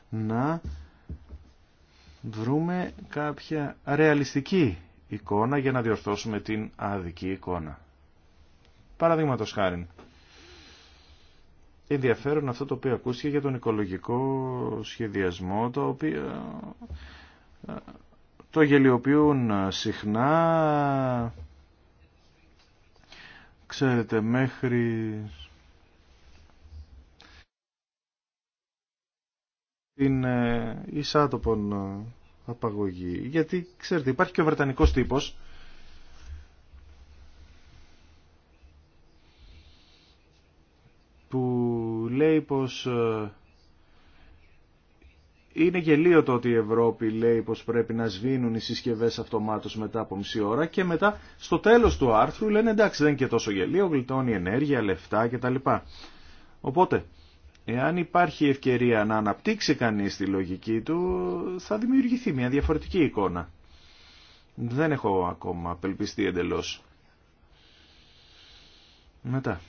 να βρούμε κάποια ρεαλιστική εικόνα για να διορθώσουμε την αδική εικόνα. Παραδείγματο χάρη. Ενδιαφέρον αυτό το οποίο ακούστηκε για τον οικολογικό σχεδιασμό, το οποίο ε, το γελιοποιούν ε, συχνά, ξέρετε, μέχρι την ίσα ε, απαγωγή. Γιατί, ξέρετε, υπάρχει και ο Βρετανικός τύπος που λέει πως ε, είναι γελίο το ότι η Ευρώπη λέει πως πρέπει να σβήνουν οι συσκευές αυτομάτως μετά από μισή ώρα και μετά στο τέλος του άρθρου λένε εντάξει δεν είναι και τόσο γελίο, γλιτώνει ενέργεια, λεφτά κτλ. Οπότε, Εάν υπάρχει ευκαιρία να αναπτύξει κανείς τη λογική του, θα δημιουργηθεί μια διαφορετική εικόνα. Δεν έχω ακόμα απελπιστεί εντελώς. Μετά.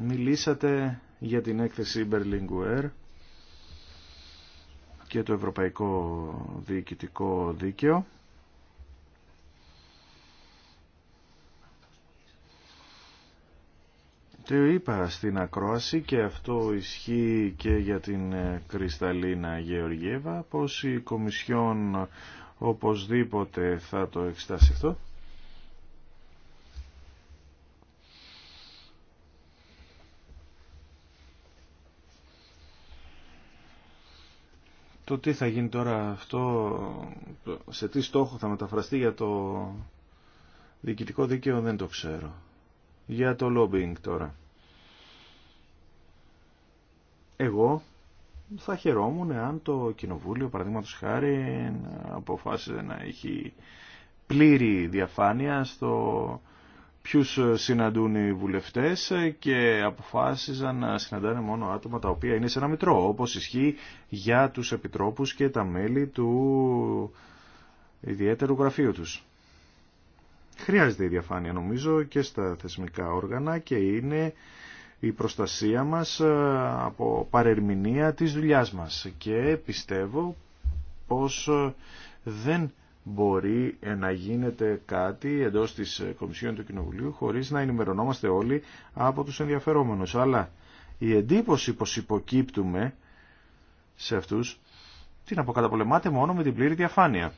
Μιλήσατε για την έκθεση Berlinguer και το Ευρωπαϊκό Διοικητικό Δίκαιο. Το είπα στην ακρόαση και αυτό ισχύει και για την ε, Κρυσταλίνα Γεωργιέβα πως η Κομισιόν οπωσδήποτε θα το εξετάσει αυτό. Το τι θα γίνει τώρα αυτό, σε τι στόχο θα μεταφραστεί για το διοικητικό δίκαιο δεν το ξέρω. Για το lobbying τώρα. Εγώ θα χαιρόμουν αν το Κοινοβούλιο, παραδείγματο χάρη, αποφάσισε να έχει πλήρη διαφάνεια στο ποιους συναντούν οι βουλευτές και αποφάσιζαν να συναντάνε μόνο άτομα τα οποία είναι σε ένα μητρό, όπως ισχύει για τους επιτρόπους και τα μέλη του ιδιαίτερου γραφείου τους χρειάζεται η διαφάνεια νομίζω και στα θεσμικά όργανα και είναι η προστασία μας ε, από παρερμηνία της δουλειάς μας και πιστεύω πως ε, δεν μπορεί ε, να γίνεται κάτι εντός της Κομισιόν του Κοινοβουλίου χωρίς να ενημερωνόμαστε όλοι από τους ενδιαφερόμενους. Αλλά η εντύπωση πως υποκύπτουμε σε αυτούς την αποκαταπολεμάται μόνο με την πλήρη διαφάνεια.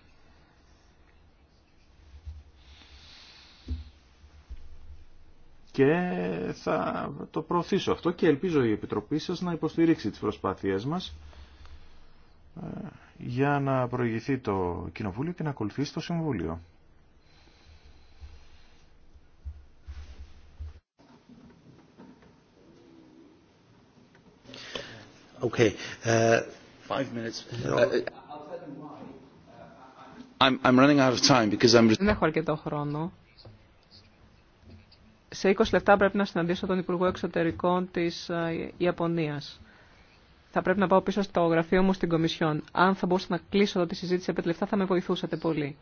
και θα το προωθήσω αυτό και ελπίζω η Επιτροπή σας να υποστηρίξει τις προσπάθειές μας ε, για να προηγηθεί το Κοινοβούλιο και να ακολουθήσει το Συμβούλιο. Okay. Uh, five minutes. Uh, I'm, running out of time because I'm... Δεν έχω αρκετό χρόνο σε 20 λεπτά πρέπει να συναντήσω τον Υπουργό Εξωτερικών της ε, Ιαπωνίας. Θα πρέπει να πάω πίσω στο γραφείο μου στην Κομισιόν. Αν θα μπορούσα να κλείσω εδώ τη συζήτηση σε 5 λεπτά θα με βοηθούσατε πολύ.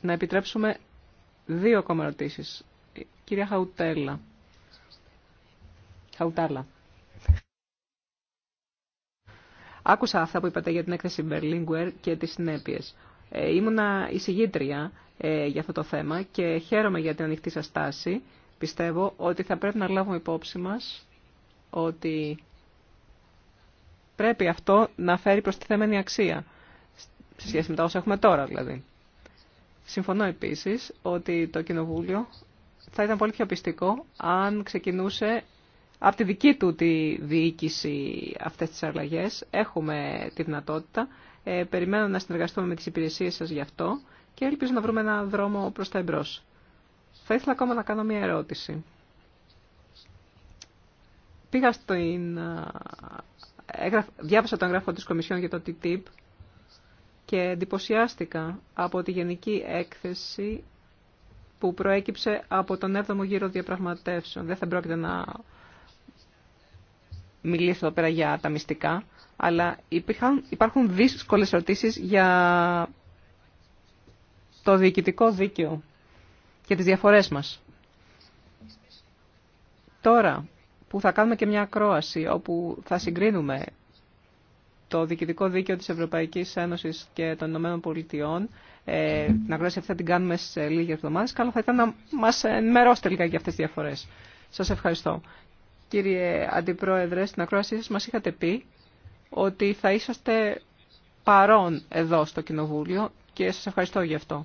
Να επιτρέψουμε δύο ακόμα ερωτήσει. Κυρία Χαουτέλα. Χαουτάλα. Άκουσα αυτά που είπατε για την έκθεση Berlinguer και τις συνέπειες. Ε, ήμουνα εισηγήτρια ε, για αυτό το θέμα και χαίρομαι για την ανοιχτή σας τάση. Πιστεύω ότι θα πρέπει να λάβουμε υπόψη μας ότι πρέπει αυτό να φέρει προστιθέμενη αξία σε σχέση με τα όσα έχουμε τώρα δηλαδή. Συμφωνώ επίσης ότι το Κοινοβούλιο θα ήταν πολύ πιο πιστικό αν ξεκινούσε από τη δική του τη διοίκηση αυτές τις αλλαγές. Έχουμε τη δυνατότητα. Ε, περιμένω να συνεργαστούμε με τις υπηρεσίες σας γι' αυτό και ελπίζω να βρούμε έναν δρόμο προς τα εμπρός. Θα ήθελα ακόμα να κάνω μια ερώτηση. Πήγα Διάβασα το εγγράφο της Κομισιόν για το TTIP και εντυπωσιάστηκα από τη γενική έκθεση που προέκυψε από τον 7ο γύρο διαπραγματεύσεων. Δεν θα πρόκειται να μιλήσω εδώ πέρα για τα μυστικά, αλλά υπάρχουν δύσκολες ερωτήσεις για το διοικητικό δίκαιο και τις διαφορές μας. Τώρα που θα κάνουμε και μια ακρόαση όπου θα συγκρίνουμε το διοικητικό δίκαιο της Ευρωπαϊκής Ένωσης και των Ηνωμένων Πολιτειών, ε, την ακρόαση αυτή θα την κάνουμε σε λίγες εβδομάδες, καλό θα ήταν να μας ενημερώσετε λίγα για αυτές τις διαφορές. Σας ευχαριστώ. Κύριε Αντιπρόεδρε, στην ακρόασή σας μας είχατε πει ότι θα είσαστε παρόν εδώ στο Κοινοβούλιο και σας ευχαριστώ γι' αυτό.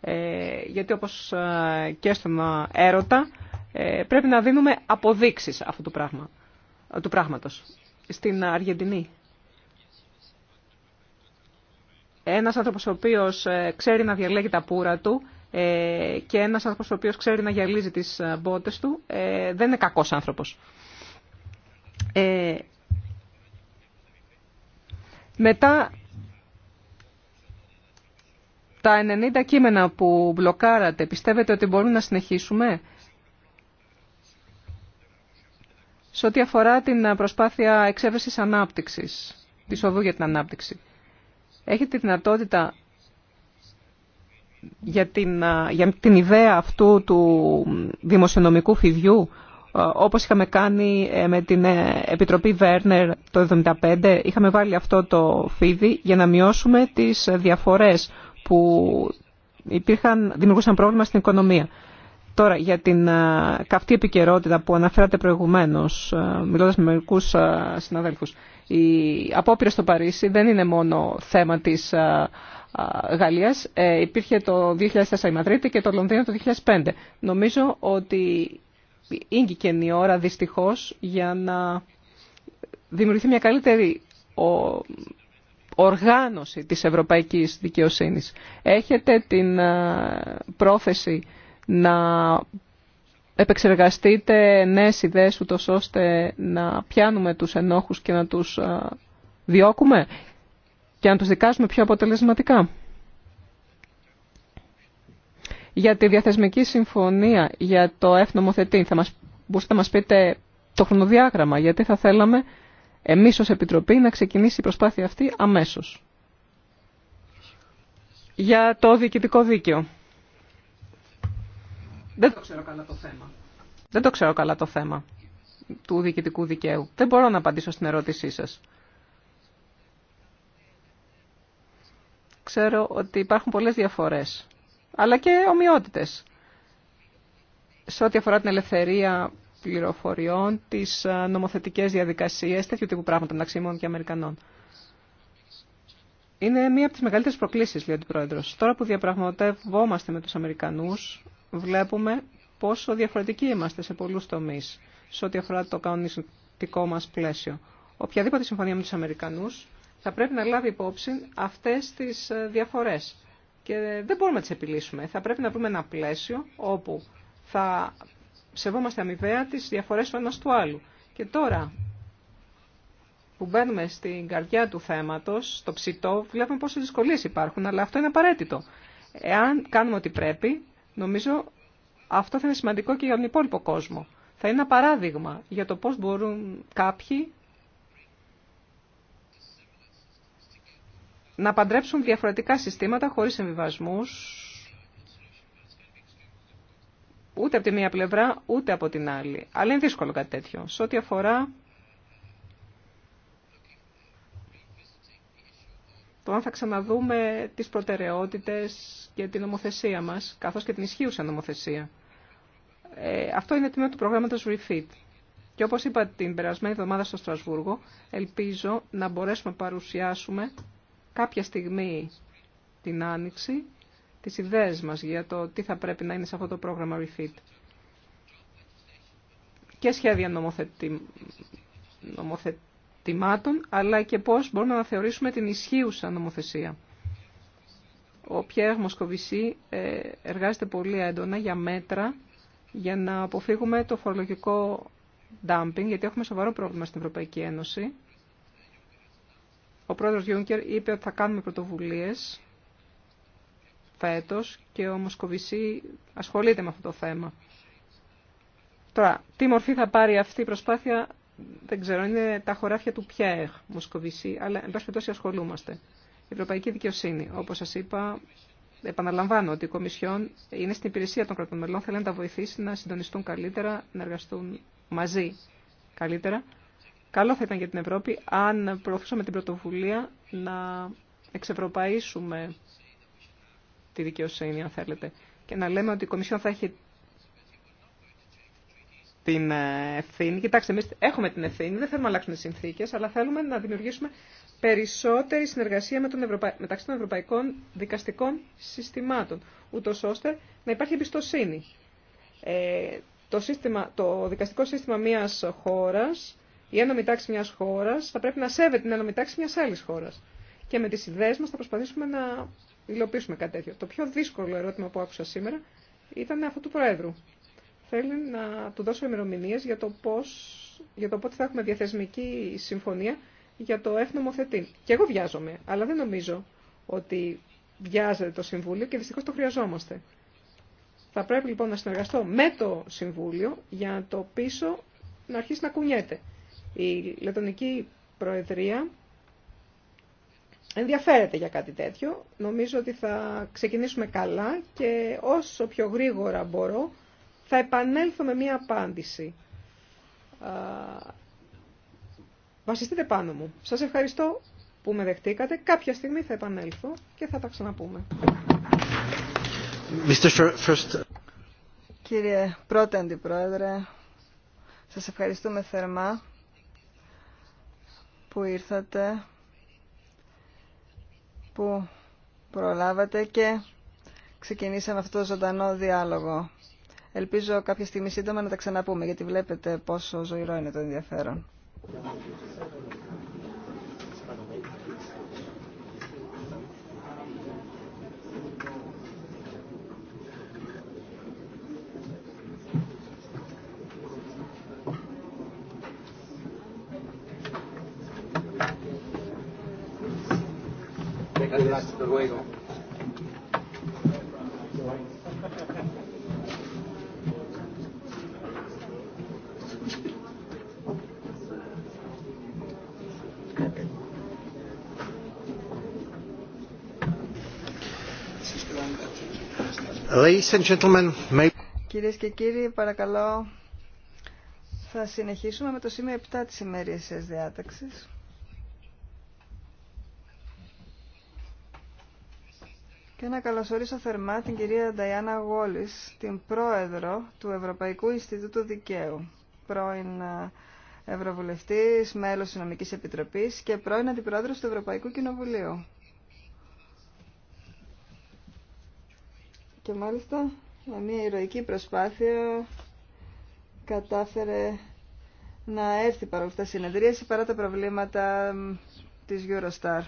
Ε, γιατί όπως ε, και στον έρωτα ε, πρέπει να δίνουμε αποδείξεις αυτού του, πράγμα, του πράγματος. Στην Αργεντινή. Ένας άνθρωπος ο οποίος ξέρει να διαλέγει τα πουρα του και ένας άνθρωπος ο οποίος ξέρει να γυαλίζει τις μπότες του δεν είναι κακός άνθρωπος. μετά τα 90 κείμενα που μπλοκάρατε, πιστεύετε ότι μπορούμε να συνεχίσουμε. Σε ό,τι αφορά την προσπάθεια εξέβρεσης ανάπτυξης, τη οδού για την ανάπτυξη. Έχετε τη δυνατότητα για την, για την ιδέα αυτού του δημοσιονομικού φιδιού, ε, όπως είχαμε κάνει ε, με την ε, Επιτροπή Βέρνερ το 1975, είχαμε βάλει αυτό το φίδι για να μειώσουμε τις διαφορές που υπήρχαν, δημιουργούσαν πρόβλημα στην οικονομία. Τώρα, για την ε, καυτή επικαιρότητα που αναφέρατε προηγουμένω, ε, μιλώντα με μερικού ε, συναδέλφου, η απόπειρα στο Παρίσι δεν είναι μόνο θέμα τη Γαλλία. Υπήρχε το 2004 η Μαδρίτη και το Λονδίνο το 2005. Νομίζω ότι ήγηκε η ώρα δυστυχώ για να δημιουργηθεί μια καλύτερη οργάνωση της ευρωπαϊκής δικαιοσύνης. Έχετε την ε, πρόθεση να επεξεργαστείτε νέες ιδέες ούτως ώστε να πιάνουμε τους ενόχους και να τους ε, διώκουμε και να τους δικάσουμε πιο αποτελεσματικά. Για τη διαθεσμική συμφωνία, για το εφνομοθετή, θα μας, μπορούσατε να μας πείτε το χρονοδιάγραμμα, γιατί θα θέλαμε εμείς ως Επιτροπή να ξεκινήσει η προσπάθεια αυτή αμέσως. Για το διοικητικό δίκαιο. Δεν το ξέρω καλά το θέμα. Δεν το ξέρω καλά το θέμα του διοικητικού δικαίου. Δεν μπορώ να απαντήσω στην ερώτησή σας. Ξέρω ότι υπάρχουν πολλές διαφορές, αλλά και ομοιότητες. Σε ό,τι αφορά την ελευθερία πληροφοριών, τις ε, νομοθετικές διαδικασίε, τέτοιου τύπου πράγματα μεταξύ και Αμερικανών. Είναι μία από τι μεγαλύτερε προκλήσει, λέει ο Πρόεδρος. Τώρα που διαπραγματευόμαστε με του Αμερικανού, βλέπουμε πόσο διαφορετικοί είμαστε σε πολλού τομεί σε ό,τι αφορά το κανονιστικό μα πλαίσιο. Οποιαδήποτε συμφωνία με του Αμερικανού θα πρέπει να λάβει υπόψη αυτέ τι ε, διαφορέ. Και δεν μπορούμε να τι επιλύσουμε. Θα πρέπει να βρούμε ένα πλαίσιο όπου θα σεβόμαστε αμοιβαία τις διαφορές του ένας του άλλου. Και τώρα που μπαίνουμε στην καρδιά του θέματος, στο ψητό, βλέπουμε πόσες δυσκολίες υπάρχουν, αλλά αυτό είναι απαραίτητο. Εάν κάνουμε ό,τι πρέπει, νομίζω αυτό θα είναι σημαντικό και για τον υπόλοιπο κόσμο. Θα είναι ένα παράδειγμα για το πώς μπορούν κάποιοι να παντρέψουν διαφορετικά συστήματα χωρίς εμβιβασμούς, Ούτε από τη μία πλευρά, ούτε από την άλλη. Αλλά είναι δύσκολο κάτι τέτοιο. Σε ό,τι αφορά το αν θα ξαναδούμε τις προτεραιότητες και την νομοθεσία μας, καθώς και την ισχύουσα νομοθεσία. Ε, αυτό είναι το τμήμα του προγράμματος REFIT. Και όπως είπα την περασμένη εβδομάδα στο Στρασβούργο, ελπίζω να μπορέσουμε να παρουσιάσουμε κάποια στιγμή την Άνοιξη τις ιδέες μας για το τι θα πρέπει να είναι σε αυτό το πρόγραμμα REFIT. Και σχέδια νομοθετη... νομοθετημάτων, αλλά και πώς μπορούμε να θεωρήσουμε την ισχύουσα νομοθεσία. Ο Πιέρ Μοσκοβισή ε, εργάζεται πολύ έντονα για μέτρα για να αποφύγουμε το φορολογικό dumping, γιατί έχουμε σοβαρό πρόβλημα στην Ευρωπαϊκή Ένωση. Ο πρόεδρος Γιούνκερ είπε ότι θα κάνουμε πρωτοβουλίες φέτος και ο Μοσκοβισή ασχολείται με αυτό το θέμα. Τώρα, τι μορφή θα πάρει αυτή η προσπάθεια, δεν ξέρω, είναι τα χωράφια του Πιέρ Μοσκοβισή, αλλά εν πάση περιπτώσει ασχολούμαστε. Η Ευρωπαϊκή Δικαιοσύνη, όπως σας είπα, επαναλαμβάνω ότι η Κομισιόν είναι στην υπηρεσία των κρατών μελών, θέλει να τα βοηθήσει να συντονιστούν καλύτερα, να εργαστούν μαζί καλύτερα. Καλό θα ήταν για την Ευρώπη αν προωθούσαμε την πρωτοβουλία να εξευρωπαίσουμε τη δικαιοσύνη, αν θέλετε. Και να λέμε ότι η Κομισιόν θα έχει την ε, ευθύνη. Κοιτάξτε, εμεί έχουμε την ευθύνη, δεν θέλουμε να αλλάξουμε τι συνθήκε, αλλά θέλουμε να δημιουργήσουμε περισσότερη συνεργασία με τον Ευρωπα... μεταξύ των ευρωπαϊκών δικαστικών συστημάτων, ούτω ώστε να υπάρχει εμπιστοσύνη. Ε, το, σύστημα, το δικαστικό σύστημα μια χώρα, η ένωμη τάξη μια χώρα, θα πρέπει να σέβεται την ένωμη τάξη μια άλλη χώρα. Και με τι ιδέε μα θα προσπαθήσουμε να υλοποιήσουμε κάτι τέτοιο. Το πιο δύσκολο ερώτημα που άκουσα σήμερα ήταν αυτό του Προέδρου. Θέλει να του δώσω ημερομηνίε για το για το πότε θα έχουμε διαθεσμική συμφωνία για το εθνομοθετή. Και εγώ βιάζομαι, αλλά δεν νομίζω ότι βιάζεται το Συμβούλιο και δυστυχώ το χρειαζόμαστε. Θα πρέπει λοιπόν να συνεργαστώ με το Συμβούλιο για να το πίσω να αρχίσει να κουνιέται. Η Λετωνική Προεδρία ενδιαφέρεται για κάτι τέτοιο. Νομίζω ότι θα ξεκινήσουμε καλά και όσο πιο γρήγορα μπορώ θα επανέλθω με μία απάντηση. Βασιστείτε πάνω μου. Σας ευχαριστώ που με δεχτήκατε. Κάποια στιγμή θα επανέλθω και θα τα ξαναπούμε. Κύριε πρώτε Αντιπρόεδρε, σας ευχαριστούμε θερμά που ήρθατε που προλάβατε και ξεκινήσαμε αυτό το ζωντανό διάλογο. Ελπίζω κάποια στιγμή σύντομα να τα ξαναπούμε, γιατί βλέπετε πόσο ζωηρό είναι το ενδιαφέρον. Ladies and gentlemen, may... Κυρίες και κύριοι, παρακαλώ, θα συνεχίσουμε με το σημείο 7 της της διάταξης. και να καλωσορίσω θερμά την κυρία Νταϊάννα Γόλης, την πρόεδρο του Ευρωπαϊκού Ινστιτούτου Δικαίου, πρώην ε, Ευρωβουλευτής, μέλος της Επιτροπής και πρώην Αντιπρόεδρος του Ευρωπαϊκού Κοινοβουλίου. Και μάλιστα με μια ηρωική προσπάθεια κατάφερε να έρθει παρόλα αυτά συνεδρίαση παρά τα προβλήματα της Eurostar.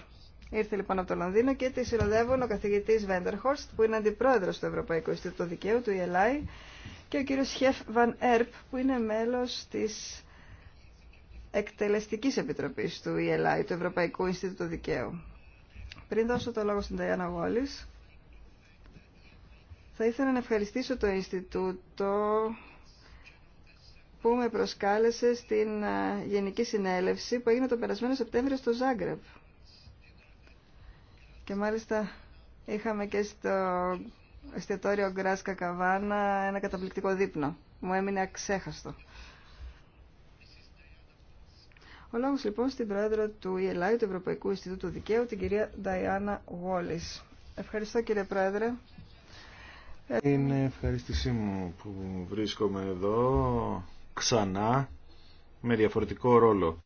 Ήρθε λοιπόν από το Λονδίνο και τη συνοδεύουν ο καθηγητή Βέντερχορστ, που είναι αντιπρόεδρο του Ευρωπαϊκού Ινστιτούτου Δικαίου, του ELI και ο κύριο Χεφ Βαν Ερπ, που είναι μέλο τη εκτελεστική επιτροπή του ELI, του Ευρωπαϊκού Ινστιτούτου Δικαίου. Πριν δώσω το λόγο στην Ταϊάννα Γόλη, θα ήθελα να ευχαριστήσω το Ινστιτούτο που με προσκάλεσε στην ε, Γενική Συνέλευση που έγινε το περασμένο Σεπτέμβριο στο Ζάγκρεπ. Και μάλιστα είχαμε και στο εστιατόριο Γκράς Καβάνα ένα καταπληκτικό δείπνο. Μου έμεινε αξέχαστο. Ο λόγος λοιπόν στην πρόεδρο του ΙΕΛΑΙ, του Ευρωπαϊκού Ινστιτούτου Δικαίου, την κυρία Νταϊάννα Γόλης. Ευχαριστώ κύριε πρόεδρε. Είναι ευχαριστησή μου που βρίσκομαι εδώ ξανά με διαφορετικό ρόλο.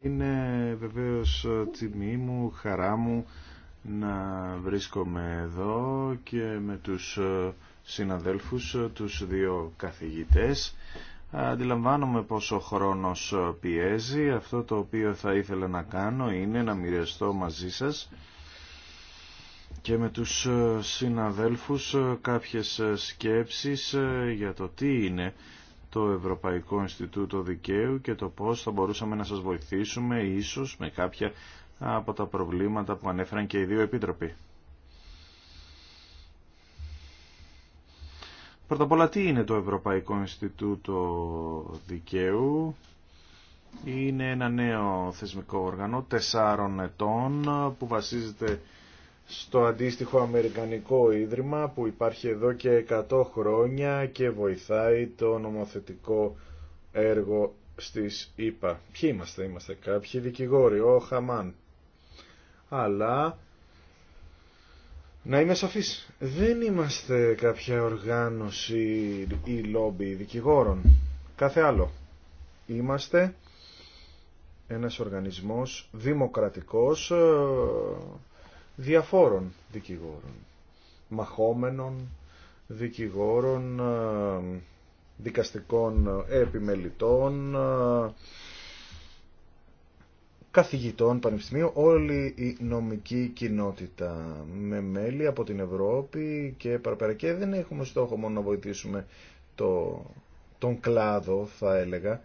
Είναι βεβαίως τιμή μου, χαρά μου να βρίσκομαι εδώ και με τους συναδέλφους, τους δύο καθηγητές. Αντιλαμβάνομαι πόσο χρόνος πιέζει. Αυτό το οποίο θα ήθελα να κάνω είναι να μοιραστώ μαζί σας και με τους συναδέλφους κάποιες σκέψεις για το τι είναι το Ευρωπαϊκό Ινστιτούτο Δικαίου και το πώς θα μπορούσαμε να σας βοηθήσουμε ίσως με κάποια από τα προβλήματα που ανέφεραν και οι δύο επίτροποι. Πρώτα απ' όλα, τι είναι το Ευρωπαϊκό Ινστιτούτο Δικαίου. Είναι ένα νέο θεσμικό όργανο τεσσάρων ετών που βασίζεται στο αντίστοιχο Αμερικανικό Ίδρυμα που υπάρχει εδώ και 100 χρόνια και βοηθάει το νομοθετικό έργο στις ΗΠΑ. Ποιοι είμαστε, είμαστε κάποιοι δικηγόροι, ο Χαμάν. Αλλά, να είμαι σαφής, δεν είμαστε κάποια οργάνωση ή λόμπι δικηγόρων, κάθε άλλο. Είμαστε ένας οργανισμός δημοκρατικός ε, διαφόρων δικηγόρων, μαχόμενων δικηγόρων, ε, δικαστικών επιμελητών, ε, καθηγητών πανεπιστημίου, όλη η νομική κοινότητα με μέλη από την Ευρώπη και παραπέρα. Και δεν έχουμε στόχο μόνο να βοηθήσουμε το, τον κλάδο, θα έλεγα,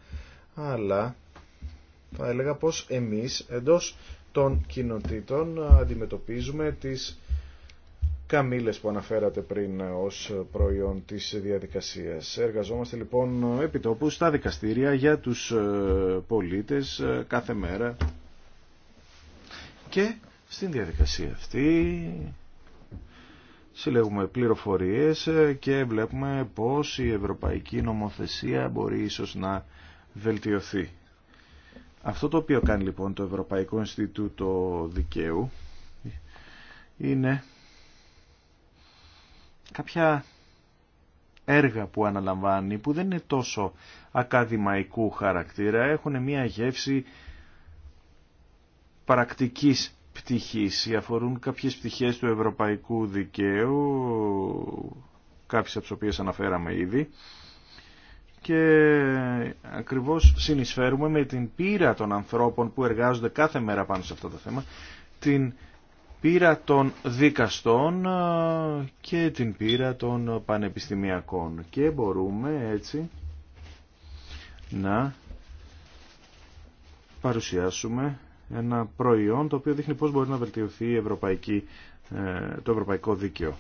αλλά θα έλεγα πως εμείς εντός των κοινοτήτων αντιμετωπίζουμε τις καμήλες που αναφέρατε πριν ως προϊόν της διαδικασίας. Εργαζόμαστε λοιπόν επιτόπου στα δικαστήρια για τους ε, πολίτες ε, κάθε μέρα και στην διαδικασία αυτή συλλέγουμε πληροφορίες ε, και βλέπουμε πώς η ευρωπαϊκή νομοθεσία μπορεί ίσως να βελτιωθεί. Αυτό το οποίο κάνει λοιπόν το Ευρωπαϊκό Ινστιτούτο Δικαίου είναι κάποια έργα που αναλαμβάνει που δεν είναι τόσο ακαδημαϊκού χαρακτήρα, έχουν μια γεύση πρακτικής πτυχής, αφορούν κάποιες πτυχές του ευρωπαϊκού δικαίου, κάποιες από τις οποίες αναφέραμε ήδη, και ακριβώς συνεισφέρουμε με την πείρα των ανθρώπων που εργάζονται κάθε μέρα πάνω σε αυτό το θέμα, την πείρα των δικαστών και την πείρα των πανεπιστημιακών και μπορούμε έτσι να παρουσιάσουμε ένα προϊόν το οποίο δείχνει πώς μπορεί να βελτιωθεί ε, το ευρωπαϊκό δίκαιο.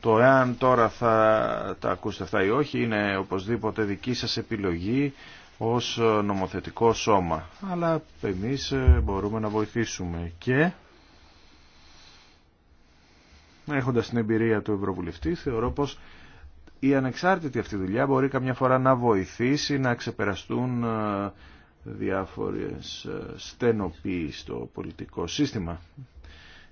Το εάν τώρα θα τα ακούσετε αυτά ή όχι είναι οπωσδήποτε δική σας επιλογή ως νομοθετικό σώμα. Αλλά εμείς ε, μπορούμε να βοηθήσουμε και έχοντας την εμπειρία του Ευρωβουλευτή θεωρώ πως η ανεξάρτητη αυτή δουλειά μπορεί καμιά φορά να βοηθήσει να ξεπεραστούν ε, διάφορες ε, στενοποίησεις στο πολιτικό σύστημα.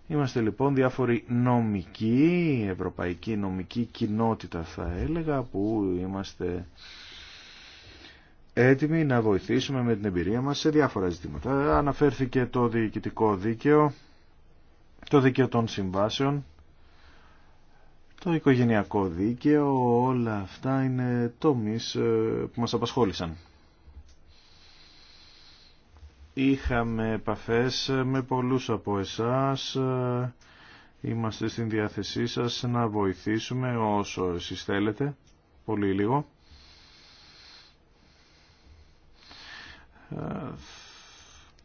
Είμαστε λοιπόν διάφοροι νομικοί, ευρωπαϊκή νομική κοινότητα θα έλεγα, που είμαστε έτοιμοι να βοηθήσουμε με την εμπειρία μας σε διάφορα ζητήματα. Αναφέρθηκε το διοικητικό δίκαιο, το δίκαιο των συμβάσεων, το οικογενειακό δίκαιο, όλα αυτά είναι τομείς ε, που μας απασχόλησαν. Είχαμε επαφές με πολλούς από εσάς. Είμαστε στην διάθεσή σας να βοηθήσουμε όσο εσείς θέλετε. Πολύ λίγο.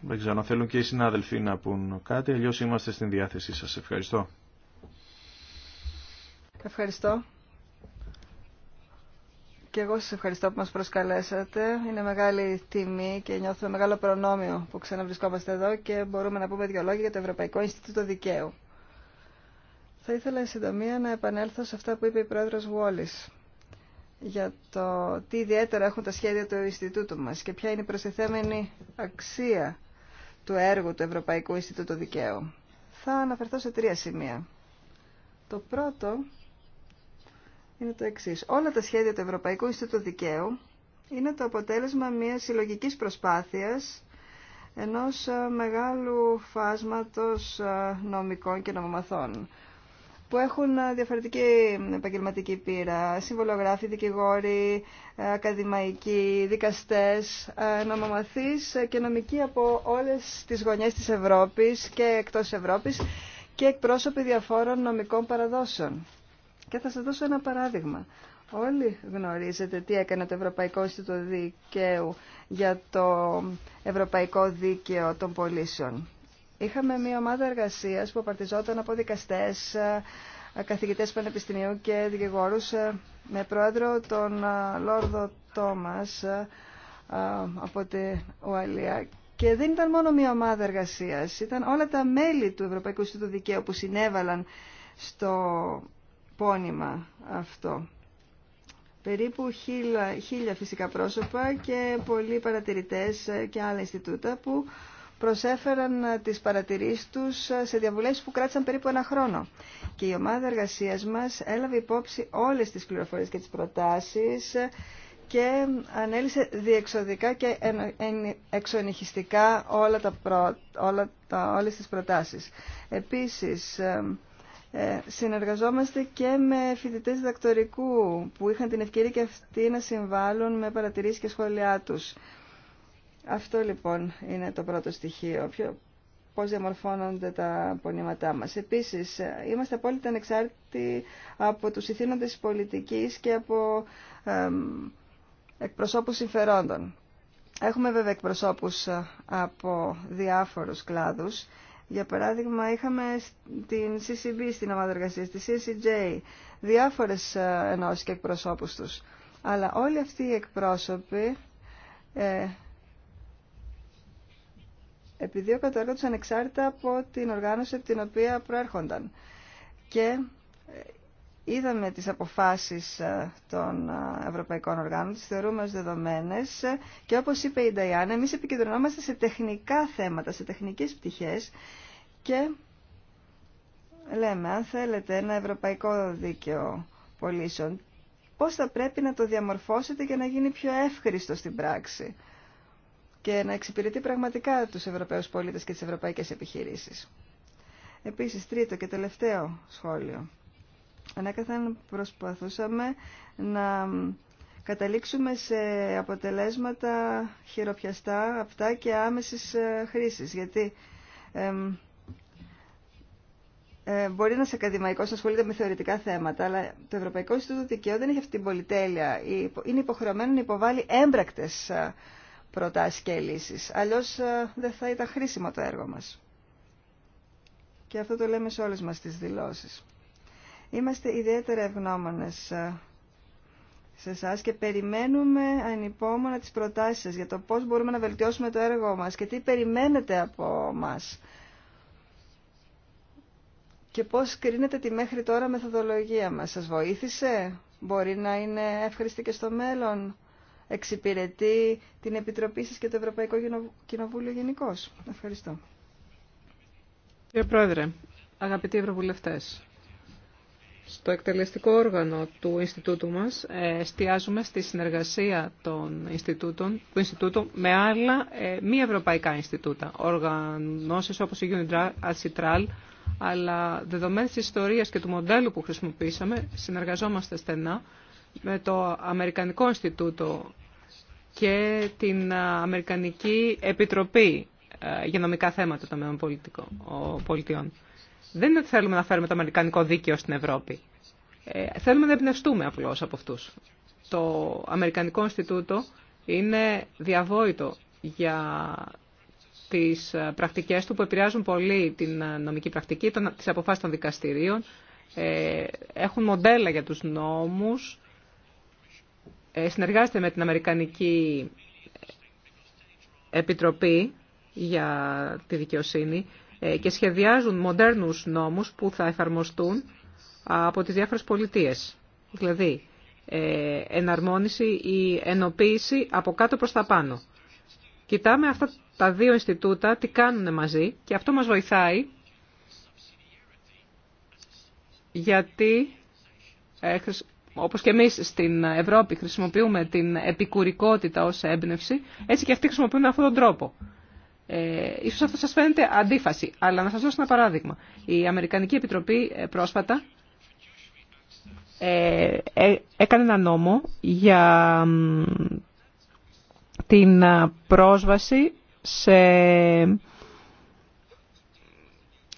Δεν ξέρω αν θέλουν και οι συνάδελφοί να πούν κάτι, αλλιώς είμαστε στην διάθεσή σας. Ευχαριστώ. Ευχαριστώ. Και εγώ σας ευχαριστώ που μας προσκαλέσατε. Είναι μεγάλη τιμή και νιώθω μεγάλο προνόμιο που ξαναβρισκόμαστε εδώ και μπορούμε να πούμε δύο λόγια για το Ευρωπαϊκό Ινστιτούτο Δικαίου. Θα ήθελα, συντομία, να επανέλθω σε αυτά που είπε η πρόεδρος Wallis για το τι ιδιαίτερα έχουν τα σχέδια του Ινστιτούτου μας και ποια είναι η προσεθέμενη αξία του έργου του Ευρωπαϊκού Ινστιτούτου Δικαίου. Θα αναφερθώ σε τρία σημεία. Το πρώτο είναι το εξή. Όλα τα σχέδια του Ευρωπαϊκού Ινστιτούτου Δικαίου είναι το αποτέλεσμα μια συλλογική προσπάθειας ενός ε, μεγάλου φάσματος ε, νομικών και νομομαθών που έχουν ε, διαφορετική επαγγελματική πείρα, συμβολογράφοι, δικηγόροι, ακαδημαϊκοί, δικαστές, νομομαθείς και νομικοί από όλες τις γωνιές της Ευρώπης και εκτός Ευρώπης και εκπρόσωποι διαφόρων νομικών παραδόσεων. Και θα σας δώσω ένα παράδειγμα. Όλοι γνωρίζετε τι έκανε το Ευρωπαϊκό Ινστιτούτο Δικαίου για το Ευρωπαϊκό Δίκαιο των Πολίσεων. Είχαμε μια ομάδα εργασίας που απαρτιζόταν από δικαστές, ε, καθηγητές πανεπιστημίου και δικηγόρους ε, με πρόεδρο τον ε, Λόρδο Τόμας από την Ουαλία. Και δεν ήταν μόνο μια ομάδα εργασίας, ήταν όλα τα μέλη του Ευρωπαϊκού Ινστιτούτου Δικαίου που συνέβαλαν στο επώνυμα αυτό. Περίπου χίλια, χίλια φυσικά πρόσωπα και πολλοί παρατηρητές και άλλα Ινστιτούτα που προσέφεραν τις παρατηρήσεις τους σε διαβουλεύσεις που κράτησαν περίπου ένα χρόνο. Και η ομάδα εργασίας μας έλαβε υπόψη όλες τις πληροφορίες και τις προτάσεις και ανέλησε διεξοδικά και εξονυχιστικά όλα τα προ... όλα τα... όλες τις προτάσεις. Επίσης, ε, συνεργαζόμαστε και με φοιτητές διδακτορικού που είχαν την ευκαιρία και αυτοί να συμβάλλουν με παρατηρήσεις και σχόλιά τους. Αυτό λοιπόν είναι το πρώτο στοιχείο. Ποιο, πώς διαμορφώνονται τα πονήματά μας. Επίσης, ε, είμαστε απόλυτα ανεξάρτητοι από τους ηθήνοντες πολιτικής και από ε, εκπροσώπους συμφερόντων. Έχουμε βέβαια εκπροσώπους ε, από διάφορους κλάδους για παράδειγμα, είχαμε την CCB στην ομάδα εργασία, τη CCJ, διάφορε ε, ενώσει και εκπροσώπου του. Αλλά όλοι αυτοί οι εκπρόσωποι, ε, επειδή το έργο του ανεξάρτητα από την οργάνωση από την οποία προέρχονταν. Και ε, είδαμε τις αποφάσεις ε, των ε, ευρωπαϊκών οργάνων, τις θεωρούμε ως δεδομένες και όπως είπε η Νταϊάννα, εμείς επικεντρωνόμαστε σε τεχνικά θέματα, σε τεχνικές πτυχές και λέμε αν θέλετε ένα ευρωπαϊκό δίκαιο πωλήσεων, πώς θα πρέπει να το διαμορφώσετε για να γίνει πιο εύχριστο στην πράξη και να εξυπηρετεί πραγματικά τους Ευρωπαίους πολίτες και τις ευρωπαϊκές επιχειρήσεις. Επίσης, τρίτο και τελευταίο σχόλιο ανέκαθεν προσπαθούσαμε να καταλήξουμε σε αποτελέσματα χειροπιαστά, αυτά και άμεσης ε, χρήσης. Γιατί ε, μπορεί να σε ακαδημαϊκό, να ασχολείται με θεωρητικά θέματα, αλλά το Ευρωπαϊκό Ινστιτούτο Δικαίου δεν έχει αυτή την πολυτέλεια. Είναι υποχρεωμένο να υποβάλει έμπρακτε προτάσει και λύσει. Αλλιώ ε, δεν θα ήταν χρήσιμο το έργο μα. Και αυτό το λέμε σε όλε μα τι δηλώσει. Είμαστε ιδιαίτερα ευγνώμονες ε, σε εσά και περιμένουμε ανυπόμονα τις προτάσεις σας για το πώς μπορούμε να βελτιώσουμε το έργο μας και τι περιμένετε από μας και πώς κρίνετε τη μέχρι τώρα μεθοδολογία μας. Σας βοήθησε, μπορεί να είναι εύχρηστη και στο μέλλον, εξυπηρετεί την Επιτροπή σας και το Ευρωπαϊκό Κοινοβούλιο γενικώ. Ευχαριστώ. Κύριε Πρόεδρε, αγαπητοί Ευρωβουλευτές, στο εκτελεστικό όργανο του Ινστιτούτου μας ε, εστιάζουμε στη συνεργασία των Ινστιτούτων, του Ινστιτούτου με άλλα ε, μη ευρωπαϊκά Ινστιτούτα, οργανώσεις όπως η Unitral, αλλά δεδομένες της ιστορίας και του μοντέλου που χρησιμοποίησαμε, συνεργαζόμαστε στενά με το Αμερικανικό Ινστιτούτο και την ε, Αμερικανική Επιτροπή για νομικά θέματα των ΗΠΑ. Δεν είναι ότι θέλουμε να φέρουμε το αμερικανικό δίκαιο στην Ευρώπη. Ε, θέλουμε να εμπνευστούμε απλώ από αυτού. Το Αμερικανικό Ινστιτούτο είναι διαβόητο για τις ε, πρακτικές του που επηρεάζουν πολύ την ε, νομική πρακτική, τις αποφάσεις των δικαστηρίων. Έχουν μοντέλα για τους νόμους. Συνεργάζεται με την Αμερικανική Επιτροπή για τη Δικαιοσύνη. Ε, και σχεδιάζουν μοντέρνους νόμους που θα εφαρμοστούν από τις διάφορες πολιτείες. Δηλαδή, ε, εναρμόνιση ή ενοποίηση από κάτω προς τα πάνω. Κοιτάμε αυτά τα δύο Ινστιτούτα τι κάνουν μαζί και αυτό μας βοηθάει γιατί ε, όπως και εμείς στην Ευρώπη χρησιμοποιούμε την επικουρικότητα ως έμπνευση, έτσι και αυτοί χρησιμοποιούν αυτόν τον τρόπο. Ε, ίσως αυτό σας φαίνεται αντίφαση, αλλά να σας δώσω ένα παράδειγμα. Η Αμερικανική Επιτροπή ε, πρόσφατα ε, ε, έκανε ένα νόμο για την πρόσβαση σε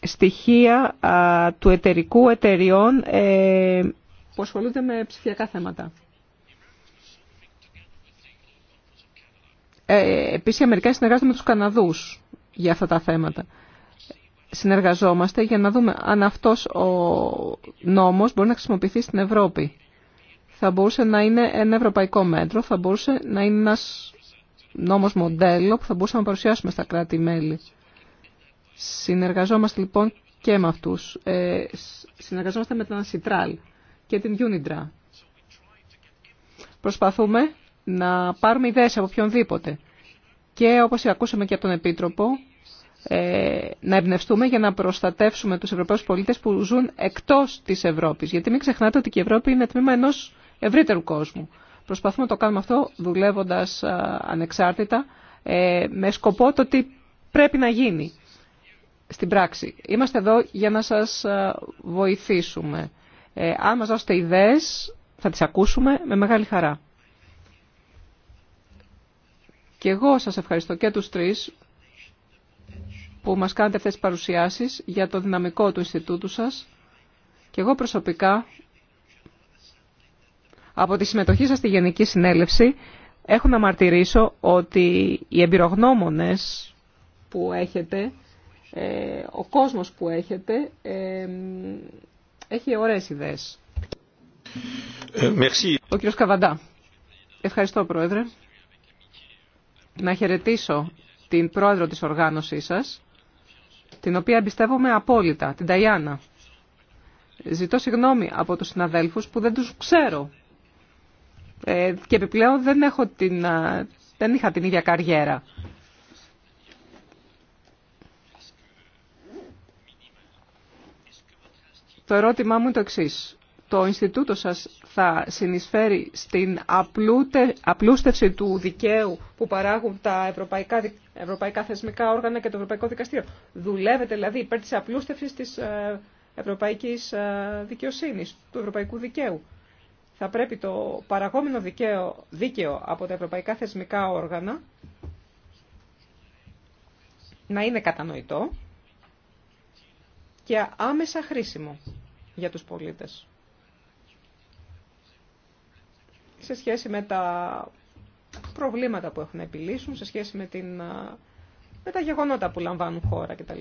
στοιχεία του εταιρικού εταιριών ε, που ασχολούνται με ψηφιακά θέματα. Ε, επίσης οι Αμερικάνοι συνεργάζονται με τους Καναδούς για αυτά τα θέματα. Συνεργαζόμαστε για να δούμε αν αυτός ο νόμος μπορεί να χρησιμοποιηθεί στην Ευρώπη. Θα μπορούσε να είναι ένα ευρωπαϊκό μέτρο, θα μπορούσε να είναι ένας νόμος μοντέλο που θα μπορούσαμε να παρουσιάσουμε στα κράτη-μέλη. Συνεργαζόμαστε λοιπόν και με αυτούς. Ε, συνεργαζόμαστε με την Ασιτράλ και την Unidra. Προσπαθούμε να πάρουμε ιδέες από οποιονδήποτε. Και όπως ακούσαμε και από τον Επίτροπο, ε, να εμπνευστούμε για να προστατεύσουμε τους Ευρωπαίους πολίτες που ζουν εκτός της Ευρώπης. Γιατί μην ξεχνάτε ότι και η Ευρώπη είναι τμήμα ενός ευρύτερου κόσμου. Προσπαθούμε να το κάνουμε αυτό δουλεύοντας ανεξάρτητα ε, με σκοπό το τι πρέπει να γίνει στην πράξη. Είμαστε εδώ για να σας βοηθήσουμε. Ε, αν μας δώσετε ιδέες θα τις ακούσουμε με μεγάλη χαρά. Και εγώ σας ευχαριστώ και τους τρεις που μας κάνετε αυτές τις παρουσιάσεις για το δυναμικό του Ινστιτούτου σας. Και εγώ προσωπικά, από τη συμμετοχή σας στη Γενική Συνέλευση, έχω να μαρτυρήσω ότι οι εμπειρογνώμονες που έχετε, ε, ο κόσμος που έχετε, ε, έχει ωραίες ιδέες. Ε, ο κύριος Καβαντά. Ευχαριστώ, Πρόεδρε να χαιρετήσω την πρόεδρο της οργάνωσής σας, την οποία εμπιστεύομαι απόλυτα, την Ταϊάννα. Ζητώ συγγνώμη από τους συναδέλφους που δεν τους ξέρω. Ε, και επιπλέον δεν, έχω την, δεν είχα την ίδια καριέρα. Το ερώτημά μου είναι το εξής το Ινστιτούτο σας θα συνεισφέρει στην απλούτε, απλούστευση του δικαίου που παράγουν τα ευρωπαϊκά, ευρωπαϊκά θεσμικά όργανα και το Ευρωπαϊκό Δικαστήριο. Δουλεύετε δηλαδή υπέρ της απλούστευσης της ε, ευρωπαϊκής ε, δικαιοσύνης, του ευρωπαϊκού δικαίου. Θα πρέπει το παραγόμενο δικαίο, δίκαιο από τα ευρωπαϊκά θεσμικά όργανα να είναι κατανοητό και άμεσα χρήσιμο για τους πολίτες. σε σχέση με τα προβλήματα που έχουν να επιλύσουν, σε σχέση με, την, με τα γεγονότα που λαμβάνουν χώρα κτλ.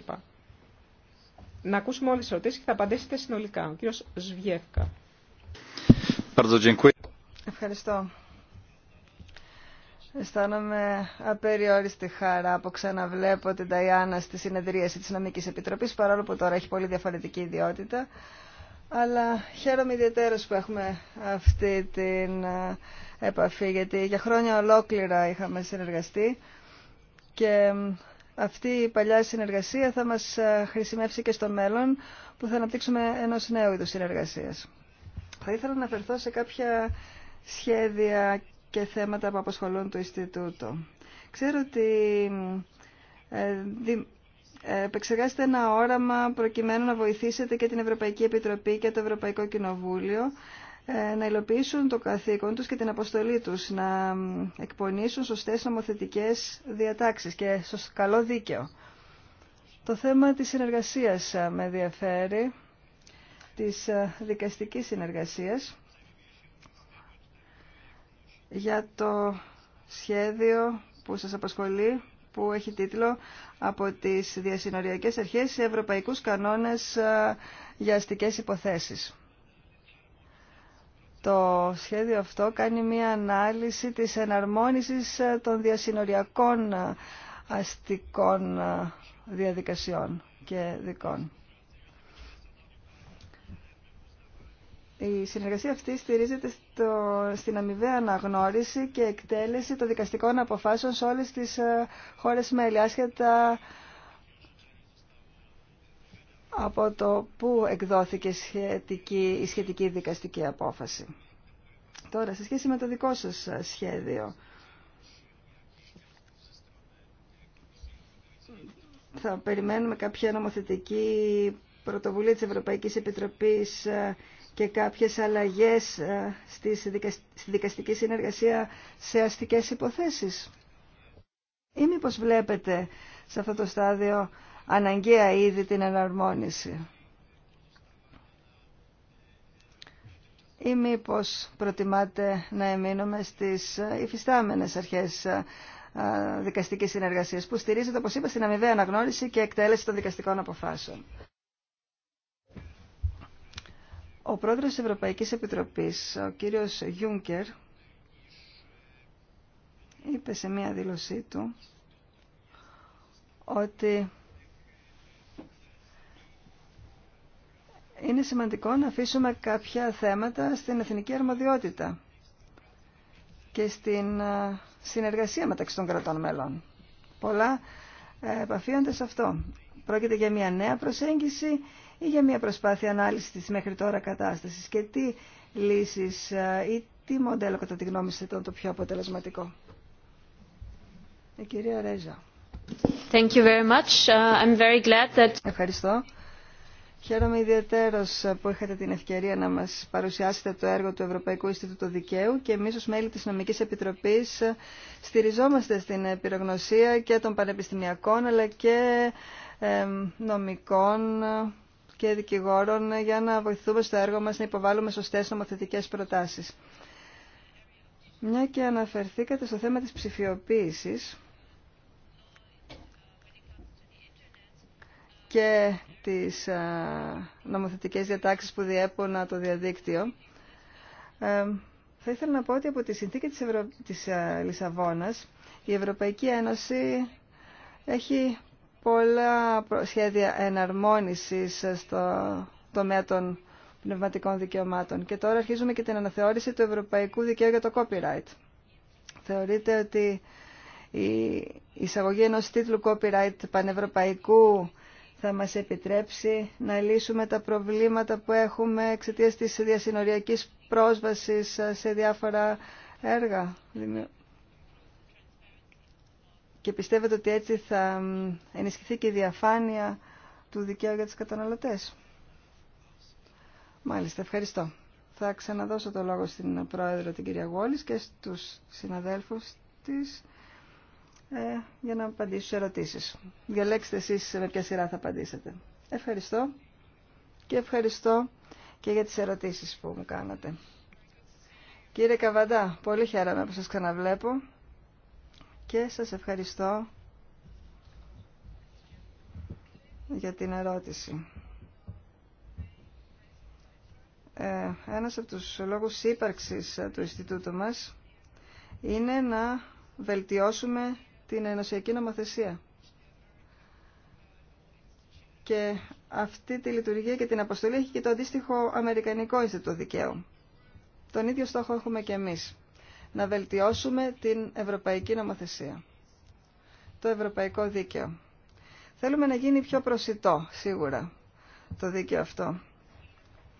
Να ακούσουμε όλες τις ερωτήσεις και θα απαντήσετε συνολικά. Ο κύριος Σβιεύκα. Ευχαριστώ. Αισθάνομαι απεριόριστη χαρά που ξαναβλέπω την Ταϊάννα στη συνεδρίαση της Νομικής Επιτροπής, παρόλο που τώρα έχει πολύ διαφορετική ιδιότητα αλλά χαίρομαι ιδιαίτερα που έχουμε αυτή την ε, επαφή, γιατί για χρόνια ολόκληρα είχαμε συνεργαστεί και αυτή η παλιά συνεργασία θα μας ε, χρησιμεύσει και στο μέλλον που θα αναπτύξουμε ενός νέου είδους συνεργασίας. Θα ήθελα να αναφερθώ σε κάποια σχέδια και θέματα που απασχολούν το Ινστιτούτο. Ξέρω ότι ε, επεξεργάσετε ένα όραμα προκειμένου να βοηθήσετε και την Ευρωπαϊκή Επιτροπή και το Ευρωπαϊκό Κοινοβούλιο ε, να υλοποιήσουν το καθήκον τους και την αποστολή τους, να εκπονήσουν σωστές νομοθετικές διατάξεις και σωστό καλό δίκαιο. Το θέμα της συνεργασίας ε, με ενδιαφέρει, της ε, δικαστικής συνεργασίας για το σχέδιο που σας απασχολεί που έχει τίτλο «Από τις διασυνοριακές αρχές σε ευρωπαϊκούς κανόνες για αστικές υποθέσεις». Το σχέδιο αυτό κάνει μία ανάλυση της εναρμόνισης των διασυνοριακών αστικών διαδικασιών και δικών. Η συνεργασία αυτή στηρίζεται στο, στην αμοιβαία αναγνώριση και εκτέλεση των δικαστικών αποφάσεων σε όλες τις ε, χώρες μέλη, άσχετα από το που εκδόθηκε σχετική, η σχετική δικαστική απόφαση. Τώρα, σε σχέση με το δικό σας σχέδιο, θα περιμένουμε κάποια νομοθετική πρωτοβουλία της Ευρωπαϊκής Επιτροπής ε, και κάποιες αλλαγές ε, στη δικαστική συνεργασία σε αστικές υποθέσεις. Ή μήπως βλέπετε σε αυτό το στάδιο αναγκαία ήδη την εναρμόνιση. Ή μήπως προτιμάτε να εμείνουμε στις υφιστάμενες αρχές ε, ε, δικαστικής συνεργασίας που στηρίζεται, όπως είπα, στην αμοιβαία αναγνώριση και εκτέλεση των δικαστικών αποφάσεων. Ο πρόεδρος της Ευρωπαϊκής Επιτροπής, ο κύριος Γιούνκερ, είπε σε μία δήλωσή του ότι είναι σημαντικό να αφήσουμε κάποια θέματα στην εθνική αρμοδιότητα και στην ε, συνεργασία μεταξύ των κρατών μέλων. Πολλά ε, επαφίονται σε αυτό. Πρόκειται για μια νέα προσέγγιση ή για μια προσπάθεια ανάλυσης της μέχρι τώρα κατάστασης και τι λύσεις ε, ή τι μοντέλο κατά τη γνώμη σας ήταν το πιο αποτελεσματικό. Η κυρία Ρέζα. Thank you very much. Uh, I'm very glad that... Ευχαριστώ. Χαίρομαι ιδιαίτερω που είχατε την ευκαιρία να μας παρουσιάσετε το έργο του Ευρωπαϊκού Ινστιτούτου Δικαίου και εμείς ως μέλη της Νομικής Επιτροπής στηριζόμαστε στην πυρογνωσία και των πανεπιστημιακών αλλά και νομικών και δικηγόρων για να βοηθούμε στο έργο μας να υποβάλουμε σωστές νομοθετικές προτάσεις. Μια και αναφερθήκατε στο θέμα της ψηφιοποίησης και τις νομοθετικές διατάξεις που διέπουν το διαδίκτυο, ε, θα ήθελα να πω ότι από τη συνθήκη της, Ευρω... της Λισαβόνας η Ευρωπαϊκή Ένωση έχει πολλά σχέδια εναρμόνισης στο τομέα των πνευματικών δικαιωμάτων. Και τώρα αρχίζουμε και την αναθεώρηση του Ευρωπαϊκού Δικαίου για το copyright. Θεωρείται ότι η εισαγωγή ενός τίτλου copyright πανευρωπαϊκού θα μας επιτρέψει να λύσουμε τα προβλήματα που έχουμε εξαιτίας της διασυνοριακής πρόσβασης σε διάφορα έργα και πιστεύετε ότι έτσι θα ενισχυθεί και η διαφάνεια του δικαίου για τους καταναλωτές. Μάλιστα, ευχαριστώ. Θα ξαναδώσω το λόγο στην Πρόεδρο την κυρία Γόλης και στους συναδέλφους της ε, για να απαντήσω σε ερωτήσεις. Διαλέξτε εσείς με ποια σειρά θα απαντήσετε. Ευχαριστώ και ευχαριστώ και για τις ερωτήσεις που μου κάνατε. Κύριε Καβαντά, πολύ χαίρομαι που σας ξαναβλέπω και σας ευχαριστώ για την ερώτηση. Ε, ένας από τους λόγους ύπαρξης του Ινστιτούτου μας είναι να βελτιώσουμε την ενωσιακή νομοθεσία. Και αυτή τη λειτουργία και την αποστολή έχει και το αντίστοιχο Αμερικανικό Ινστιτούτο Δικαίου. Τον ίδιο στόχο έχουμε και εμείς να βελτιώσουμε την ευρωπαϊκή νομοθεσία, το ευρωπαϊκό δίκαιο. Θέλουμε να γίνει πιο προσιτό, σίγουρα, το δίκαιο αυτό.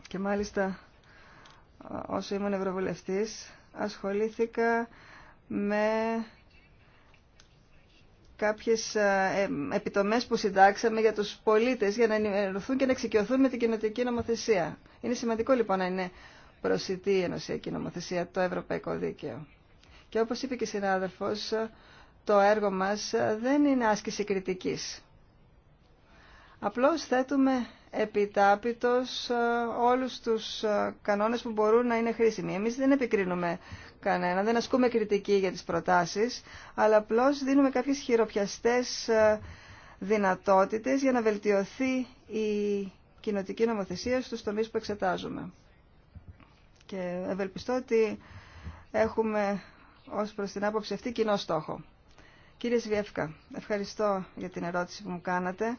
Και μάλιστα, ε, όσο ήμουν ευρωβουλευτής, ασχολήθηκα με κάποιες ε, ε, επιτομές που συντάξαμε για τους πολίτες για να ενημερωθούν και να εξοικειωθούν με την κοινωτική νομοθεσία. Είναι σημαντικό λοιπόν να είναι προσιτή ενωσιακή νομοθεσία, το ευρωπαϊκό δίκαιο. Και όπως είπε και η συνάδελφος, το έργο μας δεν είναι άσκηση κριτικής. Απλώς θέτουμε επιτάπητος ε, όλους τους ε, κανόνες που μπορούν να είναι χρήσιμοι. Εμείς δεν επικρίνουμε κανένα, δεν ασκούμε κριτική για τις προτάσεις, αλλά απλώς δίνουμε κάποιες χειροπιαστές ε, δυνατότητες για να βελτιωθεί η κοινοτική νομοθεσία στους τομείς που εξετάζουμε. Και ευελπιστώ ότι έχουμε ως προς την άποψη αυτή κοινό στόχο. Κύριε Σβιεύκα, ευχαριστώ για την ερώτηση που μου κάνατε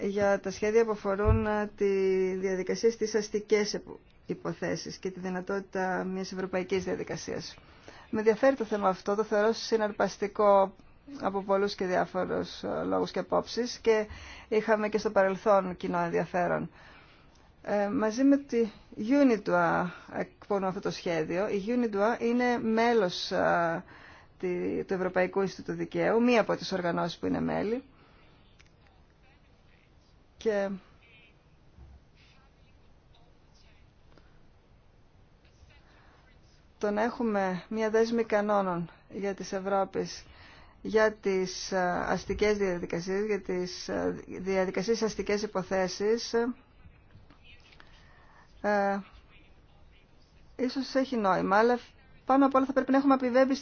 για τα σχέδια που αφορούν ε, τη διαδικασία στις αστικές υποθέσεις και τη δυνατότητα μιας ευρωπαϊκής διαδικασίας. Με ενδιαφέρει το θέμα αυτό, το θεωρώ συναρπαστικό από πολλούς και διάφορους ε, λόγους και απόψεις και είχαμε και στο παρελθόν κοινό ενδιαφέρον ε, μαζί με τη UNIDUA εκπονώ αυτό το σχέδιο. Η UNIDUA είναι μέλος του Ευρωπαϊκού Ινστιτούτου Δικαίου, μία από τις οργανώσεις που είναι μέλη. Και το έχουμε μία δέσμη κανόνων για τις Ευρώπης, για τις αστικές διαδικασίες, για τις διαδικασίες αστικές υποθέσεις, ε, ίσως έχει νόημα, αλλά πάνω απ' όλα θα πρέπει να έχουμε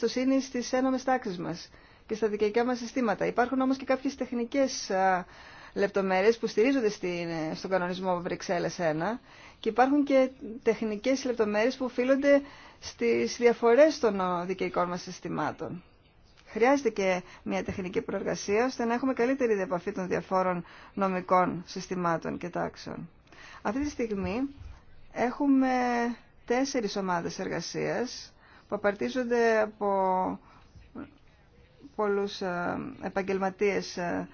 σύνη στις ένομες τάξεις μας και στα δικαϊκά μας συστήματα. Υπάρχουν όμως και κάποιες τεχνικές ε, λεπτομέρειες που στηρίζονται στον κανονισμό Βρυξέλλες 1 και υπάρχουν και τεχνικές λεπτομέρειες που οφείλονται στις διαφορές των ε, δικαιικών μας συστημάτων. Χρειάζεται και μια τεχνική προεργασία ώστε να έχουμε καλύτερη διαπαφή των διαφόρων νομικών συστημάτων και τάξεων. Αυτή τη στιγμή Έχουμε τέσσερις ομάδες εργασίας που απαρτίζονται από πολλούς ε, επαγγελματίες ε,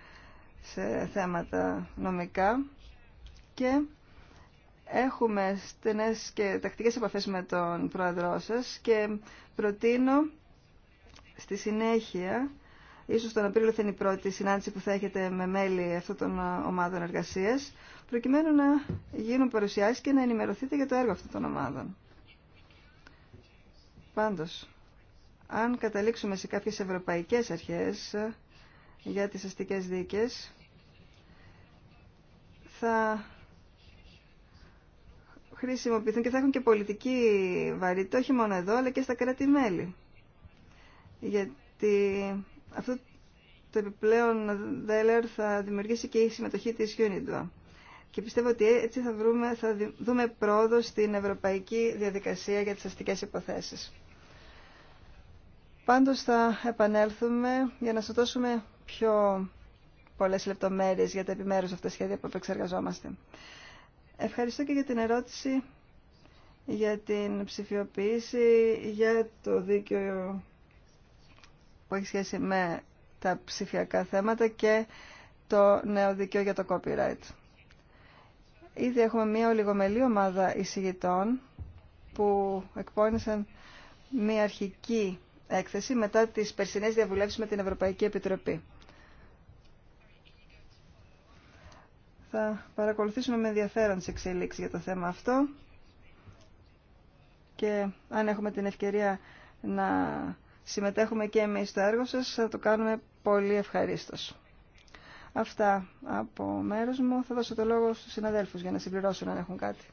σε θέματα νομικά και έχουμε στενές και τακτικές επαφές με τον πρόεδρό σας και προτείνω στη συνέχεια, ίσως τον Απρίλιο θα είναι η πρώτη συνάντηση που θα έχετε με μέλη αυτών των ομάδων εργασίας, προκειμένου να γίνουν παρουσιάσεις και να ενημερωθείτε για το έργο αυτών των ομάδων. Πάντως, αν καταλήξουμε σε κάποιες ευρωπαϊκές αρχές για τις αστικές δίκες, θα χρησιμοποιηθούν και θα έχουν και πολιτική βαρύτητα, όχι μόνο εδώ, αλλά και στα κράτη-μέλη. Γιατί αυτό το επιπλέον δέλερ θα δημιουργήσει και η συμμετοχή της UNIDWA. Και πιστεύω ότι έτσι θα, δούμε πρόοδο στην ευρωπαϊκή διαδικασία για τις αστικές υποθέσεις. Πάντως θα επανέλθουμε για να σα δώσουμε πιο πολλές λεπτομέρειες για τα επιμέρους αυτά σχέδια που επεξεργαζόμαστε. Ευχαριστώ και για την ερώτηση για την ψηφιοποίηση, για το δίκαιο που έχει σχέση με τα ψηφιακά θέματα και το νέο δίκαιο για το copyright. Ήδη έχουμε μια ολιγομελή ομάδα εισηγητών που εκπώνησαν μια αρχική έκθεση μετά τις περσινές διαβουλεύσεις με την Ευρωπαϊκή Επιτροπή. Θα παρακολουθήσουμε με ενδιαφέρον τις εξελίξεις για το θέμα αυτό και αν έχουμε την ευκαιρία να συμμετέχουμε και εμείς στο έργο σας θα το κάνουμε πολύ ευχαρίστως. Αυτά από μέρος μου. Θα δώσω το λόγο στους συναδέλφους για να συμπληρώσουν αν έχουν κάτι.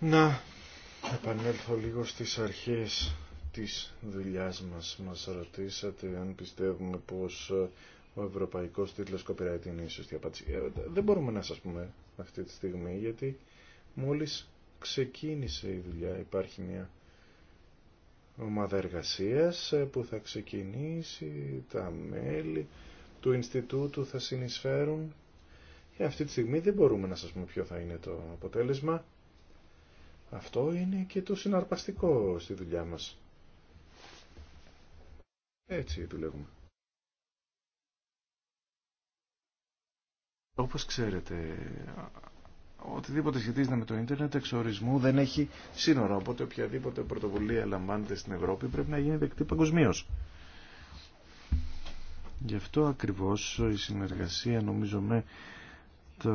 Να επανέλθω λίγο στις αρχές της δουλειάς μας. Μας ρωτήσατε αν πιστεύουμε πως ε, ο ευρωπαϊκός τίτλος copyright είναι η σωστή ε, Δεν μπορούμε να σας πούμε αυτή τη στιγμή γιατί μόλις ξεκίνησε η δουλειά. Υπάρχει μια ομάδα εργασίας ε, που θα ξεκινήσει τα μέλη του Ινστιτούτου θα συνεισφέρουν. Και αυτή τη στιγμή δεν μπορούμε να σας πούμε ποιο θα είναι το αποτέλεσμα. Αυτό είναι και το συναρπαστικό στη δουλειά μας. Έτσι δουλεύουμε. Όπως ξέρετε, οτιδήποτε σχετίζεται με το ίντερνετ εξορισμού δεν έχει σύνορα, οπότε οποιαδήποτε πρωτοβουλία λαμβάνεται στην Ευρώπη πρέπει να γίνει δεκτή παγκοσμίω. Γι' αυτό ακριβώς η συνεργασία νομίζω με το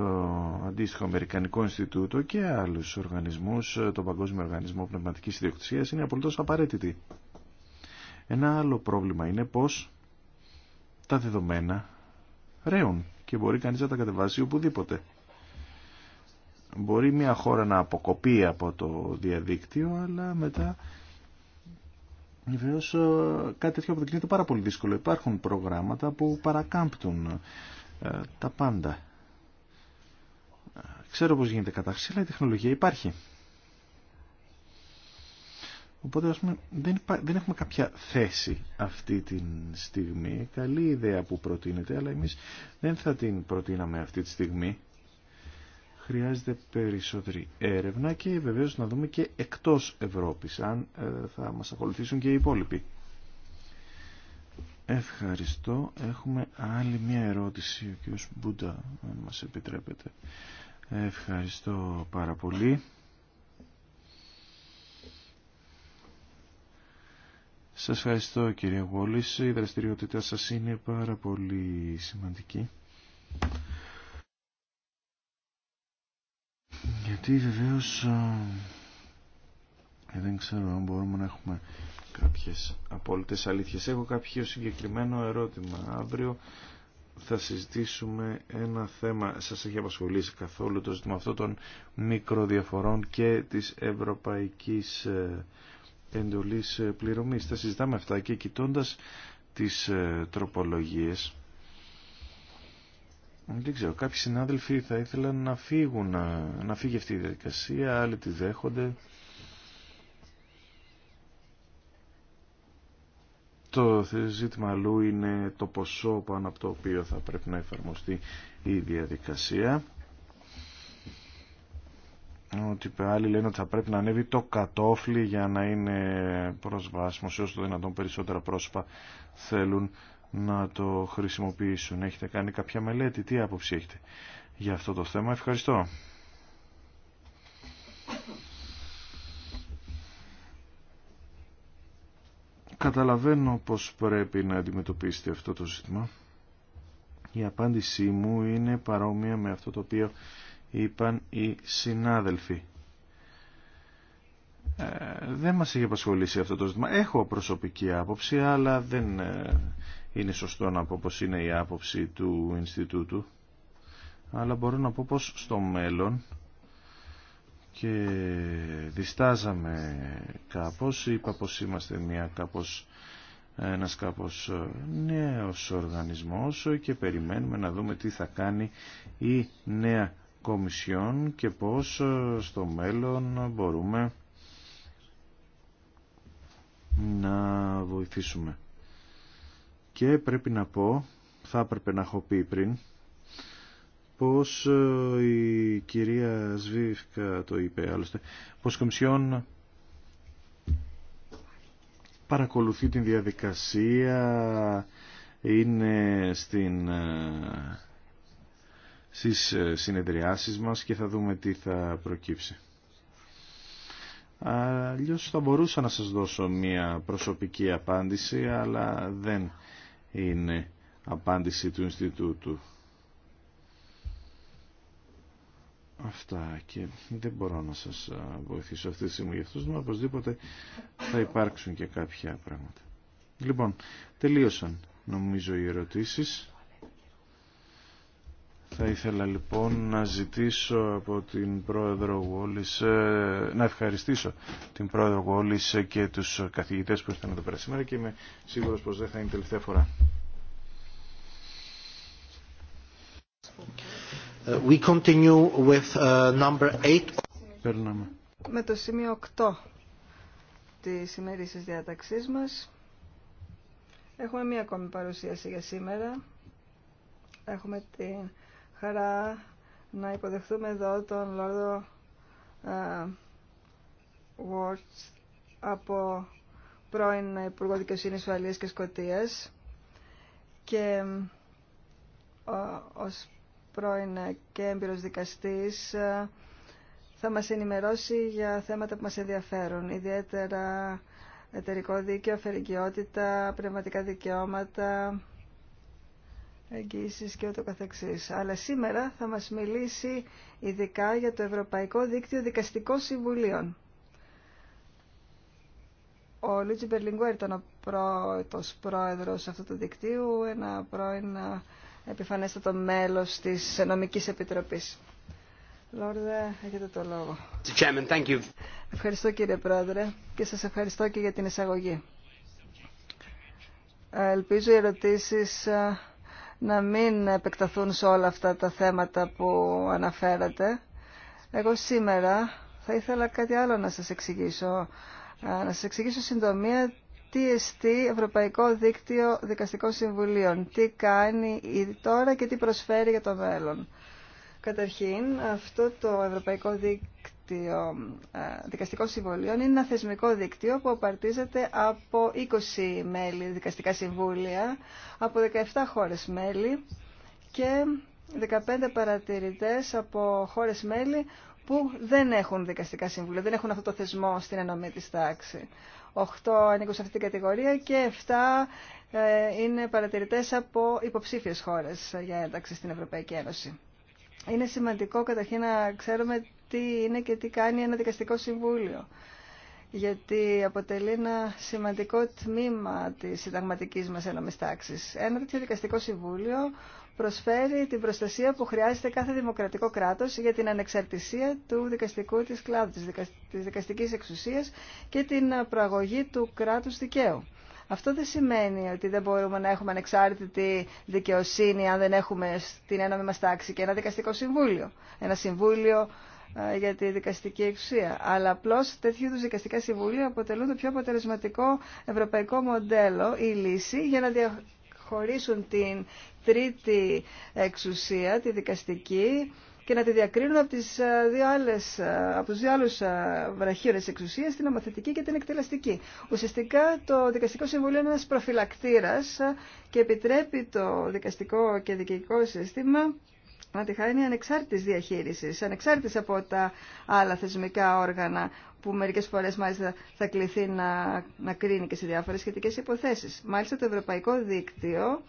αντίστοιχο Αμερικανικό Ινστιτούτο και άλλους οργανισμούς, τον Παγκόσμιο Οργανισμό Πνευματικής Ιδιοκτησίας είναι απολύτως απαραίτητη. Ένα άλλο πρόβλημα είναι πως τα δεδομένα ρέουν και μπορεί κανείς να τα κατεβάσει οπουδήποτε. Μπορεί μια χώρα να αποκοπεί από το διαδίκτυο, αλλά μετά Βεβαίω ε, κάτι τέτοιο αποδεικνύεται πάρα πολύ δύσκολο. Υπάρχουν προγράμματα που παρακάμπτουν ε, τα πάντα. Ε, ξέρω πώς γίνεται κατάχρηση, αλλά η τεχνολογία υπάρχει. Οπότε, πούμε, δεν, δεν έχουμε κάποια θέση αυτή τη στιγμή. Καλή ιδέα που προτείνεται, αλλά εμείς δεν θα την προτείναμε αυτή τη στιγμή χρειάζεται περισσότερη έρευνα και βεβαίως να δούμε και εκτός Ευρώπης, αν ε, θα μας ακολουθήσουν και οι υπόλοιποι. Ευχαριστώ. Έχουμε άλλη μια ερώτηση, ο κ. Μπούντα, αν μας επιτρέπετε. Ευχαριστώ πάρα πολύ. Σας ευχαριστώ κύριε Γουόλης. Η δραστηριότητά σας είναι πάρα πολύ σημαντική Γιατί βεβαίως ε, δεν ξέρω αν μπορούμε να έχουμε κάποιες απόλυτες αλήθειες. Έχω κάποιο συγκεκριμένο ερώτημα. Αύριο θα συζητήσουμε ένα θέμα, σας έχει απασχολήσει καθόλου το ζήτημα αυτό των μικροδιαφορών και της ευρωπαϊκής ε, εντολής ε, πληρωμής. Θα συζητάμε αυτά και κοιτώντας τις τροπολογίες δεν ξέρω, κάποιοι συνάδελφοι θα ήθελαν να φύγουν, να, να φύγει αυτή η διαδικασία, άλλοι τη δέχονται. Το ζήτημα αλλού είναι το ποσό πάνω από το οποίο θα πρέπει να εφαρμοστεί η διαδικασία. Ότι άλλοι λένε ότι θα πρέπει να ανέβει το κατόφλι για να είναι προσβάσιμο σε όσο το δυνατόν περισσότερα πρόσωπα θέλουν να το χρησιμοποιήσουν. Έχετε κάνει κάποια μελέτη, τι άποψη έχετε για αυτό το θέμα. Ευχαριστώ. Καταλαβαίνω πως πρέπει να αντιμετωπίσετε αυτό το ζήτημα. Η απάντησή μου είναι παρόμοια με αυτό το οποίο είπαν οι συνάδελφοι. Ε, δεν μας έχει απασχολήσει αυτό το ζήτημα. Έχω προσωπική άποψη, αλλά δεν ε, είναι σωστό να πω πως είναι η άποψη του Ινστιτούτου αλλά μπορώ να πω πως στο μέλλον και διστάζαμε κάπως είπα πως είμαστε μια κάπως ένας κάπως νέος οργανισμός και περιμένουμε να δούμε τι θα κάνει η νέα Κομισιόν και πως στο μέλλον μπορούμε να βοηθήσουμε και πρέπει να πω, θα έπρεπε να έχω πει πριν, πως ε, η κυρία Σβίφκα το είπε άλλωστε, πως η Κομισιόν παρακολουθεί την διαδικασία, είναι στην, ε, στις ε, συνεδριάσεις μας και θα δούμε τι θα προκύψει. Αλλιώς θα μπορούσα να σας δώσω μία προσωπική απάντηση, αλλά δεν είναι απάντηση του Ινστιτούτου. Αυτά και δεν μπορώ να σας βοηθήσω αυτή τη στιγμή για αυτούς, αλλά οπωσδήποτε θα υπάρξουν και κάποια πράγματα. Λοιπόν, τελείωσαν νομίζω οι ερωτήσεις. Θα ήθελα λοιπόν να ζητήσω από την πρόεδρο ε, να ευχαριστήσω την πρόεδρο Γόλης και τους καθηγητές που ήρθαν εδώ πέρα σήμερα και είμαι σίγουρος πως δεν θα είναι τελευταία φορά. Ε, we continue with ε, number eight. Με το σημείο 8 της ημερήσης διάταξής μας έχουμε μία ακόμη παρουσίαση για σήμερα. Έχουμε την χαρά να υποδεχθούμε εδώ τον Λόρδο Watch ε, από πρώην Υπουργό Δικαιοσύνη Ουαλίας και Σκοτίας και ε, ως πρώην και έμπειρος δικαστής ε, θα μας ενημερώσει για θέματα που μας ενδιαφέρουν, ιδιαίτερα εταιρικό δίκαιο, αφαιρικιότητα, πνευματικά δικαιώματα, Εγγύησης και ούτω καθεξής. Αλλά σήμερα θα μας μιλήσει ειδικά για το Ευρωπαϊκό Δίκτυο Δικαστικών Συμβουλίων. Ο Λούτζι Μπερλιγκουέρ ήταν ο πρώτος πρόεδρος αυτού του δικτύου, ένα πρώην επιφανέστατο μέλος της Νομικής Επιτροπής. Λόρδε, έχετε το λόγο. Ευχαριστώ κύριε Πρόεδρε και σας ευχαριστώ και για την εισαγωγή. Ελπίζω οι ερωτήσεις να μην επεκταθούν σε όλα αυτά τα θέματα που αναφέρατε. Εγώ σήμερα θα ήθελα κάτι άλλο να σας εξηγήσω. Να σας εξηγήσω συντομία τι εστί Ευρωπαϊκό Δίκτυο Δικαστικών Συμβουλίων. Τι κάνει ήδη τώρα και τι προσφέρει για το μέλλον. Καταρχήν, αυτό το Ευρωπαϊκό Δίκτυο ε, Δικαστικών Συμβολίων είναι ένα θεσμικό δίκτυο που απαρτίζεται από 20 μέλη δικαστικά συμβούλια, από 17 χώρες μέλη και 15 παρατηρητές από χώρες μέλη που δεν έχουν δικαστικά συμβούλια, δεν έχουν αυτό το θεσμό στην ενωμή της τάξη. 8 ανήκουν σε αυτή την κατηγορία και 7 ε, είναι παρατηρητές από υποψήφιες χώρες για ένταξη στην Ευρωπαϊκή Ένωση είναι σημαντικό καταρχήν να ξέρουμε τι είναι και τι κάνει ένα δικαστικό συμβούλιο γιατί αποτελεί ένα σημαντικό τμήμα της συνταγματικής μας ένωμης τάξης. Ένα τέτοιο δικαστικό συμβούλιο προσφέρει την προστασία που χρειάζεται κάθε δημοκρατικό κράτος για την ανεξαρτησία του δικαστικού της κλάδου, της δικαστικής εξουσίας και την προαγωγή του κράτους δικαίου. Αυτό δεν σημαίνει ότι δεν μπορούμε να έχουμε ανεξάρτητη δικαιοσύνη αν δεν έχουμε στην ένωμη μας τάξη και ένα δικαστικό συμβούλιο. Ένα συμβούλιο ε, για τη δικαστική εξουσία. Αλλά απλώ τέτοιου είδου δικαστικά συμβούλια αποτελούν το πιο αποτελεσματικό ευρωπαϊκό μοντέλο ή λύση για να διαχωρίσουν την τρίτη εξουσία, τη δικαστική, και να τη διακρίνουν από, τις ε, δύο άλλες, ε, από τους δύο άλλους ε, εξουσίας, την ομοθετική και την εκτελεστική. Ουσιαστικά το Δικαστικό Συμβουλίο είναι ένας προφυλακτήρας και επιτρέπει το δικαστικό και δικαιωτικό σύστημα να τη χάνει ανεξάρτητης διαχείρισης, ανεξάρτητης από τα άλλα θεσμικά όργανα που μερικές φορές μάλιστα θα κληθεί να, να κρίνει και σε διάφορες σχετικές υποθέσεις. Μάλιστα το Ευρωπαϊκό Δίκτυο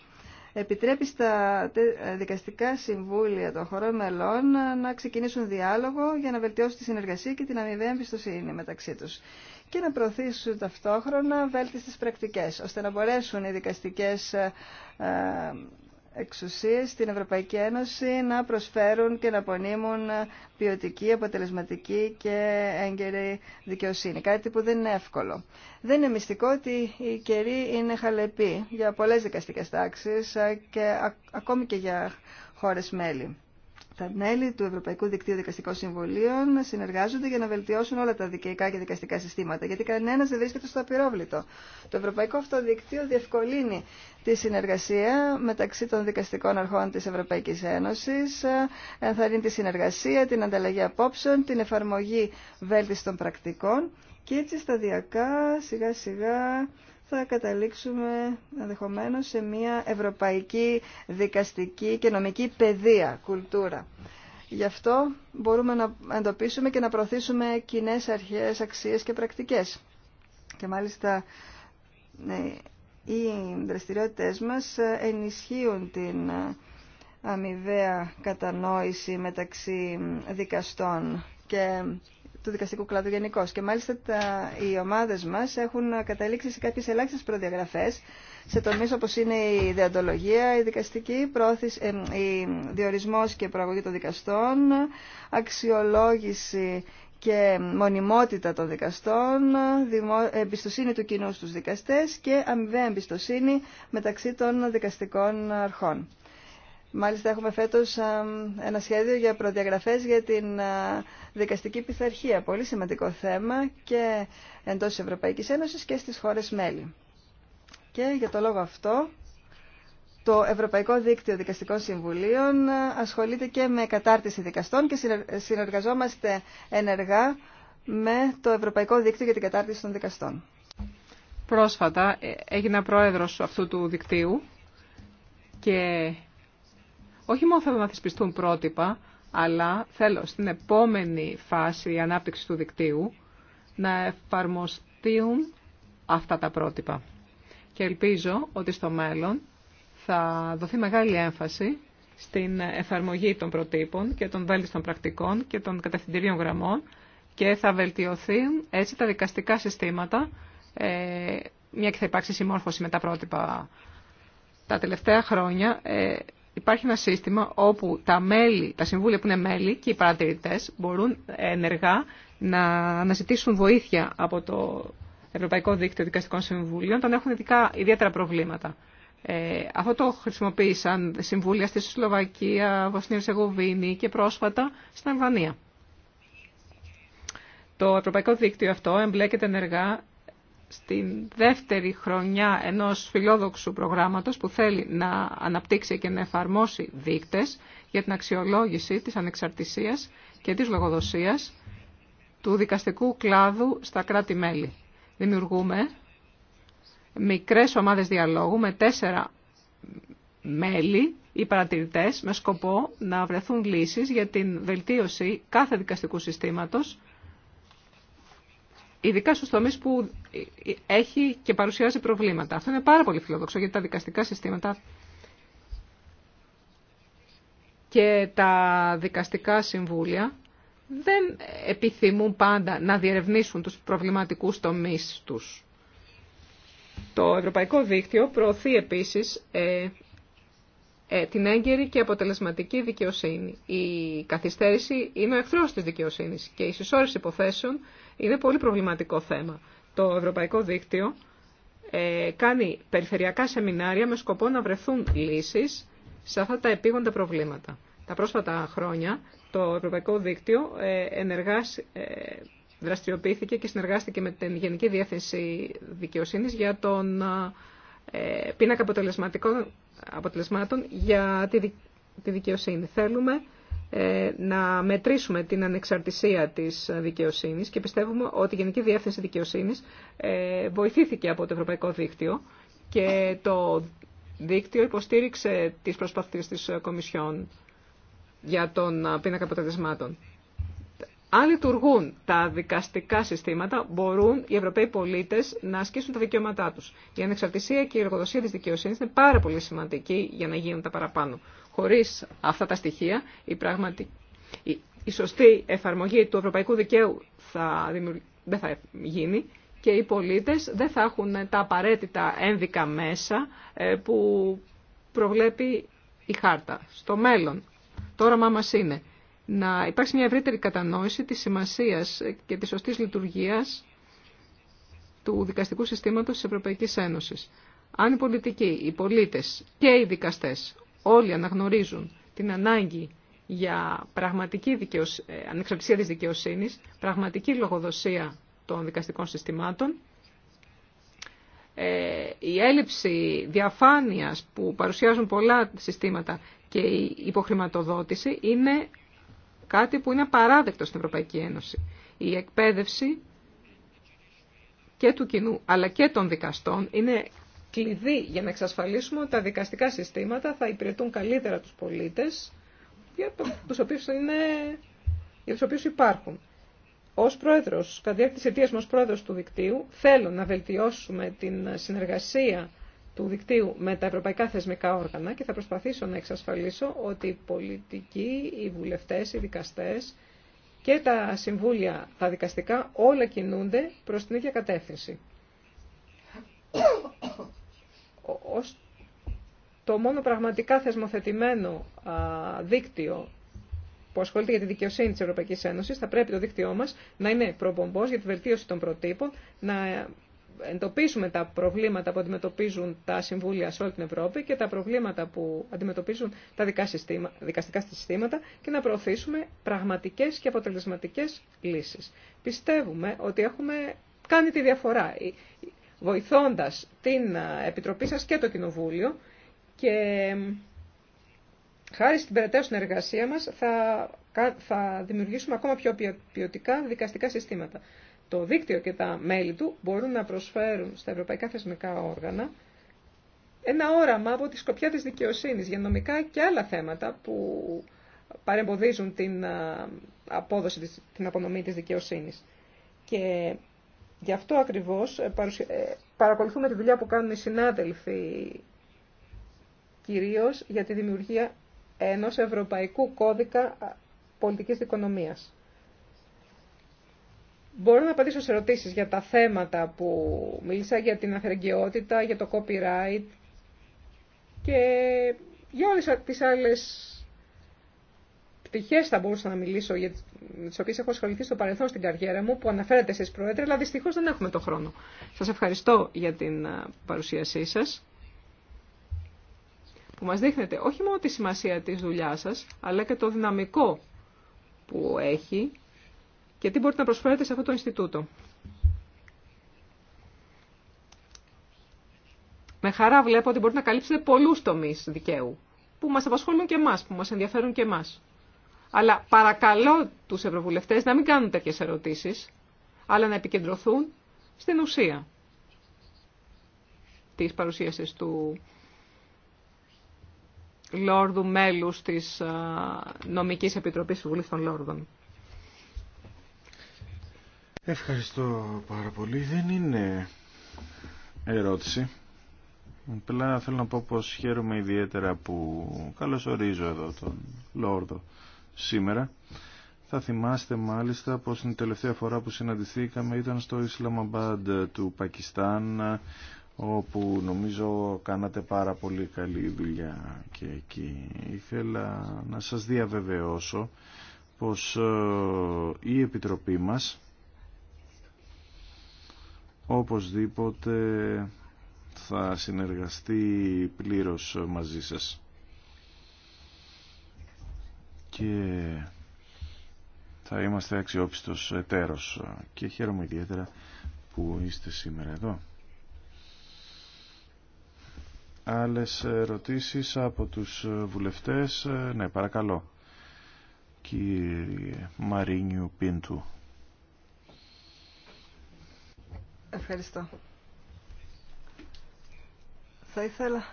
επιτρέπει στα ε, δικαστικά συμβούλια των χωρών μελών να ξεκινήσουν διάλογο για να βελτιώσουν τη συνεργασία και την αμοιβαία εμπιστοσύνη μεταξύ τους και να προωθήσουν ταυτόχρονα βέλτιστες πρακτικές, ώστε να μπορέσουν οι δικαστικές ε, ε, εξουσίες στην Ευρωπαϊκή Ένωση να προσφέρουν και να απονείμουν ποιοτική, αποτελεσματική και έγκαιρη δικαιοσύνη. Κάτι που δεν είναι εύκολο. Δεν είναι μυστικό ότι η καιροί είναι χαλεπή για πολλές δικαστικές τάξεις και ακόμη και για χώρες μέλη. Τα μέλη του Ευρωπαϊκού Δικτύου Δικαστικών Συμβουλίων συνεργάζονται για να βελτιώσουν όλα τα δικαιικά και δικαστικά συστήματα, γιατί κανένα δεν βρίσκεται στο απειρόβλητο. Το Ευρωπαϊκό Αυτό Δικτύο διευκολύνει τη συνεργασία μεταξύ των δικαστικών αρχών τη Ευρωπαϊκή Ένωση, ενθαρρύνει τη συνεργασία, την ανταλλαγή απόψεων, την εφαρμογή βέλτιστων πρακτικών και έτσι σταδιακά, σιγά σιγά θα καταλήξουμε ενδεχομένω σε μια ευρωπαϊκή δικαστική και νομική παιδεία, κουλτούρα. Γι' αυτό μπορούμε να εντοπίσουμε και να προωθήσουμε κοινέ αρχές, αξίες και πρακτικές. Και μάλιστα ναι, οι δραστηριότητες μας ενισχύουν την αμοιβαία κατανόηση μεταξύ δικαστών και του δικαστικού κλάδου γενικώ. Και μάλιστα τα, οι ομάδε μα έχουν καταλήξει σε κάποιε ελάχιστε προδιαγραφέ σε τομεί όπω είναι η διαντολογία, η δικαστική, πρόθεση, ε, η διορισμό και προαγωγή των δικαστών, αξιολόγηση και μονιμότητα των δικαστών, εμπιστοσύνη του κοινού στους δικαστές και αμοιβαία εμπιστοσύνη μεταξύ των δικαστικών αρχών. Μάλιστα έχουμε φέτος ένα σχέδιο για προδιαγραφές για την δικαστική πειθαρχία. Πολύ σημαντικό θέμα και εντός της Ευρωπαϊκής Ένωσης και στις χώρες μέλη. Και για το λόγο αυτό το Ευρωπαϊκό Δίκτυο Δικαστικών Συμβουλίων ασχολείται και με κατάρτιση δικαστών και συνεργαζόμαστε ενεργά με το Ευρωπαϊκό Δίκτυο για την Κατάρτιση των Δικαστών. Πρόσφατα ε, έγινα πρόεδρος αυτού του δικτύου και όχι μόνο θέλω να θεσπιστούν πρότυπα, αλλά θέλω στην επόμενη φάση ανάπτυξη του δικτύου να εφαρμοστούν αυτά τα πρότυπα. Και ελπίζω ότι στο μέλλον θα δοθεί μεγάλη έμφαση στην εφαρμογή των προτύπων και των βέλτιστων πρακτικών και των κατευθυντηρίων γραμμών και θα βελτιωθεί έτσι τα δικαστικά συστήματα, ε, μια και θα υπάρξει συμμόρφωση με τα πρότυπα τα τελευταία χρόνια ε, υπάρχει ένα σύστημα όπου τα, μέλη, τα συμβούλια που είναι μέλη και οι παρατηρητές μπορούν ενεργά να αναζητήσουν βοήθεια από το Ευρωπαϊκό Δίκτυο Δικαστικών Συμβουλίων όταν έχουν ειδικά, ιδιαίτερα προβλήματα. Ε, αυτό το χρησιμοποίησαν συμβούλια στη Σλοβακία, Βοσνία Ερσεγοβίνη και πρόσφατα στην Αλβανία. Το Ευρωπαϊκό Δίκτυο αυτό εμπλέκεται ενεργά στην δεύτερη χρονιά ενός φιλόδοξου προγράμματος που θέλει να αναπτύξει και να εφαρμόσει δείκτες για την αξιολόγηση της ανεξαρτησίας και της λογοδοσίας του δικαστικού κλάδου στα κράτη-μέλη. Δημιουργούμε μικρές ομάδες διαλόγου με τέσσερα μέλη ή παρατηρητές με σκοπό να βρεθούν λύσεις για την βελτίωση κάθε δικαστικού συστήματος ειδικά στους τομείς που έχει και παρουσιάζει προβλήματα. Αυτό είναι πάρα πολύ φιλοδόξο γιατί τα δικαστικά συστήματα και τα δικαστικά συμβούλια δεν επιθυμούν πάντα να διερευνήσουν τους προβληματικούς τομείς τους. Το Ευρωπαϊκό Δίκτυο προωθεί επίσης ε, ε, την έγκαιρη και αποτελεσματική δικαιοσύνη. Η καθυστέρηση είναι ο εχθρός της δικαιοσύνης και η συσσόρευση υποθέσεων είναι πολύ προβληματικό θέμα. Το Ευρωπαϊκό Δίκτυο ε, κάνει περιφερειακά σεμινάρια με σκοπό να βρεθούν λύσεις σε αυτά τα επίγοντα προβλήματα. Τα πρόσφατα χρόνια το Ευρωπαϊκό Δίκτυο ε, ενεργά ε, δραστηριοποιήθηκε και συνεργάστηκε με την Γενική Διεύθυνση Δικαιοσύνης για τον πίνακα αποτελεσμάτων για τη δικαιοσύνη. Θέλουμε ε, να μετρήσουμε την ανεξαρτησία της δικαιοσύνης και πιστεύουμε ότι η Γενική Διεύθυνση Δικαιοσύνης ε, βοηθήθηκε από το Ευρωπαϊκό Δίκτυο και το δίκτυο υποστήριξε τις προσπάθειες της Κομισιόν για τον ε, πίνακα αποτελεσμάτων. Αν λειτουργούν τα δικαστικά συστήματα, μπορούν οι Ευρωπαίοι πολίτε να ασκήσουν τα δικαιώματά του. Η ανεξαρτησία και η εργοδοσία τη δικαιοσύνη είναι πάρα πολύ σημαντική για να γίνουν τα παραπάνω. Χωρίς αυτά τα στοιχεία, η, η... σωστή εφαρμογή του ευρωπαϊκού δικαίου θα δεν θα γίνει και οι πολίτες δεν θα έχουν τα απαραίτητα ένδικα μέσα ε, που προβλέπει η χάρτα. Στο μέλλον, το όραμά μας είναι να υπάρξει μια ευρύτερη κατανόηση της σημασίας και της σωστής λειτουργίας του δικαστικού συστήματος της Ευρωπαϊκής Ένωσης. Αν οι πολιτικοί, οι πολίτες και οι δικαστές όλοι αναγνωρίζουν την ανάγκη για πραγματική ε, ανεξαρτησία της δικαιοσύνης, πραγματική λογοδοσία των δικαστικών συστημάτων, ε, η έλλειψη διαφάνειας που παρουσιάζουν πολλά συστήματα και η υποχρηματοδότηση είναι κάτι που είναι παράδεκτο στην Ευρωπαϊκή Ένωση. Η εκπαίδευση και του κοινού αλλά και των δικαστών είναι κλειδί για να εξασφαλίσουμε ότι τα δικαστικά συστήματα θα υπηρετούν καλύτερα τους πολίτες για τους οποίους, είναι, για τους οποίους υπάρχουν. Ως πρόεδρος, κατά διάρκεια της αιτίας μου πρόεδρος του δικτύου, θέλω να βελτιώσουμε την συνεργασία του δικτύου με τα ευρωπαϊκά θεσμικά όργανα και θα προσπαθήσω να εξασφαλίσω ότι οι πολιτικοί, οι βουλευτές, οι δικαστές και τα συμβούλια, τα δικαστικά, όλα κινούνται προς την ίδια κατεύθυνση ως το μόνο πραγματικά θεσμοθετημένο δίκτυο που ασχολείται για τη δικαιοσύνη της Ευρωπαϊκής Ένωσης, θα πρέπει το δίκτυό μας να είναι προπομπό για τη βελτίωση των προτύπων, να εντοπίσουμε τα προβλήματα που αντιμετωπίζουν τα συμβούλια σε όλη την Ευρώπη και τα προβλήματα που αντιμετωπίζουν τα δικαστικά συστήματα και να προωθήσουμε πραγματικέ και αποτελεσματικέ λύσει. Πιστεύουμε ότι έχουμε κάνει τη διαφορά βοηθώντας την ε, Επιτροπή σας και το Κοινοβούλιο και χάρη στην περαιτέρω συνεργασία μας θα, θα δημιουργήσουμε ακόμα πιο ποιοτικά δικαστικά συστήματα. Το δίκτυο και τα μέλη του μπορούν να προσφέρουν στα ευρωπαϊκά θεσμικά όργανα ένα όραμα από τη σκοπιά της δικαιοσύνης για νομικά και άλλα θέματα που παρεμποδίζουν την ε, απόδοση, την απονομή της δικαιοσύνης. Και Γι' αυτό ακριβώς ε, ε, παρακολουθούμε τη δουλειά που κάνουν οι συνάδελφοι κυρίως για τη δημιουργία ενός Ευρωπαϊκού Κώδικα Πολιτικής Δικονομίας. Μπορώ να απαντήσω σε ερωτήσεις για τα θέματα που μίλησα, για την αφαιρεγγιότητα, για το copyright και για όλες τις άλλες πτυχέ θα μπορούσα να μιλήσω, για τι οποίε έχω ασχοληθεί στο παρελθόν στην καριέρα μου, που αναφέρατε εσεί, Πρόεδρε, αλλά δυστυχώ δεν έχουμε τον χρόνο. Σα ευχαριστώ για την παρουσίασή σα, που μα δείχνετε όχι μόνο τη σημασία τη δουλειά σα, αλλά και το δυναμικό που έχει και τι μπορείτε να προσφέρετε σε αυτό το Ινστιτούτο. Με χαρά βλέπω ότι μπορείτε να καλύψετε πολλούς τομείς δικαίου που μας απασχολούν και εμάς, που μας ενδιαφέρουν και εμάς. Αλλά παρακαλώ του ευρωβουλευτέ να μην κάνουν τέτοιε ερωτήσει, αλλά να επικεντρωθούν στην ουσία Τη παρουσίαση του Λόρδου μέλους της Νομικής Επιτροπής του Βουλή των Λόρδων. Ευχαριστώ πάρα πολύ. Δεν είναι ερώτηση. Απλά θέλω να πω πως χαίρομαι ιδιαίτερα που καλωσορίζω εδώ τον Λόρδο σήμερα. Θα θυμάστε μάλιστα πως την τελευταία φορά που συναντηθήκαμε ήταν στο Ισλαμαμπάντ του Πακιστάν όπου νομίζω κάνατε πάρα πολύ καλή δουλειά και εκεί. Ήθελα να σας διαβεβαιώσω πως ε, η Επιτροπή μας οπωσδήποτε θα συνεργαστεί πλήρως μαζί σας και θα είμαστε αξιόπιστος εταίρος και χαίρομαι ιδιαίτερα που είστε σήμερα εδώ. Άλλες ερωτήσεις από τους βουλευτές. Ναι, παρακαλώ. Κύριε Μαρίνιου Πίντου. Ευχαριστώ. Θα ήθελα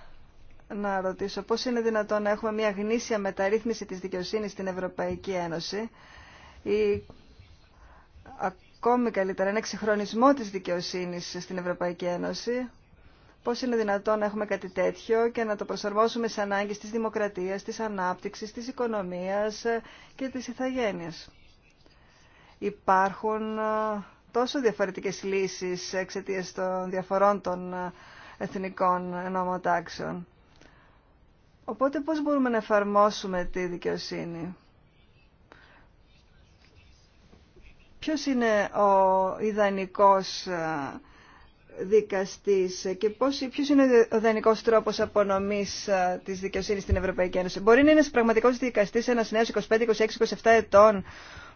να ρωτήσω πώς είναι δυνατόν να έχουμε μια γνήσια μεταρρύθμιση της δικαιοσύνης στην Ευρωπαϊκή Ένωση ή ακόμη καλύτερα ένα εξυγχρονισμό της δικαιοσύνης στην Ευρωπαϊκή Ένωση πώς είναι δυνατόν να έχουμε κάτι τέτοιο και να το προσαρμόσουμε σε ανάγκες της δημοκρατίας, της ανάπτυξης, της οικονομίας και της ηθαγένειας. Υπάρχουν τόσο διαφορετικές λύσεις εξαιτία των διαφορών των εθνικών νομοτάξεων. Οπότε πώς μπορούμε να εφαρμόσουμε τη δικαιοσύνη. Ποιος είναι ο ιδανικός ε, δικαστής και πώς, ποιος είναι ο ιδανικός τρόπος απονομής ε, της δικαιοσύνης στην Ευρωπαϊκή Ένωση. Μπορεί να είναι ένας πραγματικός δικαστής ένας νέος 25, 26, 27 ετών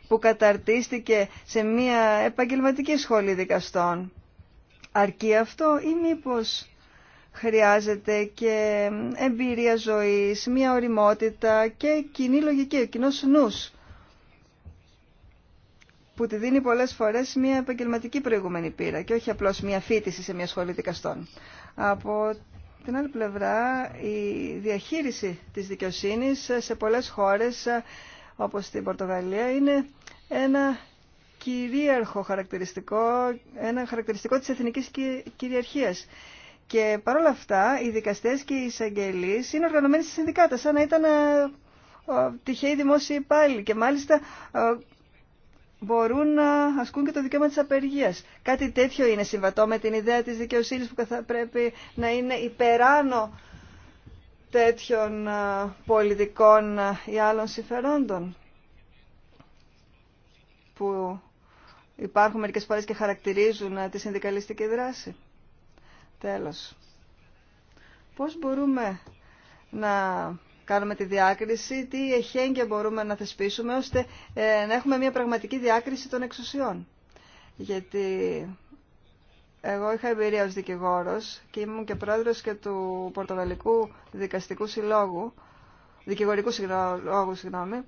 που καταρτίστηκε σε μια επαγγελματική σχολή δικαστών. Αρκεί αυτό ή μήπως χρειάζεται και εμπειρία ζωής, μια οριμότητα και κοινή λογική, κοινό νους που τη δίνει πολλές φορές μια επαγγελματική προηγούμενη πείρα και όχι απλώς μια φίτηση σε μια σχολή δικαστών. Από την άλλη πλευρά, η διαχείριση της δικαιοσύνης σε πολλές χώρες, όπως στην Πορτογαλία, είναι ένα κυρίαρχο χαρακτηριστικό, ένα χαρακτηριστικό της εθνικής κυριαρχίας. Και παρόλα αυτά, οι δικαστές και οι εισαγγελεί είναι οργανωμένοι σε συνδικάτα, σαν να ήταν ε, τυχαίοι δημόσιοι υπάλληλοι. Και μάλιστα ε, μπορούν να ασκούν και το δικαίωμα τη απεργία. Κάτι τέτοιο είναι συμβατό με την ιδέα της δικαιοσύνη που θα πρέπει να είναι υπεράνω τέτοιων ε, πολιτικών ή άλλων συμφερόντων που υπάρχουν μερικές φορές και χαρακτηρίζουν τη συνδικαλιστική δράση. Τέλος. Πώς μπορούμε να κάνουμε τη διάκριση, τι εχέγγυα μπορούμε να θεσπίσουμε, ώστε ε, να έχουμε μια πραγματική διάκριση των εξουσιών. Γιατί εγώ είχα εμπειρία ως δικηγόρος και ήμουν και πρόεδρος και του Πορτογαλικού Δικαστικού Συλλόγου, Δικηγορικού Συλλόγου, συγγνώμη,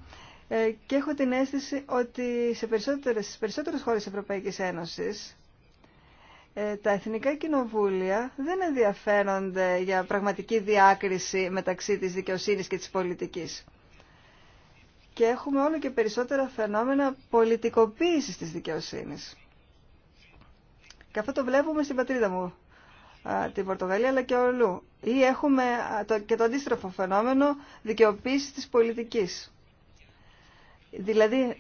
ε, και έχω την αίσθηση ότι σε περισσότερες, περισσότερες χώρες της Ευρωπαϊκής Ένωσης ε, τα εθνικά κοινοβούλια δεν ενδιαφέρονται για πραγματική διάκριση μεταξύ της δικαιοσύνης και της πολιτικής. Και έχουμε όλο και περισσότερα φαινόμενα πολιτικοποίησης της δικαιοσύνης. Και αυτό το βλέπουμε στην πατρίδα μου, την Πορτογαλία, αλλά και ολού. Ή έχουμε και το αντίστροφο φαινόμενο δικαιοποίησης της πολιτικής. Δηλαδή,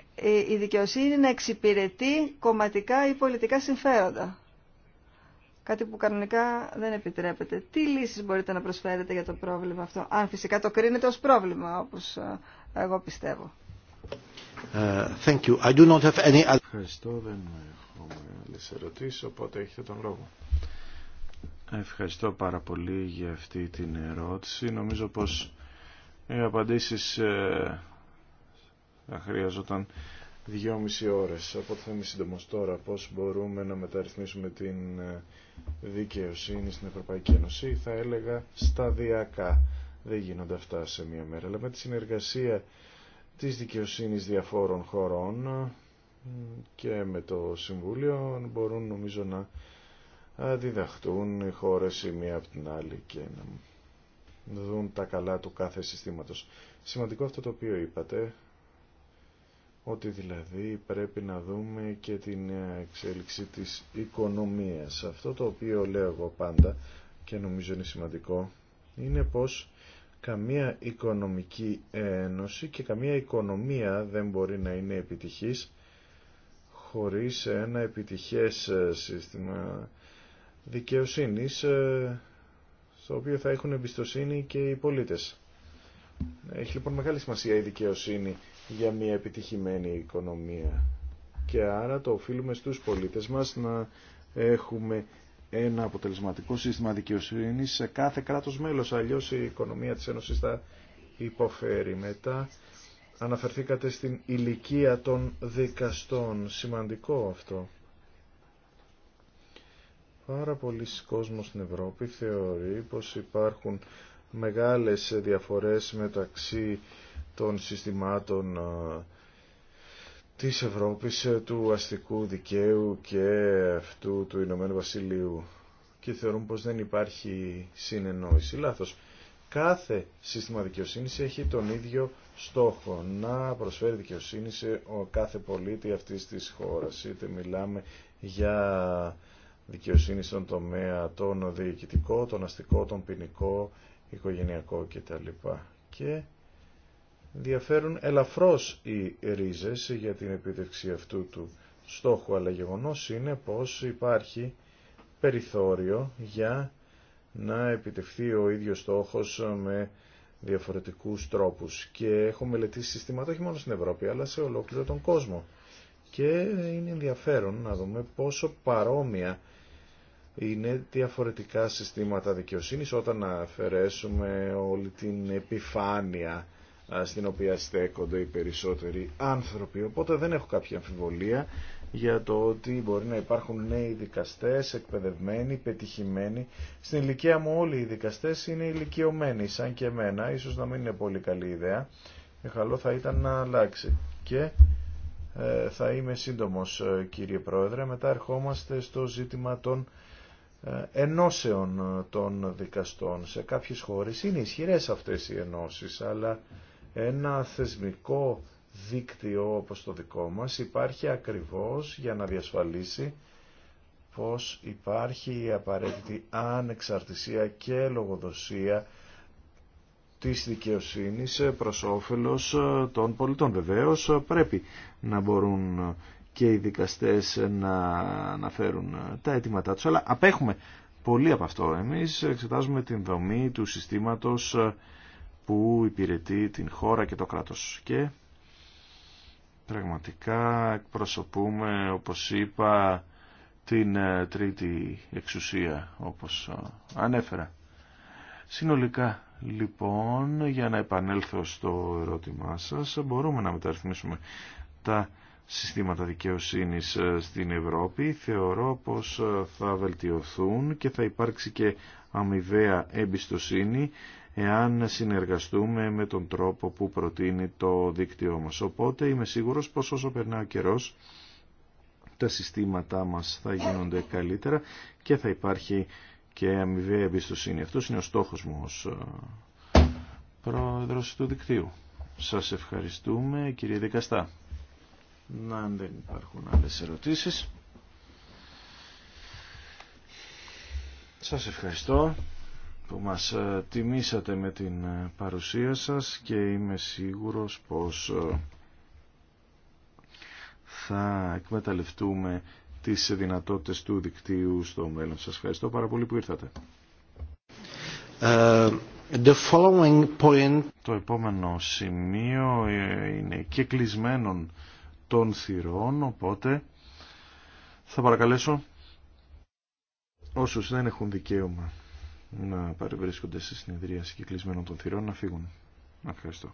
η δικαιοσύνη να εξυπηρετεί κομματικά ή πολιτικά συμφέροντα κάτι που κανονικά δεν επιτρέπεται. Τι λύσεις μπορείτε να προσφέρετε για το πρόβλημα αυτό, αν φυσικά το κρίνετε ως πρόβλημα, όπως ε, εγώ πιστεύω. Ε, Ευχαριστώ, δεν έχουμε άλλες ερωτήσεις, οπότε έχετε τον λόγο. Ευχαριστώ πάρα πολύ για αυτή την ερώτηση. Νομίζω πως οι απαντήσεις ε, θα χρειαζόταν δυόμιση ώρες. Οπότε θα είμαι σύντομο τώρα πώς μπορούμε να μεταρρυθμίσουμε την ε, δικαιοσύνη στην Ευρωπαϊκή Ένωση. Θα έλεγα σταδιακά. Δεν γίνονται αυτά σε μία μέρα. Αλλά με τη συνεργασία της δικαιοσύνης διαφόρων χωρών ε, και με το Συμβούλιο μπορούν νομίζω να ε, διδαχτούν οι χώρες η μία από την άλλη και να δουν τα καλά του κάθε συστήματος. Σημαντικό αυτό το οποίο είπατε ότι δηλαδή πρέπει να δούμε και την εξέλιξη της οικονομίας. Αυτό το οποίο λέω εγώ πάντα και νομίζω είναι σημαντικό είναι πως καμία οικονομική ένωση και καμία οικονομία δεν μπορεί να είναι επιτυχής χωρίς ένα επιτυχές σύστημα δικαιοσύνης ε, στο οποίο θα έχουν εμπιστοσύνη και οι πολίτες. Έχει λοιπόν μεγάλη σημασία η δικαιοσύνη για μια επιτυχημένη οικονομία. Και άρα το οφείλουμε στους πολίτες μας να έχουμε ένα αποτελεσματικό σύστημα δικαιοσύνης σε κάθε κράτος μέλος, αλλιώς η οικονομία της Ένωσης θα υποφέρει. Μετά αναφερθήκατε στην ηλικία των δικαστών. Σημαντικό αυτό. Πάρα πολλοί κόσμος στην Ευρώπη θεωρεί πως υπάρχουν μεγάλες διαφορές μεταξύ των συστημάτων ε, της Ευρώπης, ε, του αστικού δικαίου και αυτού του Ηνωμένου Βασιλείου και θεωρούν πως δεν υπάρχει συνεννόηση. Λάθος. Κάθε σύστημα δικαιοσύνης έχει τον ίδιο στόχο να προσφέρει δικαιοσύνη σε ο κάθε πολίτη αυτής της χώρας. Είτε μιλάμε για δικαιοσύνη στον τομέα τον διοικητικό, τον αστικό, τον ποινικό, οικογενειακό κτλ. Και διαφέρουν ελαφρώς οι ρίζες για την επίτευξη αυτού του στόχου, αλλά γεγονός είναι πως υπάρχει περιθώριο για να επιτευχθεί ο ίδιος στόχος με διαφορετικούς τρόπους. Και έχω μελετήσει συστήματα όχι μόνο στην Ευρώπη, αλλά σε ολόκληρο τον κόσμο. Και είναι ενδιαφέρον να δούμε πόσο παρόμοια είναι διαφορετικά συστήματα δικαιοσύνης όταν αφαιρέσουμε όλη την επιφάνεια στην οποία στέκονται οι περισσότεροι άνθρωποι. Οπότε δεν έχω κάποια αμφιβολία για το ότι μπορεί να υπάρχουν νέοι δικαστές, εκπαιδευμένοι, πετυχημένοι. Στην ηλικία μου όλοι οι δικαστές είναι ηλικιωμένοι, σαν και εμένα, ίσως να μην είναι πολύ καλή ιδέα. Ε, θα ήταν να αλλάξει. Και ε, θα είμαι σύντομος ε, κύριε Πρόεδρε, μετά ερχόμαστε στο ζήτημα των ε, ενώσεων των δικαστών. Σε κάποιες χώρες είναι ισχυρές αυτές οι ενώσεις, αλλά ένα θεσμικό δίκτυο όπως το δικό μας υπάρχει ακριβώς για να διασφαλίσει πως υπάρχει η απαραίτητη ανεξαρτησία και λογοδοσία της δικαιοσύνης προς όφελος των πολιτών. Βεβαίως πρέπει να μπορούν και οι δικαστές να αναφέρουν τα αιτήματά τους, αλλά απέχουμε πολύ από αυτό. Εμείς εξετάζουμε την δομή του συστήματος που υπηρετεί την χώρα και το κράτος. Και πραγματικά εκπροσωπούμε, όπως είπα, την ε, τρίτη εξουσία, όπως ε, ανέφερα. Συνολικά, λοιπόν, για να επανέλθω στο ερώτημά σας, μπορούμε να μεταρρυθμίσουμε τα συστήματα δικαιοσύνης ε, στην Ευρώπη. Θεωρώ πως θα βελτιωθούν και θα υπάρξει και αμοιβαία εμπιστοσύνη εάν συνεργαστούμε με τον τρόπο που προτείνει το δίκτυό μας. Οπότε είμαι σίγουρος πως όσο περνά ο καιρός τα συστήματά μας θα γίνονται καλύτερα και θα υπάρχει και αμοιβαία εμπιστοσύνη. Αυτός είναι ο στόχος μου ως ε, πρόεδρος του δικτύου. Σας ευχαριστούμε κύριε Δικαστά. Να αν δεν υπάρχουν άλλες ερωτήσεις. Σας ευχαριστώ που μας ε, τιμήσατε με την ε, παρουσία σας και είμαι σίγουρος πως ε, θα εκμεταλλευτούμε τις δυνατότητες του δικτύου στο μέλλον. Σας ευχαριστώ πάρα πολύ που ήρθατε. the following point... Το επόμενο σημείο είναι και των θυρών, οπότε θα παρακαλέσω όσους δεν έχουν δικαίωμα να παρευρίσκονται στη συνεδρία κλεισμένων των θυρών να φύγουν. Ευχαριστώ.